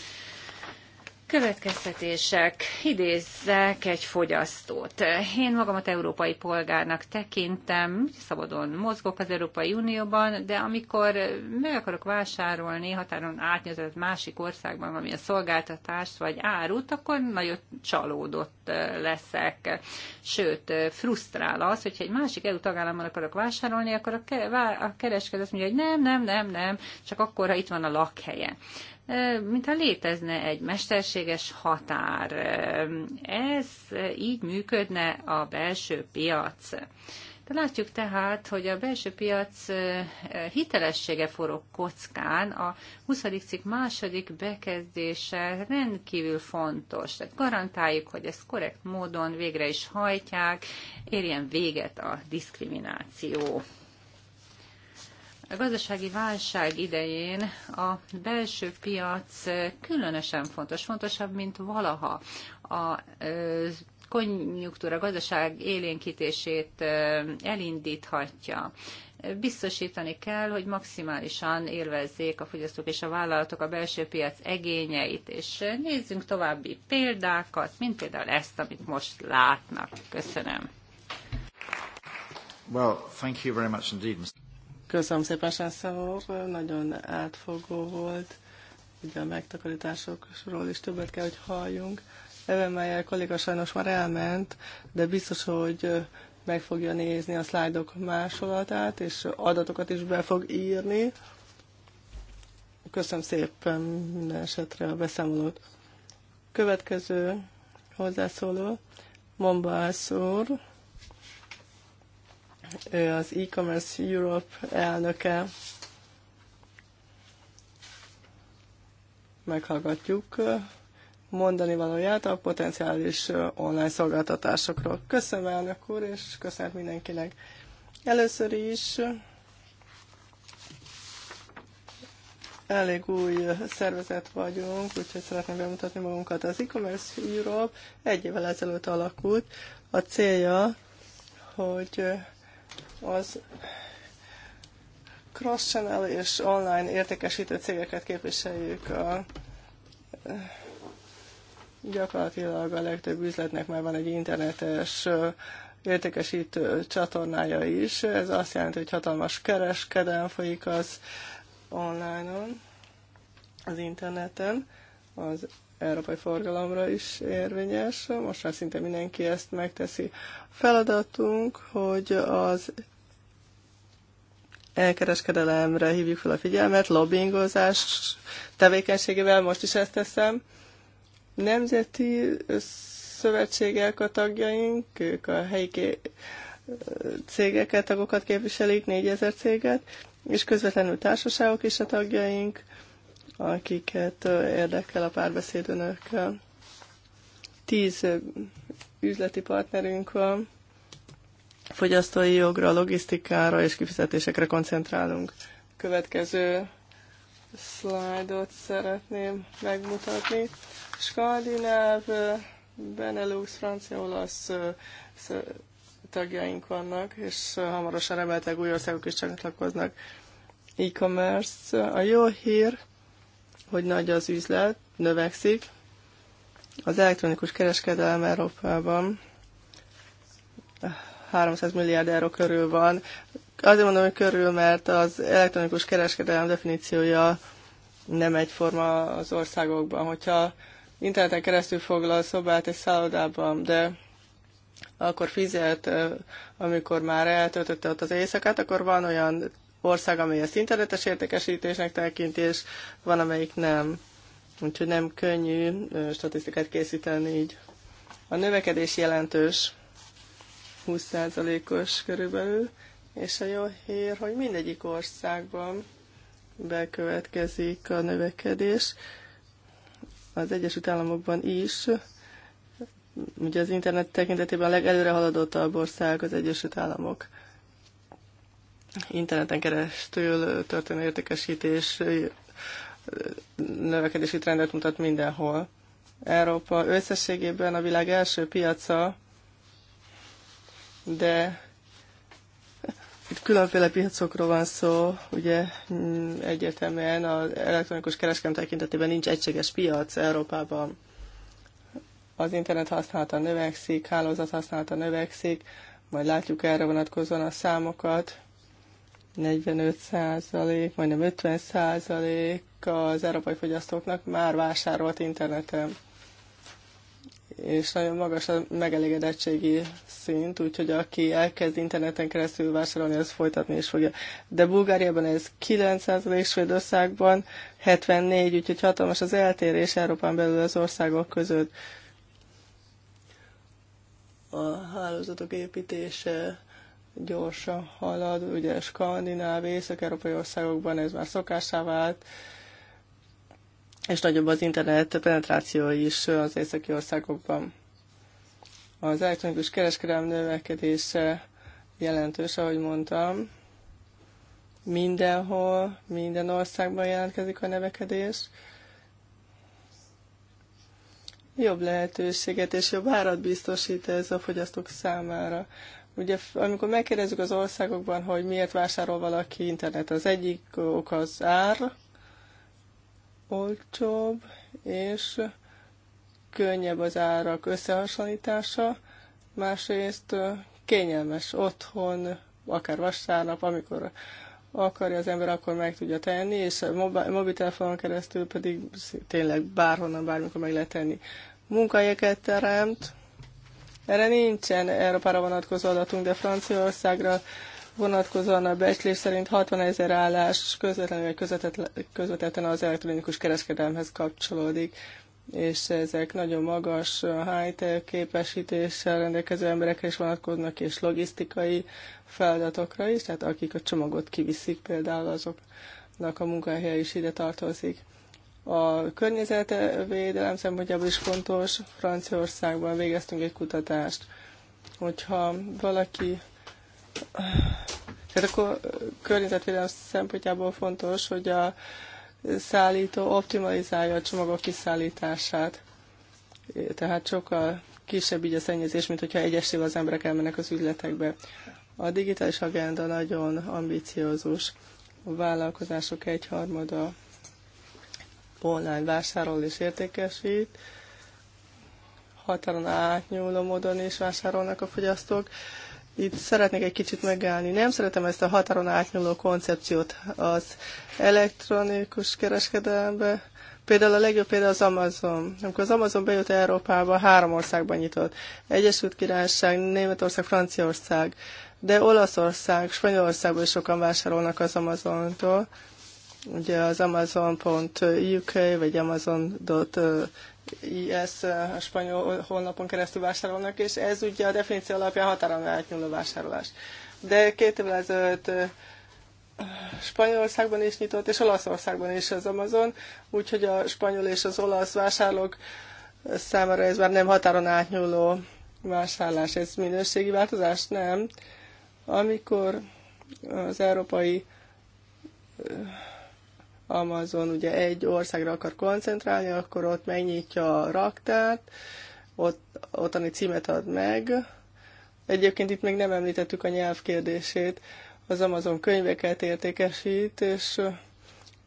következtetések idézzek egy fogyasztót. Én magamat európai polgárnak tekintem, szabadon mozgok az Európai Unióban, de amikor meg akarok vásárolni határon átnyújtott másik országban valamilyen szolgáltatást vagy árut, akkor nagyon csalódott leszek. Sőt, frusztrál az, hogyha egy másik EU tagállamban akarok vásárolni, akkor a kereskedő azt mondja, hogy nem, nem, nem, nem, csak akkor, ha itt van a lakhelye mintha létezne egy mesterséges határ. Ez így működne a belső piac. De látjuk tehát, hogy a belső piac hitelessége forog kockán, a 20. cikk második bekezdése rendkívül fontos. Tehát garantáljuk, hogy ezt korrekt módon végre is hajtják, érjen véget a diszkrimináció. A gazdasági válság idején a belső piac különösen fontos, fontosabb, mint valaha. A konjunktúra gazdaság élénkítését elindíthatja. Biztosítani kell, hogy maximálisan élvezzék a fogyasztók és a vállalatok a belső piac egényeit, és nézzünk további példákat, mint például ezt, amit most látnak. Köszönöm.
Well, thank you very much indeed, Mr.
Köszönöm szépen, Sánszor, nagyon átfogó volt. Ugye a megtakarításokról is többet kell, hogy halljunk. Even Meyer kolléga sajnos már elment, de biztos, hogy meg fogja nézni a szlájdok másolatát, és adatokat is be fog írni. Köszönöm szépen minden esetre a beszámolót. Következő hozzászóló, Mombász úr ő az e-commerce Europe elnöke. Meghallgatjuk mondani valóját a potenciális online szolgáltatásokról. Köszönöm elnök úr, és köszönöm mindenkinek. Először is elég új szervezet vagyunk, úgyhogy szeretném bemutatni magunkat. Az e-commerce Europe egy évvel ezelőtt alakult. A célja, hogy az cross-channel és online értékesítő cégeket képviseljük a eh, gyakorlatilag a legtöbb üzletnek már van egy internetes eh, értékesítő csatornája is. Ez azt jelenti, hogy hatalmas kereskedelm folyik az online-on, az interneten. Az európai forgalomra is érvényes. Most már szinte mindenki ezt megteszi. Feladatunk, hogy az elkereskedelemre hívjuk fel a figyelmet, lobbyingozás tevékenységével, most is ezt teszem. Nemzeti szövetségek a tagjaink, ők a helyi cégeket, tagokat képviselik, négyezer céget, és közvetlenül társaságok is a tagjaink, akiket érdekel a párbeszéd önökkel. Tíz üzleti partnerünk van, fogyasztói jogra, logisztikára és kifizetésekre koncentrálunk. Következő szlájdot szeretném megmutatni. Skandináv, Benelux, francia, olasz tagjaink vannak, és hamarosan remeltek új országok is csatlakoznak. E-commerce. A jó hír, hogy nagy az üzlet, növekszik. Az elektronikus kereskedelem Európában 300 milliárd euró körül van. Azért mondom, hogy körül, mert az elektronikus kereskedelem definíciója nem egyforma az országokban. Hogyha interneten keresztül foglal szobát egy szállodában, de akkor fizet, amikor már eltöltötte ott az éjszakát, akkor van olyan ország, amely ezt internetes értékesítésnek tekinti, és van, amelyik nem. Úgyhogy nem könnyű statisztikát készíteni így. A növekedés jelentős, 20%-os körülbelül, és a jó hír, hogy mindegyik országban bekövetkezik a növekedés. Az Egyesült Államokban is, ugye az internet tekintetében a legelőre haladottabb ország az Egyesült Államok interneten keresztül történő értékesítés növekedési trendet mutat mindenhol. Európa összességében a világ első piaca, de itt különféle piacokról van szó, ugye mm, egyértelműen az elektronikus kereskedelem tekintetében nincs egységes piac Európában. Az internet használata növekszik, hálózat használata növekszik, majd látjuk erre vonatkozóan a számokat. 45 százalék, majdnem 50 százalék az európai fogyasztóknak már vásárolt interneten. És nagyon magas a megelégedettségi szint, úgyhogy aki elkezd interneten keresztül vásárolni, az folytatni is fogja. De Bulgáriában ez 9 százalék, Svédországban 74, úgyhogy hatalmas az eltérés Európán belül az országok között. A hálózatok építése gyorsan halad, ugye skandináv, észak-európai országokban ez már szokásá vált, és nagyobb az internet penetráció is az északi országokban. Az elektronikus kereskedelem növekedése jelentős, ahogy mondtam. Mindenhol, minden országban jelentkezik a növekedés. Jobb lehetőséget és jobb árat biztosít ez a fogyasztók számára. Ugye amikor megkérdezzük az országokban, hogy miért vásárol valaki internet, az egyik ok az ár, olcsóbb, és könnyebb az árak összehasonlítása, másrészt kényelmes otthon, akár vasárnap, amikor akarja az ember, akkor meg tudja tenni, és a mobiltelefonon keresztül pedig tényleg bárhonnan, bármikor meg lehet tenni. Munkahelyeket teremt, erre nincsen Európára vonatkozó adatunk, de Franciaországra vonatkozóan a becslés szerint 60 ezer állás közvetlenül vagy közvetetlen, közvetetten az elektronikus kereskedelmhez kapcsolódik, és ezek nagyon magas high-tech képesítéssel rendelkező emberekre is vonatkoznak, és logisztikai feladatokra is, tehát akik a csomagot kiviszik például azoknak a munkahelye is ide tartozik. A környezetvédelem szempontjából is fontos. Franciaországban végeztünk egy kutatást. Hogyha valaki tehát akkor környezetvédelem szempontjából fontos, hogy a szállító optimalizálja a csomagok kiszállítását. Tehát sokkal kisebb így a szennyezés, mint hogyha egyesével az emberek elmennek az üzletekbe. A digitális agenda nagyon ambiciózus. A vállalkozások egyharmada online vásárol és értékesít, határon átnyúló módon is vásárolnak a fogyasztók. Itt szeretnék egy kicsit megállni. Nem szeretem ezt a határon átnyúló koncepciót az elektronikus kereskedelembe. Például a legjobb példa az Amazon. Amikor az Amazon bejött Európába, három országban nyitott. Egyesült Királyság, Németország, Franciaország. De Olaszország, Spanyolországból is sokan vásárolnak az Amazontól. Ugye az Amazon.uk vagy Amazon.is eh, a spanyol honlapon keresztül vásárolnak, és ez ugye a definíció alapján határon átnyúló vásárolás. De két évvel ezelőtt eh, Spanyolországban is nyitott, és Olaszországban is az Amazon, úgyhogy a spanyol és az olasz vásárlók számára ez már nem határon átnyúló vásárlás, ez minőségi változás? Nem. Amikor az európai eh, Amazon ugye egy országra akar koncentrálni, akkor ott megnyitja a raktárt, ott, ottani címet ad meg. Egyébként itt még nem említettük a nyelv kérdését. Az Amazon könyveket értékesít, és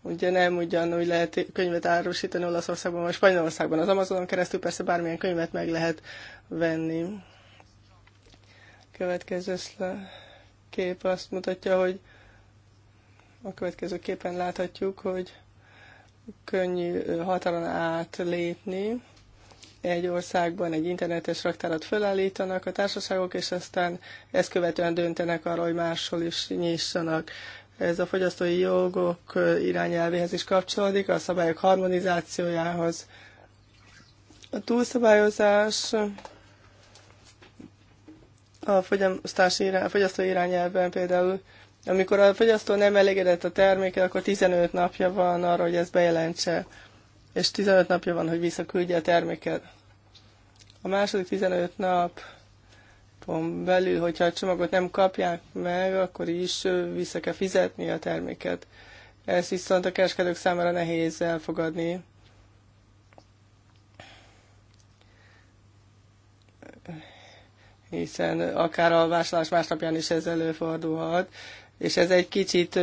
ugye nem ugyanúgy lehet könyvet árusítani Olaszországban vagy Spanyolországban. Az Amazonon keresztül persze bármilyen könyvet meg lehet venni. Következő kép azt mutatja, hogy a következő képen láthatjuk, hogy könnyű határon át lépni. Egy országban egy internetes raktárat fölállítanak a társaságok, és aztán ezt követően döntenek arról, hogy máshol is nyissanak. Ez a fogyasztói jogok irányelvéhez is kapcsolódik, a szabályok harmonizációjához. A túlszabályozás a a fogyasztói irányelvben például amikor a fogyasztó nem elégedett a termékkel, akkor 15 napja van arra, hogy ezt bejelentse, és 15 napja van, hogy visszaküldje a terméket. A második 15 nap belül, hogyha a csomagot nem kapják meg, akkor is vissza kell fizetni a terméket. Ezt viszont a kereskedők számára nehéz elfogadni. hiszen akár a vásárlás másnapján is ez előfordulhat és ez egy kicsit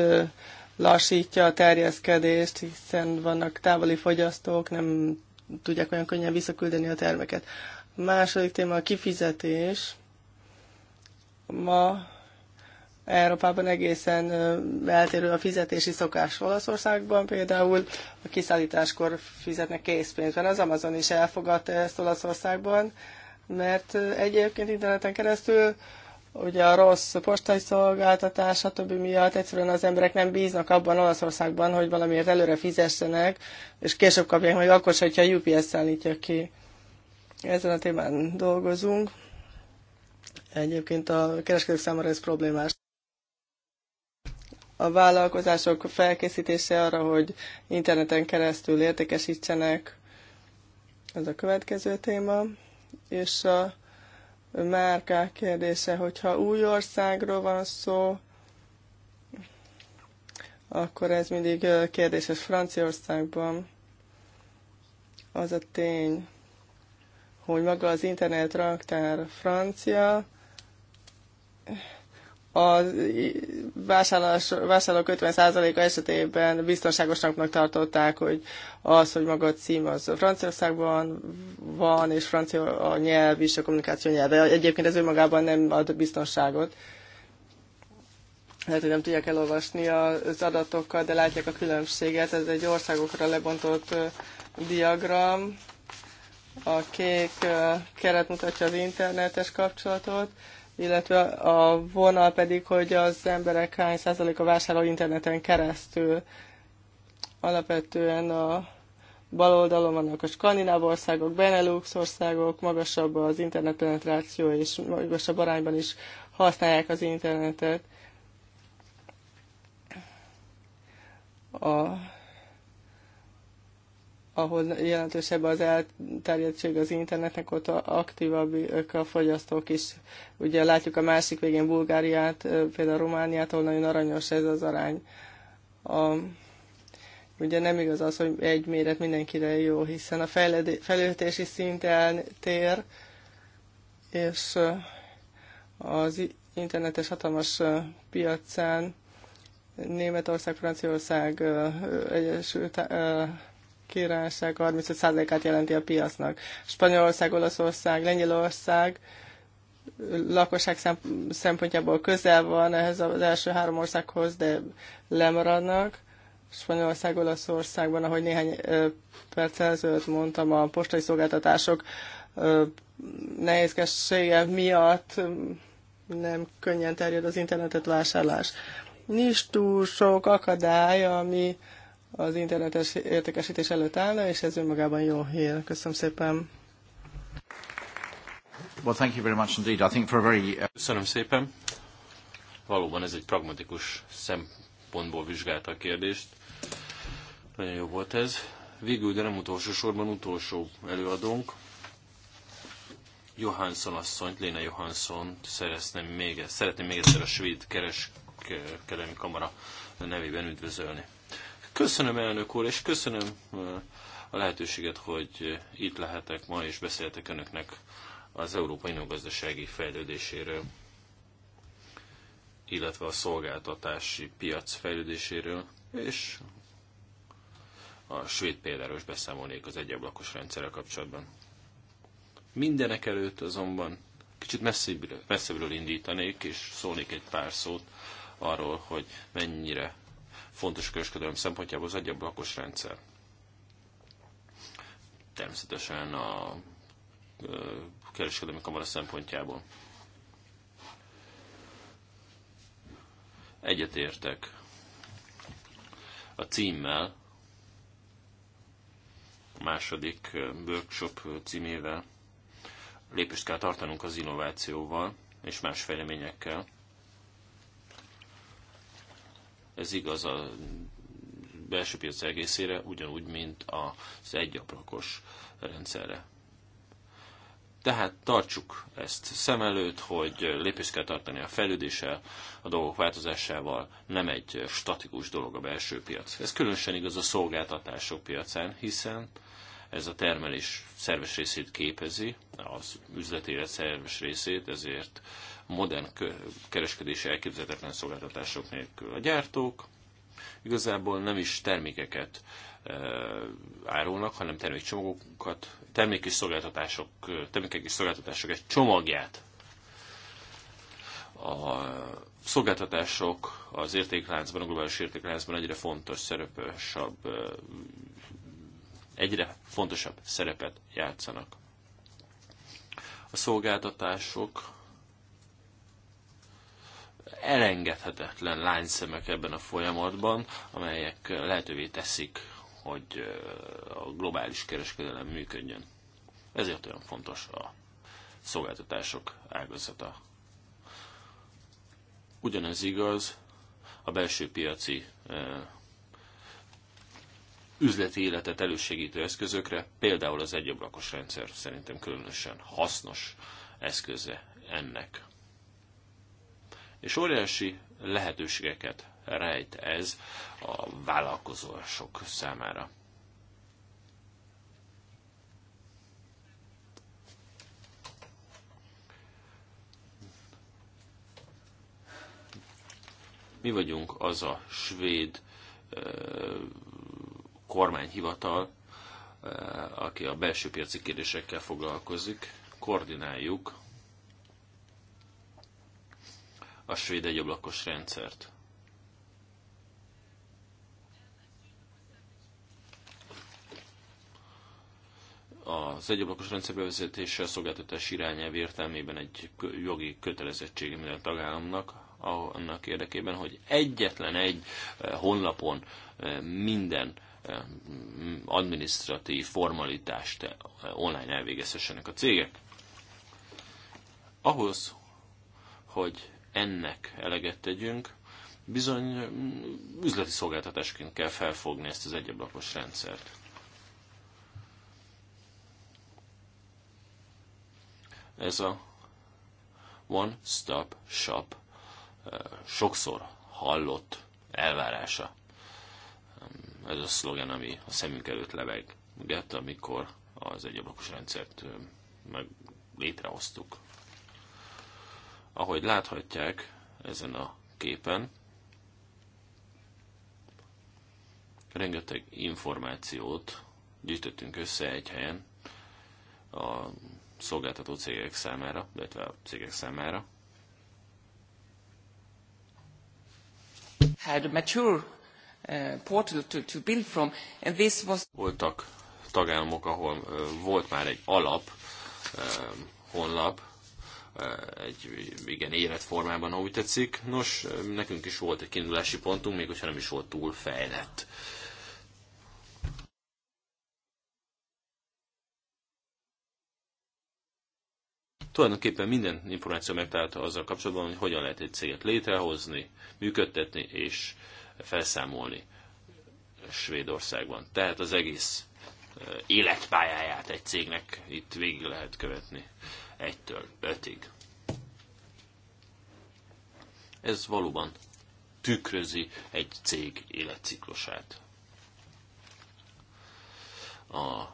lassítja a terjeszkedést, hiszen vannak távoli fogyasztók, nem tudják olyan könnyen visszaküldeni a terméket A második téma a kifizetés. Ma Európában egészen eltérő a fizetési szokás. Olaszországban például a kiszállításkor fizetnek készpénzben. Az Amazon is elfogadta ezt Olaszországban, mert egyébként interneten keresztül ugye a rossz postai szolgáltatás, stb. miatt egyszerűen az emberek nem bíznak abban Olaszországban, hogy valamiért előre fizessenek, és később kapják meg akkor se, hogyha a UPS szállítja ki. Ezen a témán dolgozunk. Egyébként a kereskedők számára ez problémás. A vállalkozások felkészítése arra, hogy interneten keresztül értékesítsenek, ez a következő téma. És a márkák kérdése, hogyha új országról van szó, akkor ez mindig kérdéses Franciaországban. Az a tény, hogy maga az internet raktár francia, a vásárlás, vásárlók 50%-a esetében biztonságosnak tartották, hogy az, hogy maga a cím az Franciaországban van, és francia a nyelv is, a kommunikáció nyelve. Egyébként ez önmagában nem ad biztonságot. Lehet, hogy nem tudják elolvasni az adatokat, de látják a különbséget. Ez egy országokra lebontott diagram. A kék keret mutatja az internetes kapcsolatot, illetve a vonal pedig, hogy az emberek hány százaléka vásárol interneten keresztül. Alapvetően a bal oldalon vannak a skandináv országok, Benelux országok, magasabb az internet penetráció, és magasabb arányban is használják az internetet. A ahol jelentősebb az elterjedtség az internetnek, ott aktívabbak a fogyasztók is. Ugye látjuk a másik végén Bulgáriát, például Romániát, ahol nagyon aranyos ez az arány. A, ugye nem igaz az, hogy egy méret mindenkire jó, hiszen a fejlődési szint eltér, és az internetes hatalmas piacán Németország, Franciaország, Egyesült Királyság 35%-át jelenti a piacnak. Spanyolország, Olaszország, Lengyelország lakosság szempontjából közel van ehhez az első három országhoz, de lemaradnak. Spanyolország, Olaszországban, ahogy néhány perc ezelőtt mondtam, a postai szolgáltatások nehézkessége miatt nem könnyen terjed az internetet vásárlás. Nincs túl sok akadály, ami az internetes értékesítés előtt állna, és ez önmagában jó hír. Köszönöm szépen.
Well, thank you very much indeed. I think for a very... Uh, Köszönöm szépen. Valóban ez egy pragmatikus
szempontból vizsgálta a kérdést. Nagyon jó volt ez. Végül, de nem utolsó sorban utolsó előadónk, Johansson asszonyt, Léna Johansson szeretném még, szeretném még egyszer a svéd kereskedelmi kamara nevében üdvözölni. Köszönöm, elnök úr, és köszönöm uh, a lehetőséget, hogy uh, itt lehetek ma, és beszéltek önöknek az európai gazdasági fejlődéséről, illetve a szolgáltatási piac fejlődéséről, és a svéd példáról is beszámolnék az egyablakos rendszerrel kapcsolatban. Mindenek előtt azonban kicsit messzebbről, messzebbről indítanék, és szólnék egy pár szót arról, hogy mennyire fontos a kereskedelem szempontjából az lakos rendszer. Természetesen a kereskedelmi kamara szempontjából. Egyetértek a címmel, a második workshop címével. Lépést kell tartanunk az innovációval és más fejleményekkel. Ez igaz a belső piac egészére, ugyanúgy, mint az egyablakos rendszerre. Tehát tartsuk ezt szem előtt, hogy lépést kell tartani a fejlődéssel, a dolgok változásával, nem egy statikus dolog a belső piac. Ez különösen igaz a szolgáltatások piacán, hiszen ez a termelés szerves részét képezi, az üzleti élet szerves részét, ezért modern kereskedési elképzelhetetlen szolgáltatások nélkül. A gyártók igazából nem is termékeket árulnak, hanem termékcsomagokat, termék és szolgáltatások, termékek és szolgáltatások egy csomagját. A szolgáltatások az értékláncban, a globális értékláncban egyre fontos szerepesabb, egyre fontosabb szerepet játszanak. A szolgáltatások elengedhetetlen lányszemek ebben a folyamatban, amelyek lehetővé teszik, hogy a globális kereskedelem működjön. Ezért olyan fontos a szolgáltatások ágazata. Ugyanez igaz a belső piaci üzleti életet elősegítő eszközökre, például az egyablakos rendszer szerintem különösen hasznos eszköze ennek. És óriási lehetőségeket rejt ez a vállalkozások számára. Mi vagyunk az a svéd kormányhivatal, aki a belső piaci kérdésekkel foglalkozik, koordináljuk a svéd egyablakos rendszert. az egyablakos rendszer bevezetése a szolgáltatás irányelv értelmében egy jogi kötelezettsége minden tagállamnak, annak érdekében, hogy egyetlen egy eh, honlapon eh, minden eh, administratív formalitást online elvégezhessenek a cégek. Ahhoz, hogy ennek eleget tegyünk, bizony üzleti szolgáltatásként kell felfogni ezt az egyablakos rendszert. Ez a One Stop Shop eh, sokszor hallott elvárása. Ez a szlogen, ami a szemünk előtt leveg, ugye, amikor az egyablakos rendszert eh, meg létrehoztuk, ahogy láthatják ezen a képen, rengeteg információt gyűjtöttünk össze egy helyen a szolgáltató cégek számára, illetve a cégek számára. Had a mature uh, portal to, to build from, and this was... Voltak tagállamok, ahol uh, volt már egy alap uh, honlap, egy igen életformában, ahogy tetszik. Nos, nekünk is volt egy kiindulási pontunk, még hogyha nem is volt túl fejlett. Tulajdonképpen minden információ megtalálta azzal kapcsolatban, hogy hogyan lehet egy céget létrehozni, működtetni és felszámolni Svédországban. Tehát az egész életpályáját egy cégnek itt végig lehet követni. 1-től 5-ig. Ez valóban tükrözi egy cég életciklusát. A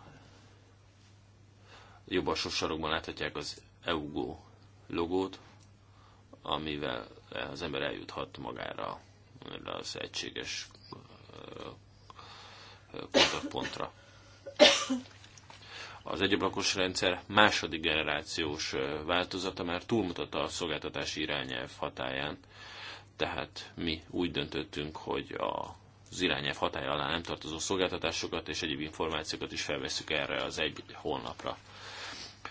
jobb alsó sarokban láthatják az EUGO logót, amivel az ember eljuthat magára az egységes kontaktpontra az egyablakos rendszer második generációs változata már túlmutatta a szolgáltatási irányelv hatáján, tehát mi úgy döntöttünk, hogy a az irányelv hatája alá nem tartozó szolgáltatásokat és egyéb információkat is felveszük erre az egy honlapra.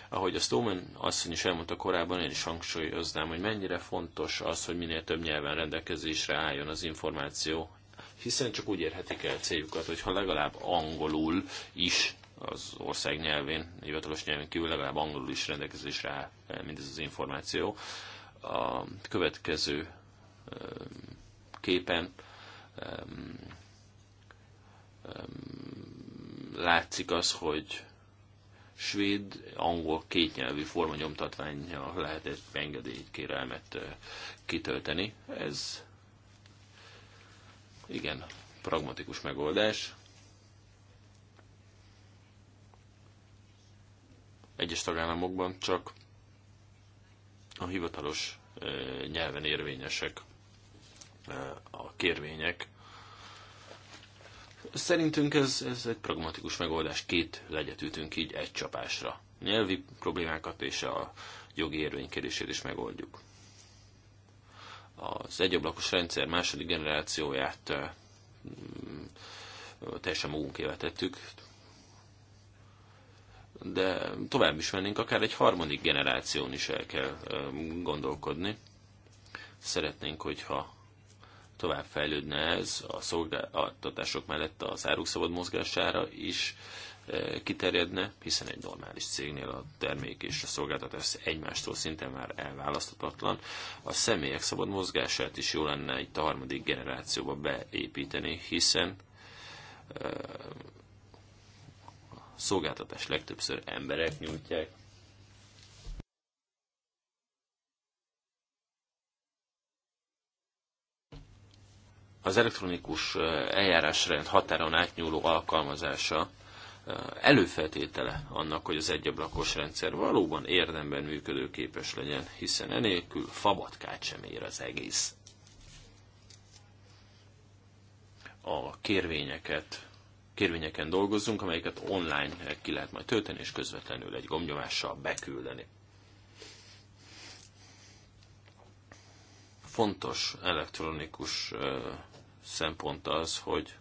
Ahogy a Stoman asszony is elmondta korábban, én is hangsúlyoznám, hogy mennyire fontos az, hogy minél több nyelven rendelkezésre álljon az információ, hiszen csak úgy érhetik el céljukat, hogyha legalább angolul is az ország nyelvén, hivatalos nyelvén kívül legalább angolul is rendelkezésre áll eh, mindez az információ. A következő eh, képen eh, látszik az, hogy svéd, angol kétnyelvű formanyomtatványa lehet egy engedélykérelmet kitölteni. Ez igen, pragmatikus megoldás. egyes tagállamokban csak a hivatalos e, nyelven érvényesek e, a kérvények. Szerintünk ez, ez egy pragmatikus megoldás, két legyet ütünk így egy csapásra. Nyelvi problémákat és a jogi érvénykérését is megoldjuk. Az egyablakos rendszer második generációját e, teljesen magunk tettük, de tovább is mennénk, akár egy harmadik generáción is el kell gondolkodni. Szeretnénk, hogyha tovább fejlődne ez a szolgáltatások mellett az áruk szabad mozgására is kiterjedne, hiszen egy normális cégnél a termék és a szolgáltatás egymástól szinte már elválaszthatatlan. A személyek szabad mozgását is jó lenne itt a harmadik generációba beépíteni, hiszen szolgáltatás legtöbbször emberek nyújtják. Az elektronikus eljárásrend határon átnyúló alkalmazása előfeltétele annak, hogy az egyablakos rendszer valóban érdemben működőképes legyen, hiszen enélkül fabatkát sem ér az egész. A kérvényeket kérvényeken dolgozzunk, amelyeket online ki lehet majd tölteni, és közvetlenül egy gombnyomással beküldeni. Fontos elektronikus szempont az, hogy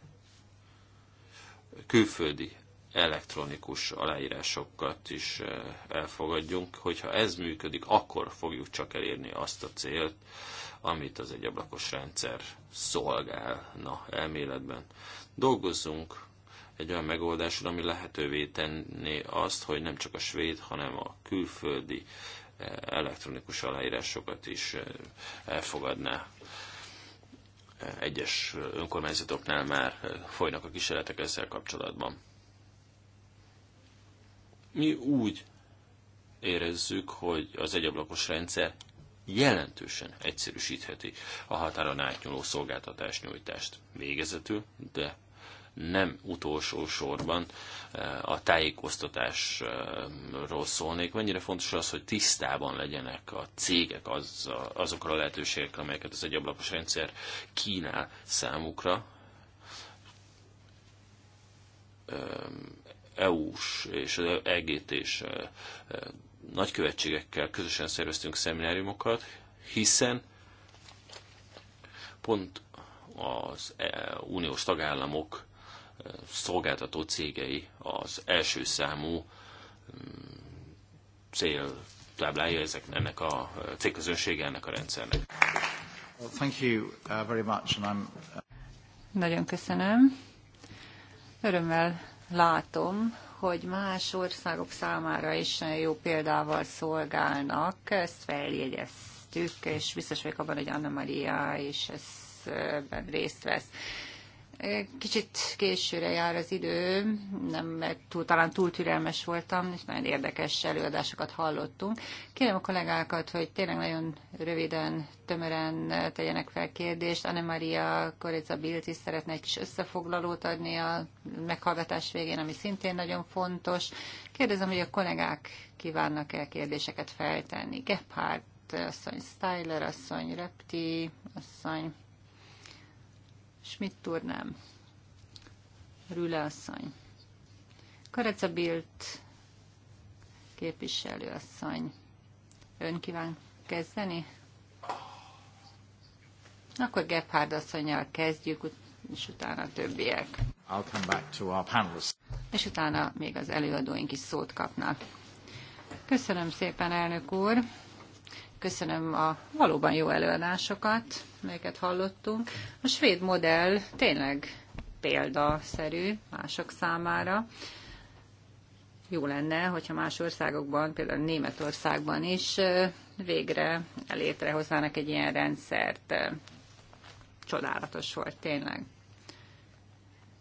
külföldi elektronikus aláírásokat is elfogadjunk. Hogyha ez működik, akkor fogjuk csak elérni azt a célt, amit az egyablakos rendszer szolgálna elméletben. Dolgozzunk egy olyan megoldásra, ami lehetővé tenné azt, hogy nem csak a svéd, hanem a külföldi eh, elektronikus aláírásokat is eh, elfogadná. Eh, egyes önkormányzatoknál már folynak a kísérletek ezzel kapcsolatban. Mi úgy érezzük, hogy az egyablakos rendszer jelentősen egyszerűsítheti a határon átnyúló szolgáltatás nyújtást. Végezetül, de nem utolsó sorban eh, a tájékoztatásról szólnék. Mennyire fontos az, hogy tisztában legyenek a cégek az, azokra a lehetőségekre, amelyeket az egyablakos rendszer kínál számukra. Eh, EU-s és EGT-s eh, nagykövetségekkel közösen szerveztünk szemináriumokat, hiszen pont az uniós tagállamok szolgáltató cégei az első számú mm, cél táblája ezek, ennek a
cégközönsége ennek a rendszernek. thank you uh, very much, and I'm... Uh,
nagyon köszönöm. Örömmel látom, hogy más országok számára is nagyon jó példával szolgálnak. Ezt feljegyeztük, és biztos vagyok abban, hogy Anna Maria is ebben részt vesz. Kicsit későre jár az idő, nem, mert túl, talán túl türelmes voltam, és nagyon érdekes előadásokat hallottunk. Kérem a kollégákat, hogy tényleg nagyon röviden, tömören tegyenek fel kérdést. Anne Maria Koreza Bilt is szeretne egy kis összefoglalót adni a meghallgatás végén, ami szintén nagyon fontos. Kérdezem, hogy a kollégák kívánnak-e kérdéseket feltenni. Gephardt asszony, Styler asszony, Repti asszony. Schmidt turnám. nem. Rüle asszony. Kareca Bilt képviselő asszony. Ön kíván kezdeni? Akkor Gebhard asszonyjal kezdjük, és utána a többiek.
I'll come back to our panelists.
És utána még az előadóink is szót kapnak. Köszönöm szépen, elnök úr! köszönöm a valóban jó előadásokat, melyeket hallottunk. A svéd modell tényleg példaszerű mások számára. Jó lenne, hogyha más országokban, például Németországban is végre létrehoznának egy ilyen rendszert. Csodálatos volt tényleg.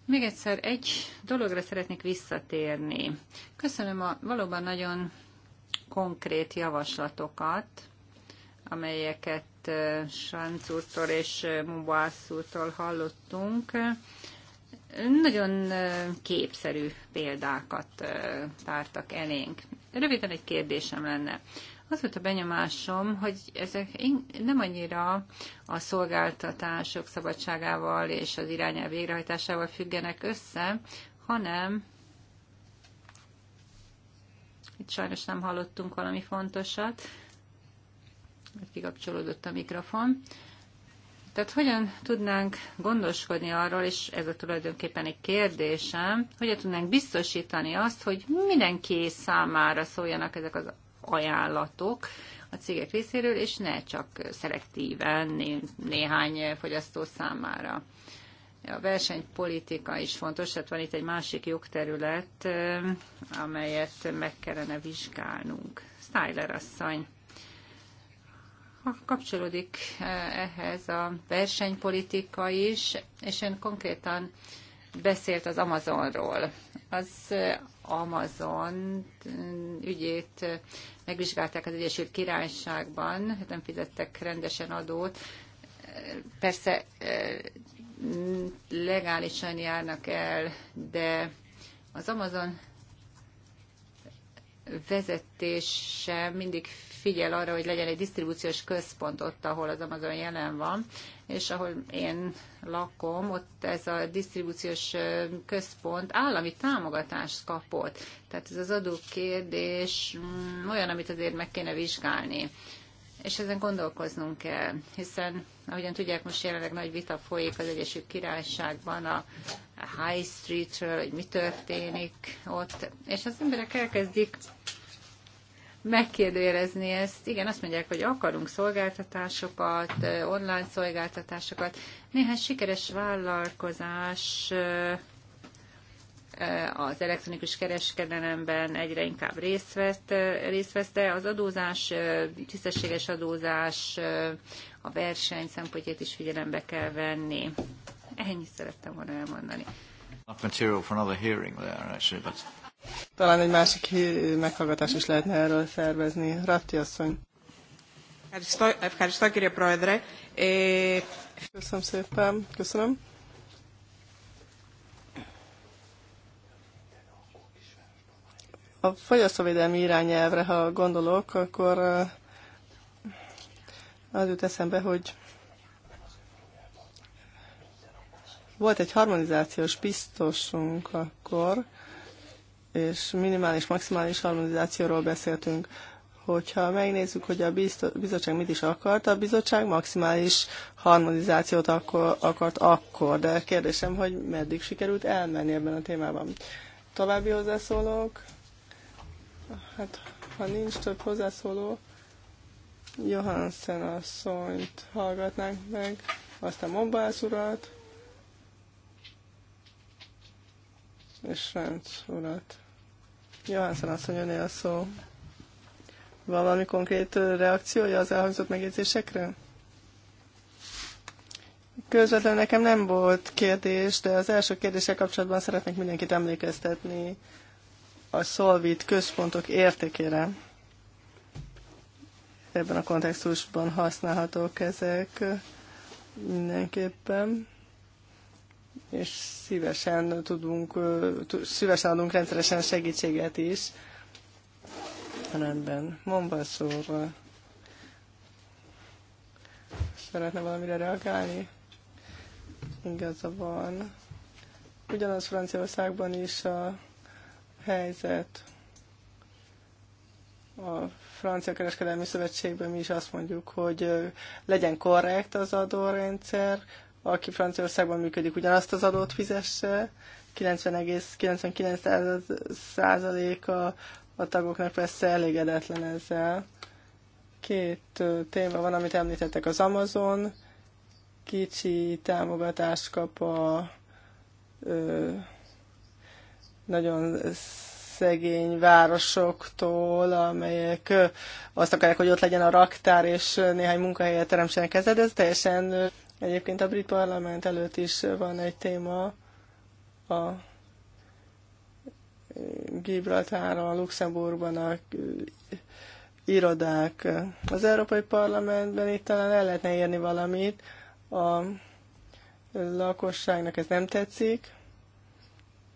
Még egyszer egy dologra szeretnék visszatérni. Köszönöm a valóban nagyon konkrét javaslatokat, amelyeket Sánc úrtól és Mubász úrtól hallottunk, nagyon képszerű példákat tártak elénk. Röviden egy kérdésem lenne. Az volt a benyomásom, hogy ezek nem annyira a szolgáltatások szabadságával és az irányelv végrehajtásával függenek össze, hanem itt sajnos nem hallottunk valami fontosat, kikapcsolódott a mikrofon. Tehát hogyan tudnánk gondoskodni arról, és ez a tulajdonképpen egy kérdésem, hogyan tudnánk biztosítani azt, hogy mindenki számára szóljanak ezek az ajánlatok a cégek részéről, és ne csak szelektíven néhány fogyasztó számára. A versenypolitika is fontos, tehát van itt egy másik jogterület, amelyet meg kellene vizsgálnunk. Styler asszony kapcsolódik eh, ehhez a versenypolitika is, és ön konkrétan beszélt az Amazonról. Az eh, Amazon mm, ügyét eh, megvizsgálták az Egyesült Királyságban, hát nem fizettek rendesen adót. Persze legálisan járnak el, de az Amazon vezetése mindig figyel arra, hogy legyen egy disztribúciós központ ott, ahol az Amazon jelen van, és ahol én lakom, ott ez a disztribúciós központ állami támogatást kapott. Tehát ez az adókérdés mm, olyan, amit azért meg kéne vizsgálni. És ezen gondolkoznunk kell, hiszen ahogyan tudják, most jelenleg nagy vita folyik az Egyesült Királyságban a High Streetről, hogy mi történik ott, és az emberek elkezdik megkérdőjelezni ezt. Igen, azt mondják, hogy akarunk szolgáltatásokat, online szolgáltatásokat. Néhány sikeres vállalkozás az elektronikus kereskedelemben egyre inkább részt vesz, részt vesz, de az adózás, tisztességes adózás, a verseny szempontját is figyelembe kell venni. Ennyit szerettem volna elmondani.
Not material for another hearing there, actually, but...
Talán
egy másik meghallgatás is lehetne erről szervezni. Ratti asszony. Köszönöm szépen. Köszönöm. A fogyasztóvédelmi irányelvre, ha gondolok, akkor eh, az jut eszembe, hogy volt egy harmonizációs biztosunk akkor, és minimális, maximális harmonizációról beszéltünk. Hogyha megnézzük, hogy a bizottság mit is akart, a bizottság maximális harmonizációt akkor, akart akkor, de kérdésem, hogy meddig sikerült elmenni ebben a témában. További hozzászólók? Hát, ha nincs több hozzászóló, Johansen asszonyt hallgatnánk meg, aztán Mombász urat. és Ránc urat. Johansson azt mondja, a szó. Van valami konkrét reakciója az elhangzott megjegyzésekre? Közvetlenül nekem nem volt kérdés, de az első kérdéssel kapcsolatban szeretnék mindenkit emlékeztetni a Solvit központok értékére. Ebben a kontextusban használhatók ezek mindenképpen és szívesen tudunk, szívesen adunk rendszeresen segítséget is. Rendben, mondva szóval. Szeretne valamire reagálni? Igaza van. Ugyanaz Franciaországban is a helyzet. A Francia Kereskedelmi Szövetségben mi is azt mondjuk, hogy legyen korrekt az adórendszer, aki Franciaországban működik, ugyanazt az adót fizesse, 90,99%-a a tagoknak persze elégedetlen ezzel. Két téma van, amit említettek, az Amazon, kicsi támogatást kap a ö, nagyon szegény városoktól, amelyek azt akarják, hogy ott legyen a raktár, és néhány munkahelyet teremtsenek ezzel, de ez teljesen Egyébként a brit parlament előtt is van egy téma, a a Luxemburgban a irodák. Az Európai Parlamentben itt talán el lehetne érni valamit. A lakosságnak ez nem tetszik.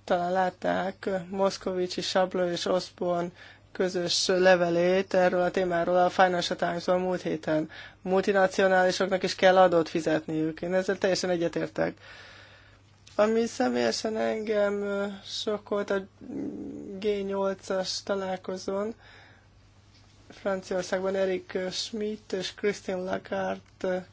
Talán látták, Moszkovicsi, Sabló és Oszpon közös levelét erről a témáról a Financial times a múlt héten. Multinacionálisoknak is kell adót fizetniük. Én ezzel teljesen egyetértek. Ami személyesen engem sokkolt a G8-as találkozón, Franciaországban Erik Schmidt és Christine Lagarde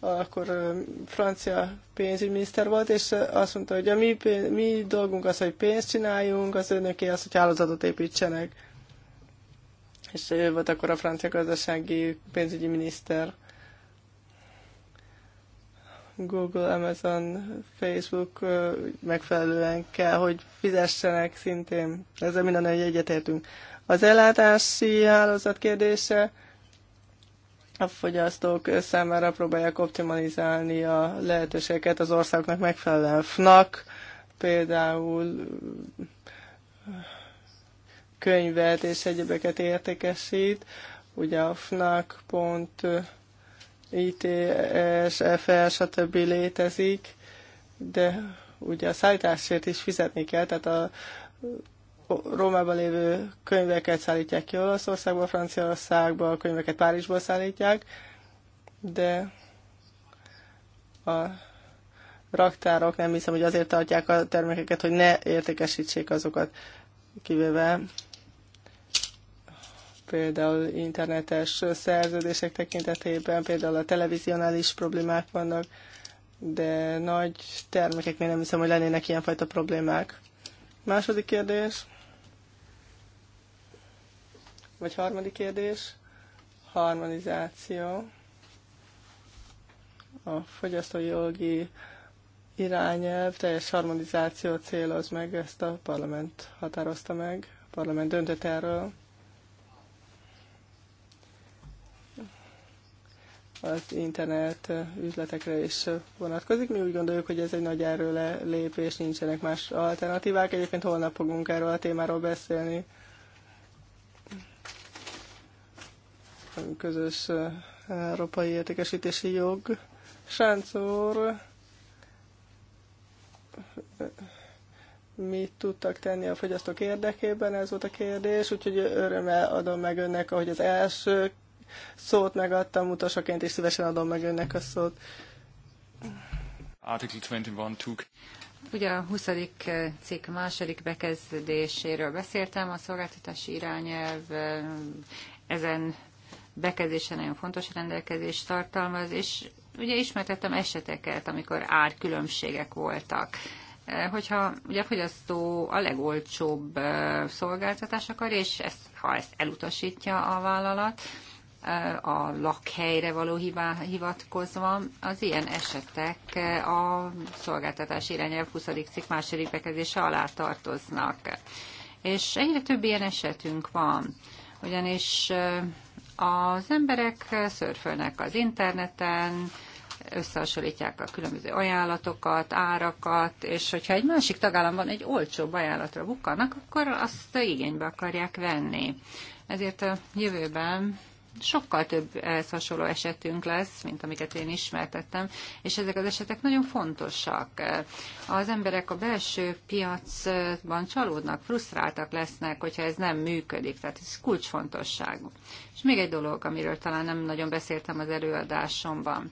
akkor francia pénzügyminiszter volt, és azt mondta, hogy a mi, pénz, mi dolgunk az, hogy pénzt csináljunk, az önöké az, hogy hálózatot építsenek és ő volt akkor a francia gazdasági pénzügyi miniszter. Google, Amazon, Facebook megfelelően kell, hogy fizessenek szintén. Ezzel minden egy egyetértünk. Az ellátási hálózat kérdése a fogyasztók számára próbálják optimalizálni a lehetőségeket az országnak megfelelően. FNAC például könyvet és egyebeket értékesít. Ugye a FNAC.it ITS, fl stb. létezik, de ugye a szállításért is fizetni kell, tehát a Rómában lévő könyveket szállítják ki Olaszországba, Franciaországba, a könyveket Párizsból szállítják, de a raktárok nem hiszem, hogy azért tartják a termékeket, hogy ne értékesítsék azokat, kivéve például internetes szerződések tekintetében, például a televizionális problémák vannak, de nagy termékeknél nem hiszem, hogy lennének ilyenfajta problémák. Második kérdés, vagy harmadik kérdés, harmonizáció a fogyasztói jogi irányelv teljes harmonizáció céloz meg, ezt a parlament határozta meg, a parlament döntött erről. az internet üzletekre is vonatkozik. Mi úgy gondoljuk, hogy ez egy nagy erőle lépés, nincsenek más alternatívák. Egyébként holnap fogunk erről a témáról beszélni. Közös európai értékesítési jog. Sáncor, mit tudtak tenni a fogyasztók érdekében, ez volt a kérdés, úgyhogy örömmel adom meg önnek, ahogy az első szót megadtam,
utolsóként és szívesen adom meg önnek a szót.
Article 21
Ugye a 20. cikk második bekezdéséről beszéltem, a szolgáltatási irányelv ezen bekezdése nagyon fontos rendelkezést tartalmaz, és ugye ismertettem eseteket, amikor árkülönbségek voltak. Hogyha ugye a fogyasztó a legolcsóbb szolgáltatás akar, és ezt, ha ezt elutasítja a vállalat, a lakhelyre való hibá, hivatkozva, az ilyen esetek a szolgáltatás irányelv 20. cikk második bekezdése alá tartoznak. És egyre több ilyen esetünk van, ugyanis az emberek szörfölnek az interneten, összehasonlítják a különböző ajánlatokat, árakat, és hogyha egy másik tagállamban egy olcsóbb ajánlatra bukkanak, akkor azt igénybe akarják venni. Ezért a jövőben sokkal több ehhez hasonló esetünk lesz, mint amiket én ismertettem, és ezek az esetek nagyon fontosak. Az emberek a belső piacban csalódnak, frusztráltak lesznek, hogyha ez nem működik, tehát ez kulcsfontosságú. És még egy dolog, amiről talán nem nagyon beszéltem az előadásomban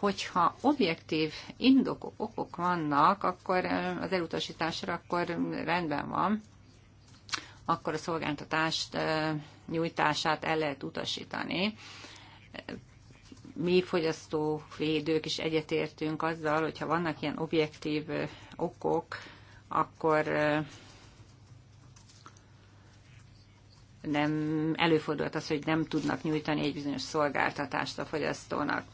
hogyha objektív indokok okok vannak, akkor eh, az elutasításra akkor rendben van, akkor a szolgáltatást eh, nyújtását el lehet utasítani. Mi fogyasztóvédők is egyetértünk azzal, hogyha vannak ilyen objektív okok, akkor nem előfordulhat az, hogy nem tudnak nyújtani egy bizonyos szolgáltatást a fogyasztónak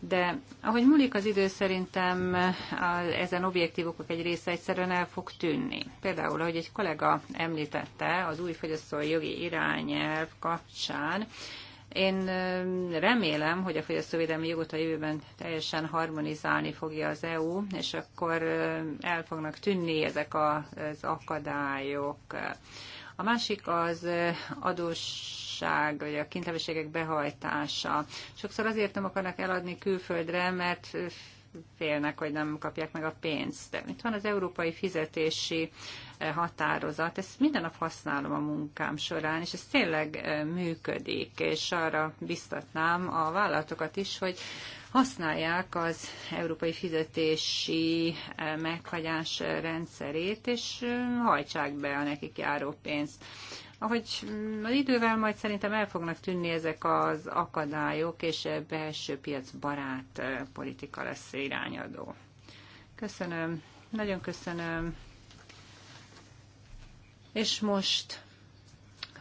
de ahogy múlik az idő, szerintem a, ezen objektívokok egy része egyszerűen el fog tűnni. Például, ahogy egy kollega említette, az új fogyasztói jogi irányelv kapcsán, én remélem, hogy a fogyasztóvédelmi jogot a jövőben teljesen harmonizálni fogja az EU, és akkor el fognak tűnni ezek az akadályok. A másik az adós vagy a kintlevességek behajtása. Sokszor azért nem akarnak eladni külföldre, mert félnek, hogy nem kapják meg a pénzt. de Itt van az európai fizetési eh, határozat, ezt minden nap használom a munkám során, és ez tényleg eh, működik, és arra biztatnám a vállalatokat is, hogy használják az európai fizetési eh, meghagyás rendszerét, és hajtsák be a nekik járó pénzt ahogy az idővel majd szerintem el fognak tűnni ezek az akadályok, és belső piac barát politika lesz irányadó. Köszönöm, nagyon köszönöm. És most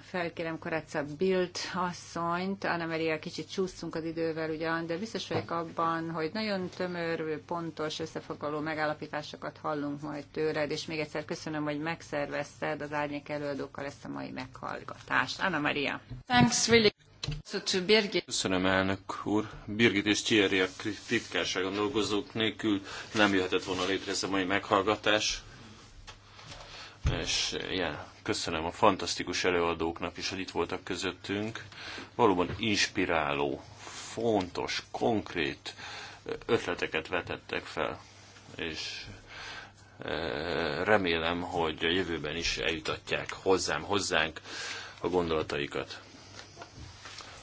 felkérem Koratza Bild asszonyt, Anna Maria, kicsit csúszunk az idővel ugyan, de biztos vagyok abban, hogy nagyon tömör, pontos, összefoglaló megállapításokat hallunk majd tőled, és még egyszer köszönöm, hogy megszervezted az árnyék előadókkal ezt a mai meghallgatást. Anna Maria. Thanks, really.
Köszönöm elnök úr. Birgit és Thierry a titkárságon dolgozók nélkül nem jöhetett volna létre ez a mai meghallgatás. És yeah, köszönöm a fantasztikus előadóknak is, hogy itt voltak közöttünk. Valóban inspiráló, fontos, konkrét ötleteket vetettek fel, és e, remélem, hogy a jövőben is eljutatják hozzám, hozzánk a gondolataikat.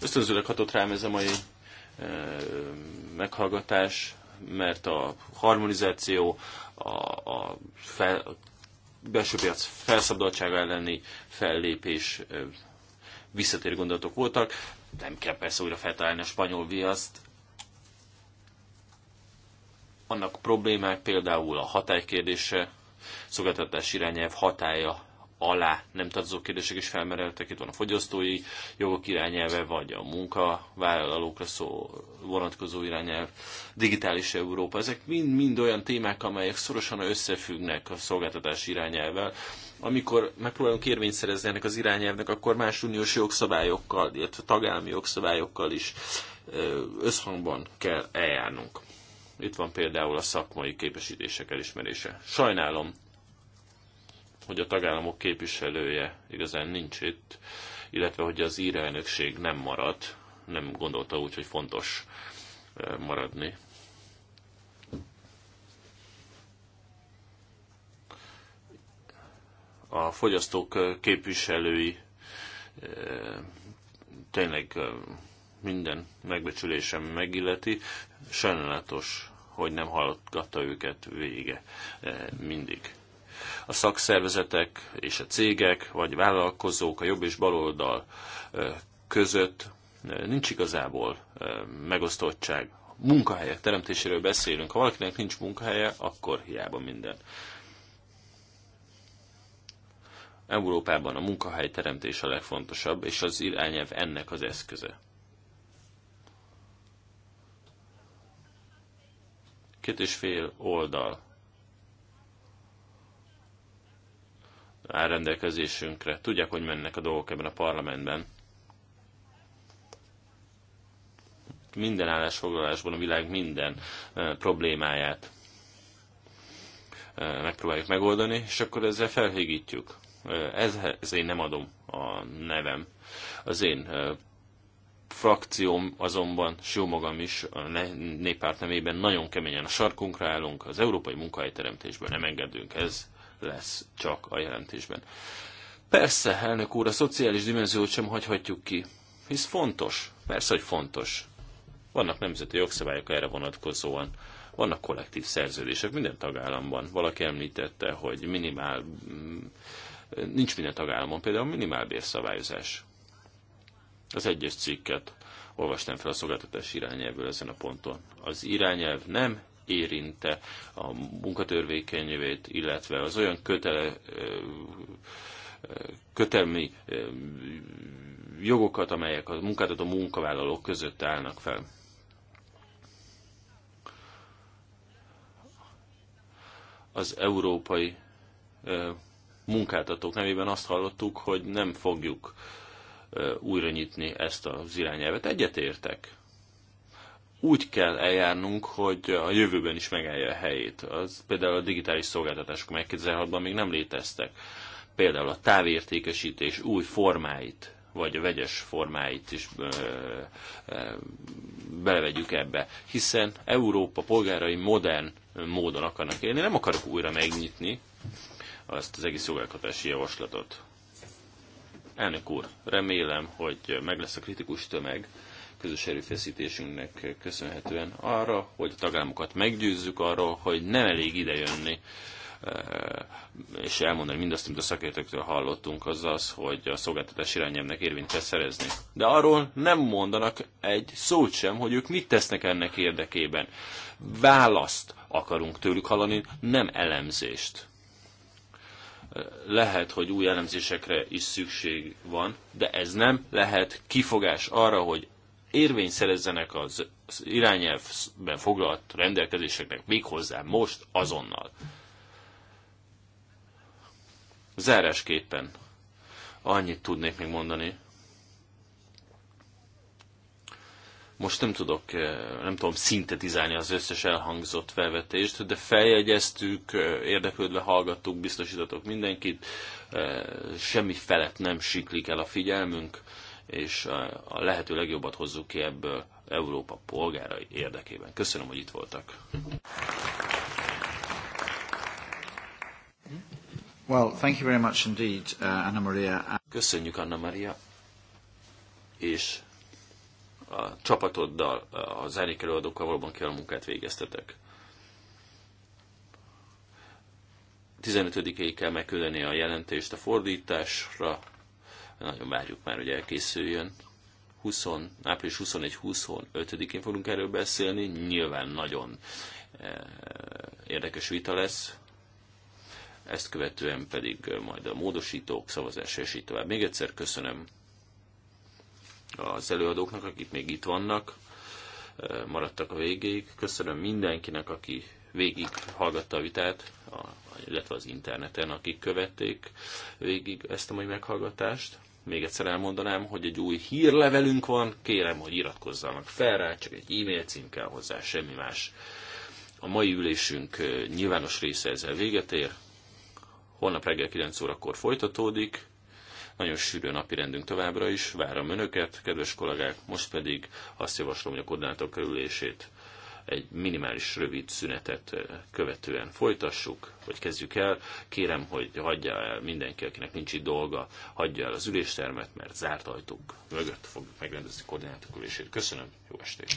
Ösztönzőleg hatott rám ez a mai e, meghallgatás, mert a harmonizáció, a, a fel, belső piac felszabadultsága elleni fellépés visszatérő gondolatok voltak. Nem kell persze újra feltalálni a spanyol viaszt. Annak problémák például a hatálykérdése, szolgáltatás irányelv hatája alá nem tartozó kérdések is felmereltek. Itt van a fogyasztói jogok irányelve, vagy a munkavállalókra szó vonatkozó irányelv, digitális Európa. Ezek mind-mind olyan témák, amelyek szorosan összefüggnek a szolgáltatás irányelvel. Amikor megpróbálunk érvényt szerezni ennek az irányelvnek, akkor más uniós jogszabályokkal, illetve tagállami jogszabályokkal is összhangban kell eljárnunk. Itt van például a szakmai képesítések elismerése. Sajnálom, hogy a tagállamok képviselője igazán nincs itt, illetve hogy az ír elnökség nem marad, nem gondolta úgy, hogy fontos maradni. A fogyasztók képviselői tényleg minden megbecsülésem megilleti. Sajnálatos, hogy nem hallgatta őket vége mindig a szakszervezetek és a cégek, vagy vállalkozók, a jobb és baloldal között nincs igazából megosztottság. Munkahelyek teremtéséről beszélünk. Ha valakinek nincs munkahelye, akkor hiába minden. Európában a munkahely teremtés a legfontosabb, és az irányelv ennek az eszköze. 2,5 oldal áll rendelkezésünkre. Tudják, hogy mennek a dolgok ebben a parlamentben. Minden állásfoglalásban a világ minden e, problémáját e, megpróbáljuk megoldani, és akkor ezzel felhigítjük. Ezhez én nem adom a nevem. Az én e, frakcióm azonban, és jó magam is a néppárt nemében nagyon keményen a sarkunkra állunk, az európai munkahelyteremtésből nem engedünk. Ez lesz csak a jelentésben. Persze, elnök úr, a szociális dimenziót sem hagyhatjuk ki, hisz fontos, persze, hogy fontos. Vannak nemzeti jogszabályok erre vonatkozóan, vannak kollektív szerződések minden tagállamban. Valaki említette, hogy minimál, mm, nincs minden tagállamon például bérszabályozás. Az egyes cikket olvastam fel a szolgáltatás irányelvből ezen a ponton. Az irányelv nem érinte a munkatörvékenyvét, illetve az olyan kötele, kötelmi jogokat, amelyek a munkáltató munkavállalók között állnak fel. Az európai munkáltatók nevében azt hallottuk, hogy nem fogjuk újra nyitni ezt az irányelvet. Egyetértek úgy kell eljárnunk, hogy a jövőben is megállja a helyét. Az például a digitális szolgáltatások, melyek 2006-ban még nem léteztek. Például a távértékesítés új formáit, vagy a vegyes formáit is ö, ö, belevegyük ebbe. Hiszen Európa polgárai modern módon akarnak élni. Nem akarok újra megnyitni azt az egész szolgáltatási javaslatot. Elnök úr, remélem, hogy meg lesz a kritikus tömeg, közös erőfeszítésünknek köszönhetően arra, hogy a tagállamokat meggyőzzük arról, hogy nem elég idejönni eh, és elmondani mindazt, amit a szakértőktől hallottunk, az az, hogy a szolgáltatás irányelvnek érvényt kell szerezni. De arról nem mondanak egy szót sem, hogy ők mit tesznek ennek érdekében. Választ akarunk tőlük hallani, nem elemzést. Lehet, hogy új elemzésekre is szükség van, de ez nem lehet kifogás arra, hogy érvény szerezzenek az irányelvben foglalt rendelkezéseknek méghozzá most azonnal. Zárásképpen annyit tudnék még mondani. Most nem tudok, eh, nem tudom szintetizálni az összes elhangzott felvetést, de feljegyeztük, eh, érdeklődve hallgattuk, biztosítatok mindenkit, eh, semmi felett nem siklik el a figyelmünk és a lehető legjobbat hozzuk ki ebből Európa
polgárai érdekében.
Köszönöm, hogy itt voltak.
Well, thank you very much indeed, uh, Anna Maria. Köszönjük, Anna Maria, és a csapatoddal, a
zenékelőadókkal valóban a munkát végeztetek. 15-ig kell megküldeni a jelentést a fordításra, nagyon várjuk már, hogy elkészüljön. 20, április 21-25-én fogunk erről beszélni. Nyilván nagyon eh, érdekes vita lesz. Ezt követően pedig majd a módosítók szavazása és így tovább. Még egyszer köszönöm az előadóknak, akik még itt vannak, eh, maradtak a végéig. Köszönöm mindenkinek, aki végig hallgatta a vitát, a, illetve az interneten, akik követték végig ezt a mai meghallgatást. Még egyszer elmondanám, hogy egy új hírlevelünk van, kérem, hogy iratkozzanak fel rá, csak egy e-mail cím kell hozzá, semmi más. A mai ülésünk nyilvános része ezzel véget ér. Holnap reggel 9 órakor folytatódik. Nagyon sűrű napi rendünk továbbra is. Várom Önöket, kedves kollégák, most pedig azt javaslom, hogy a koordinátor kerülését egy minimális rövid szünetet eh, követően folytassuk, vagy kezdjük el. Kérem, hogy hagyja el mindenki, akinek nincs itt dolga, hagyja el az üléstermet, mert zárt ajtók mögött fogjuk megrendezni koordinátok ülését. Köszönöm, jó estét!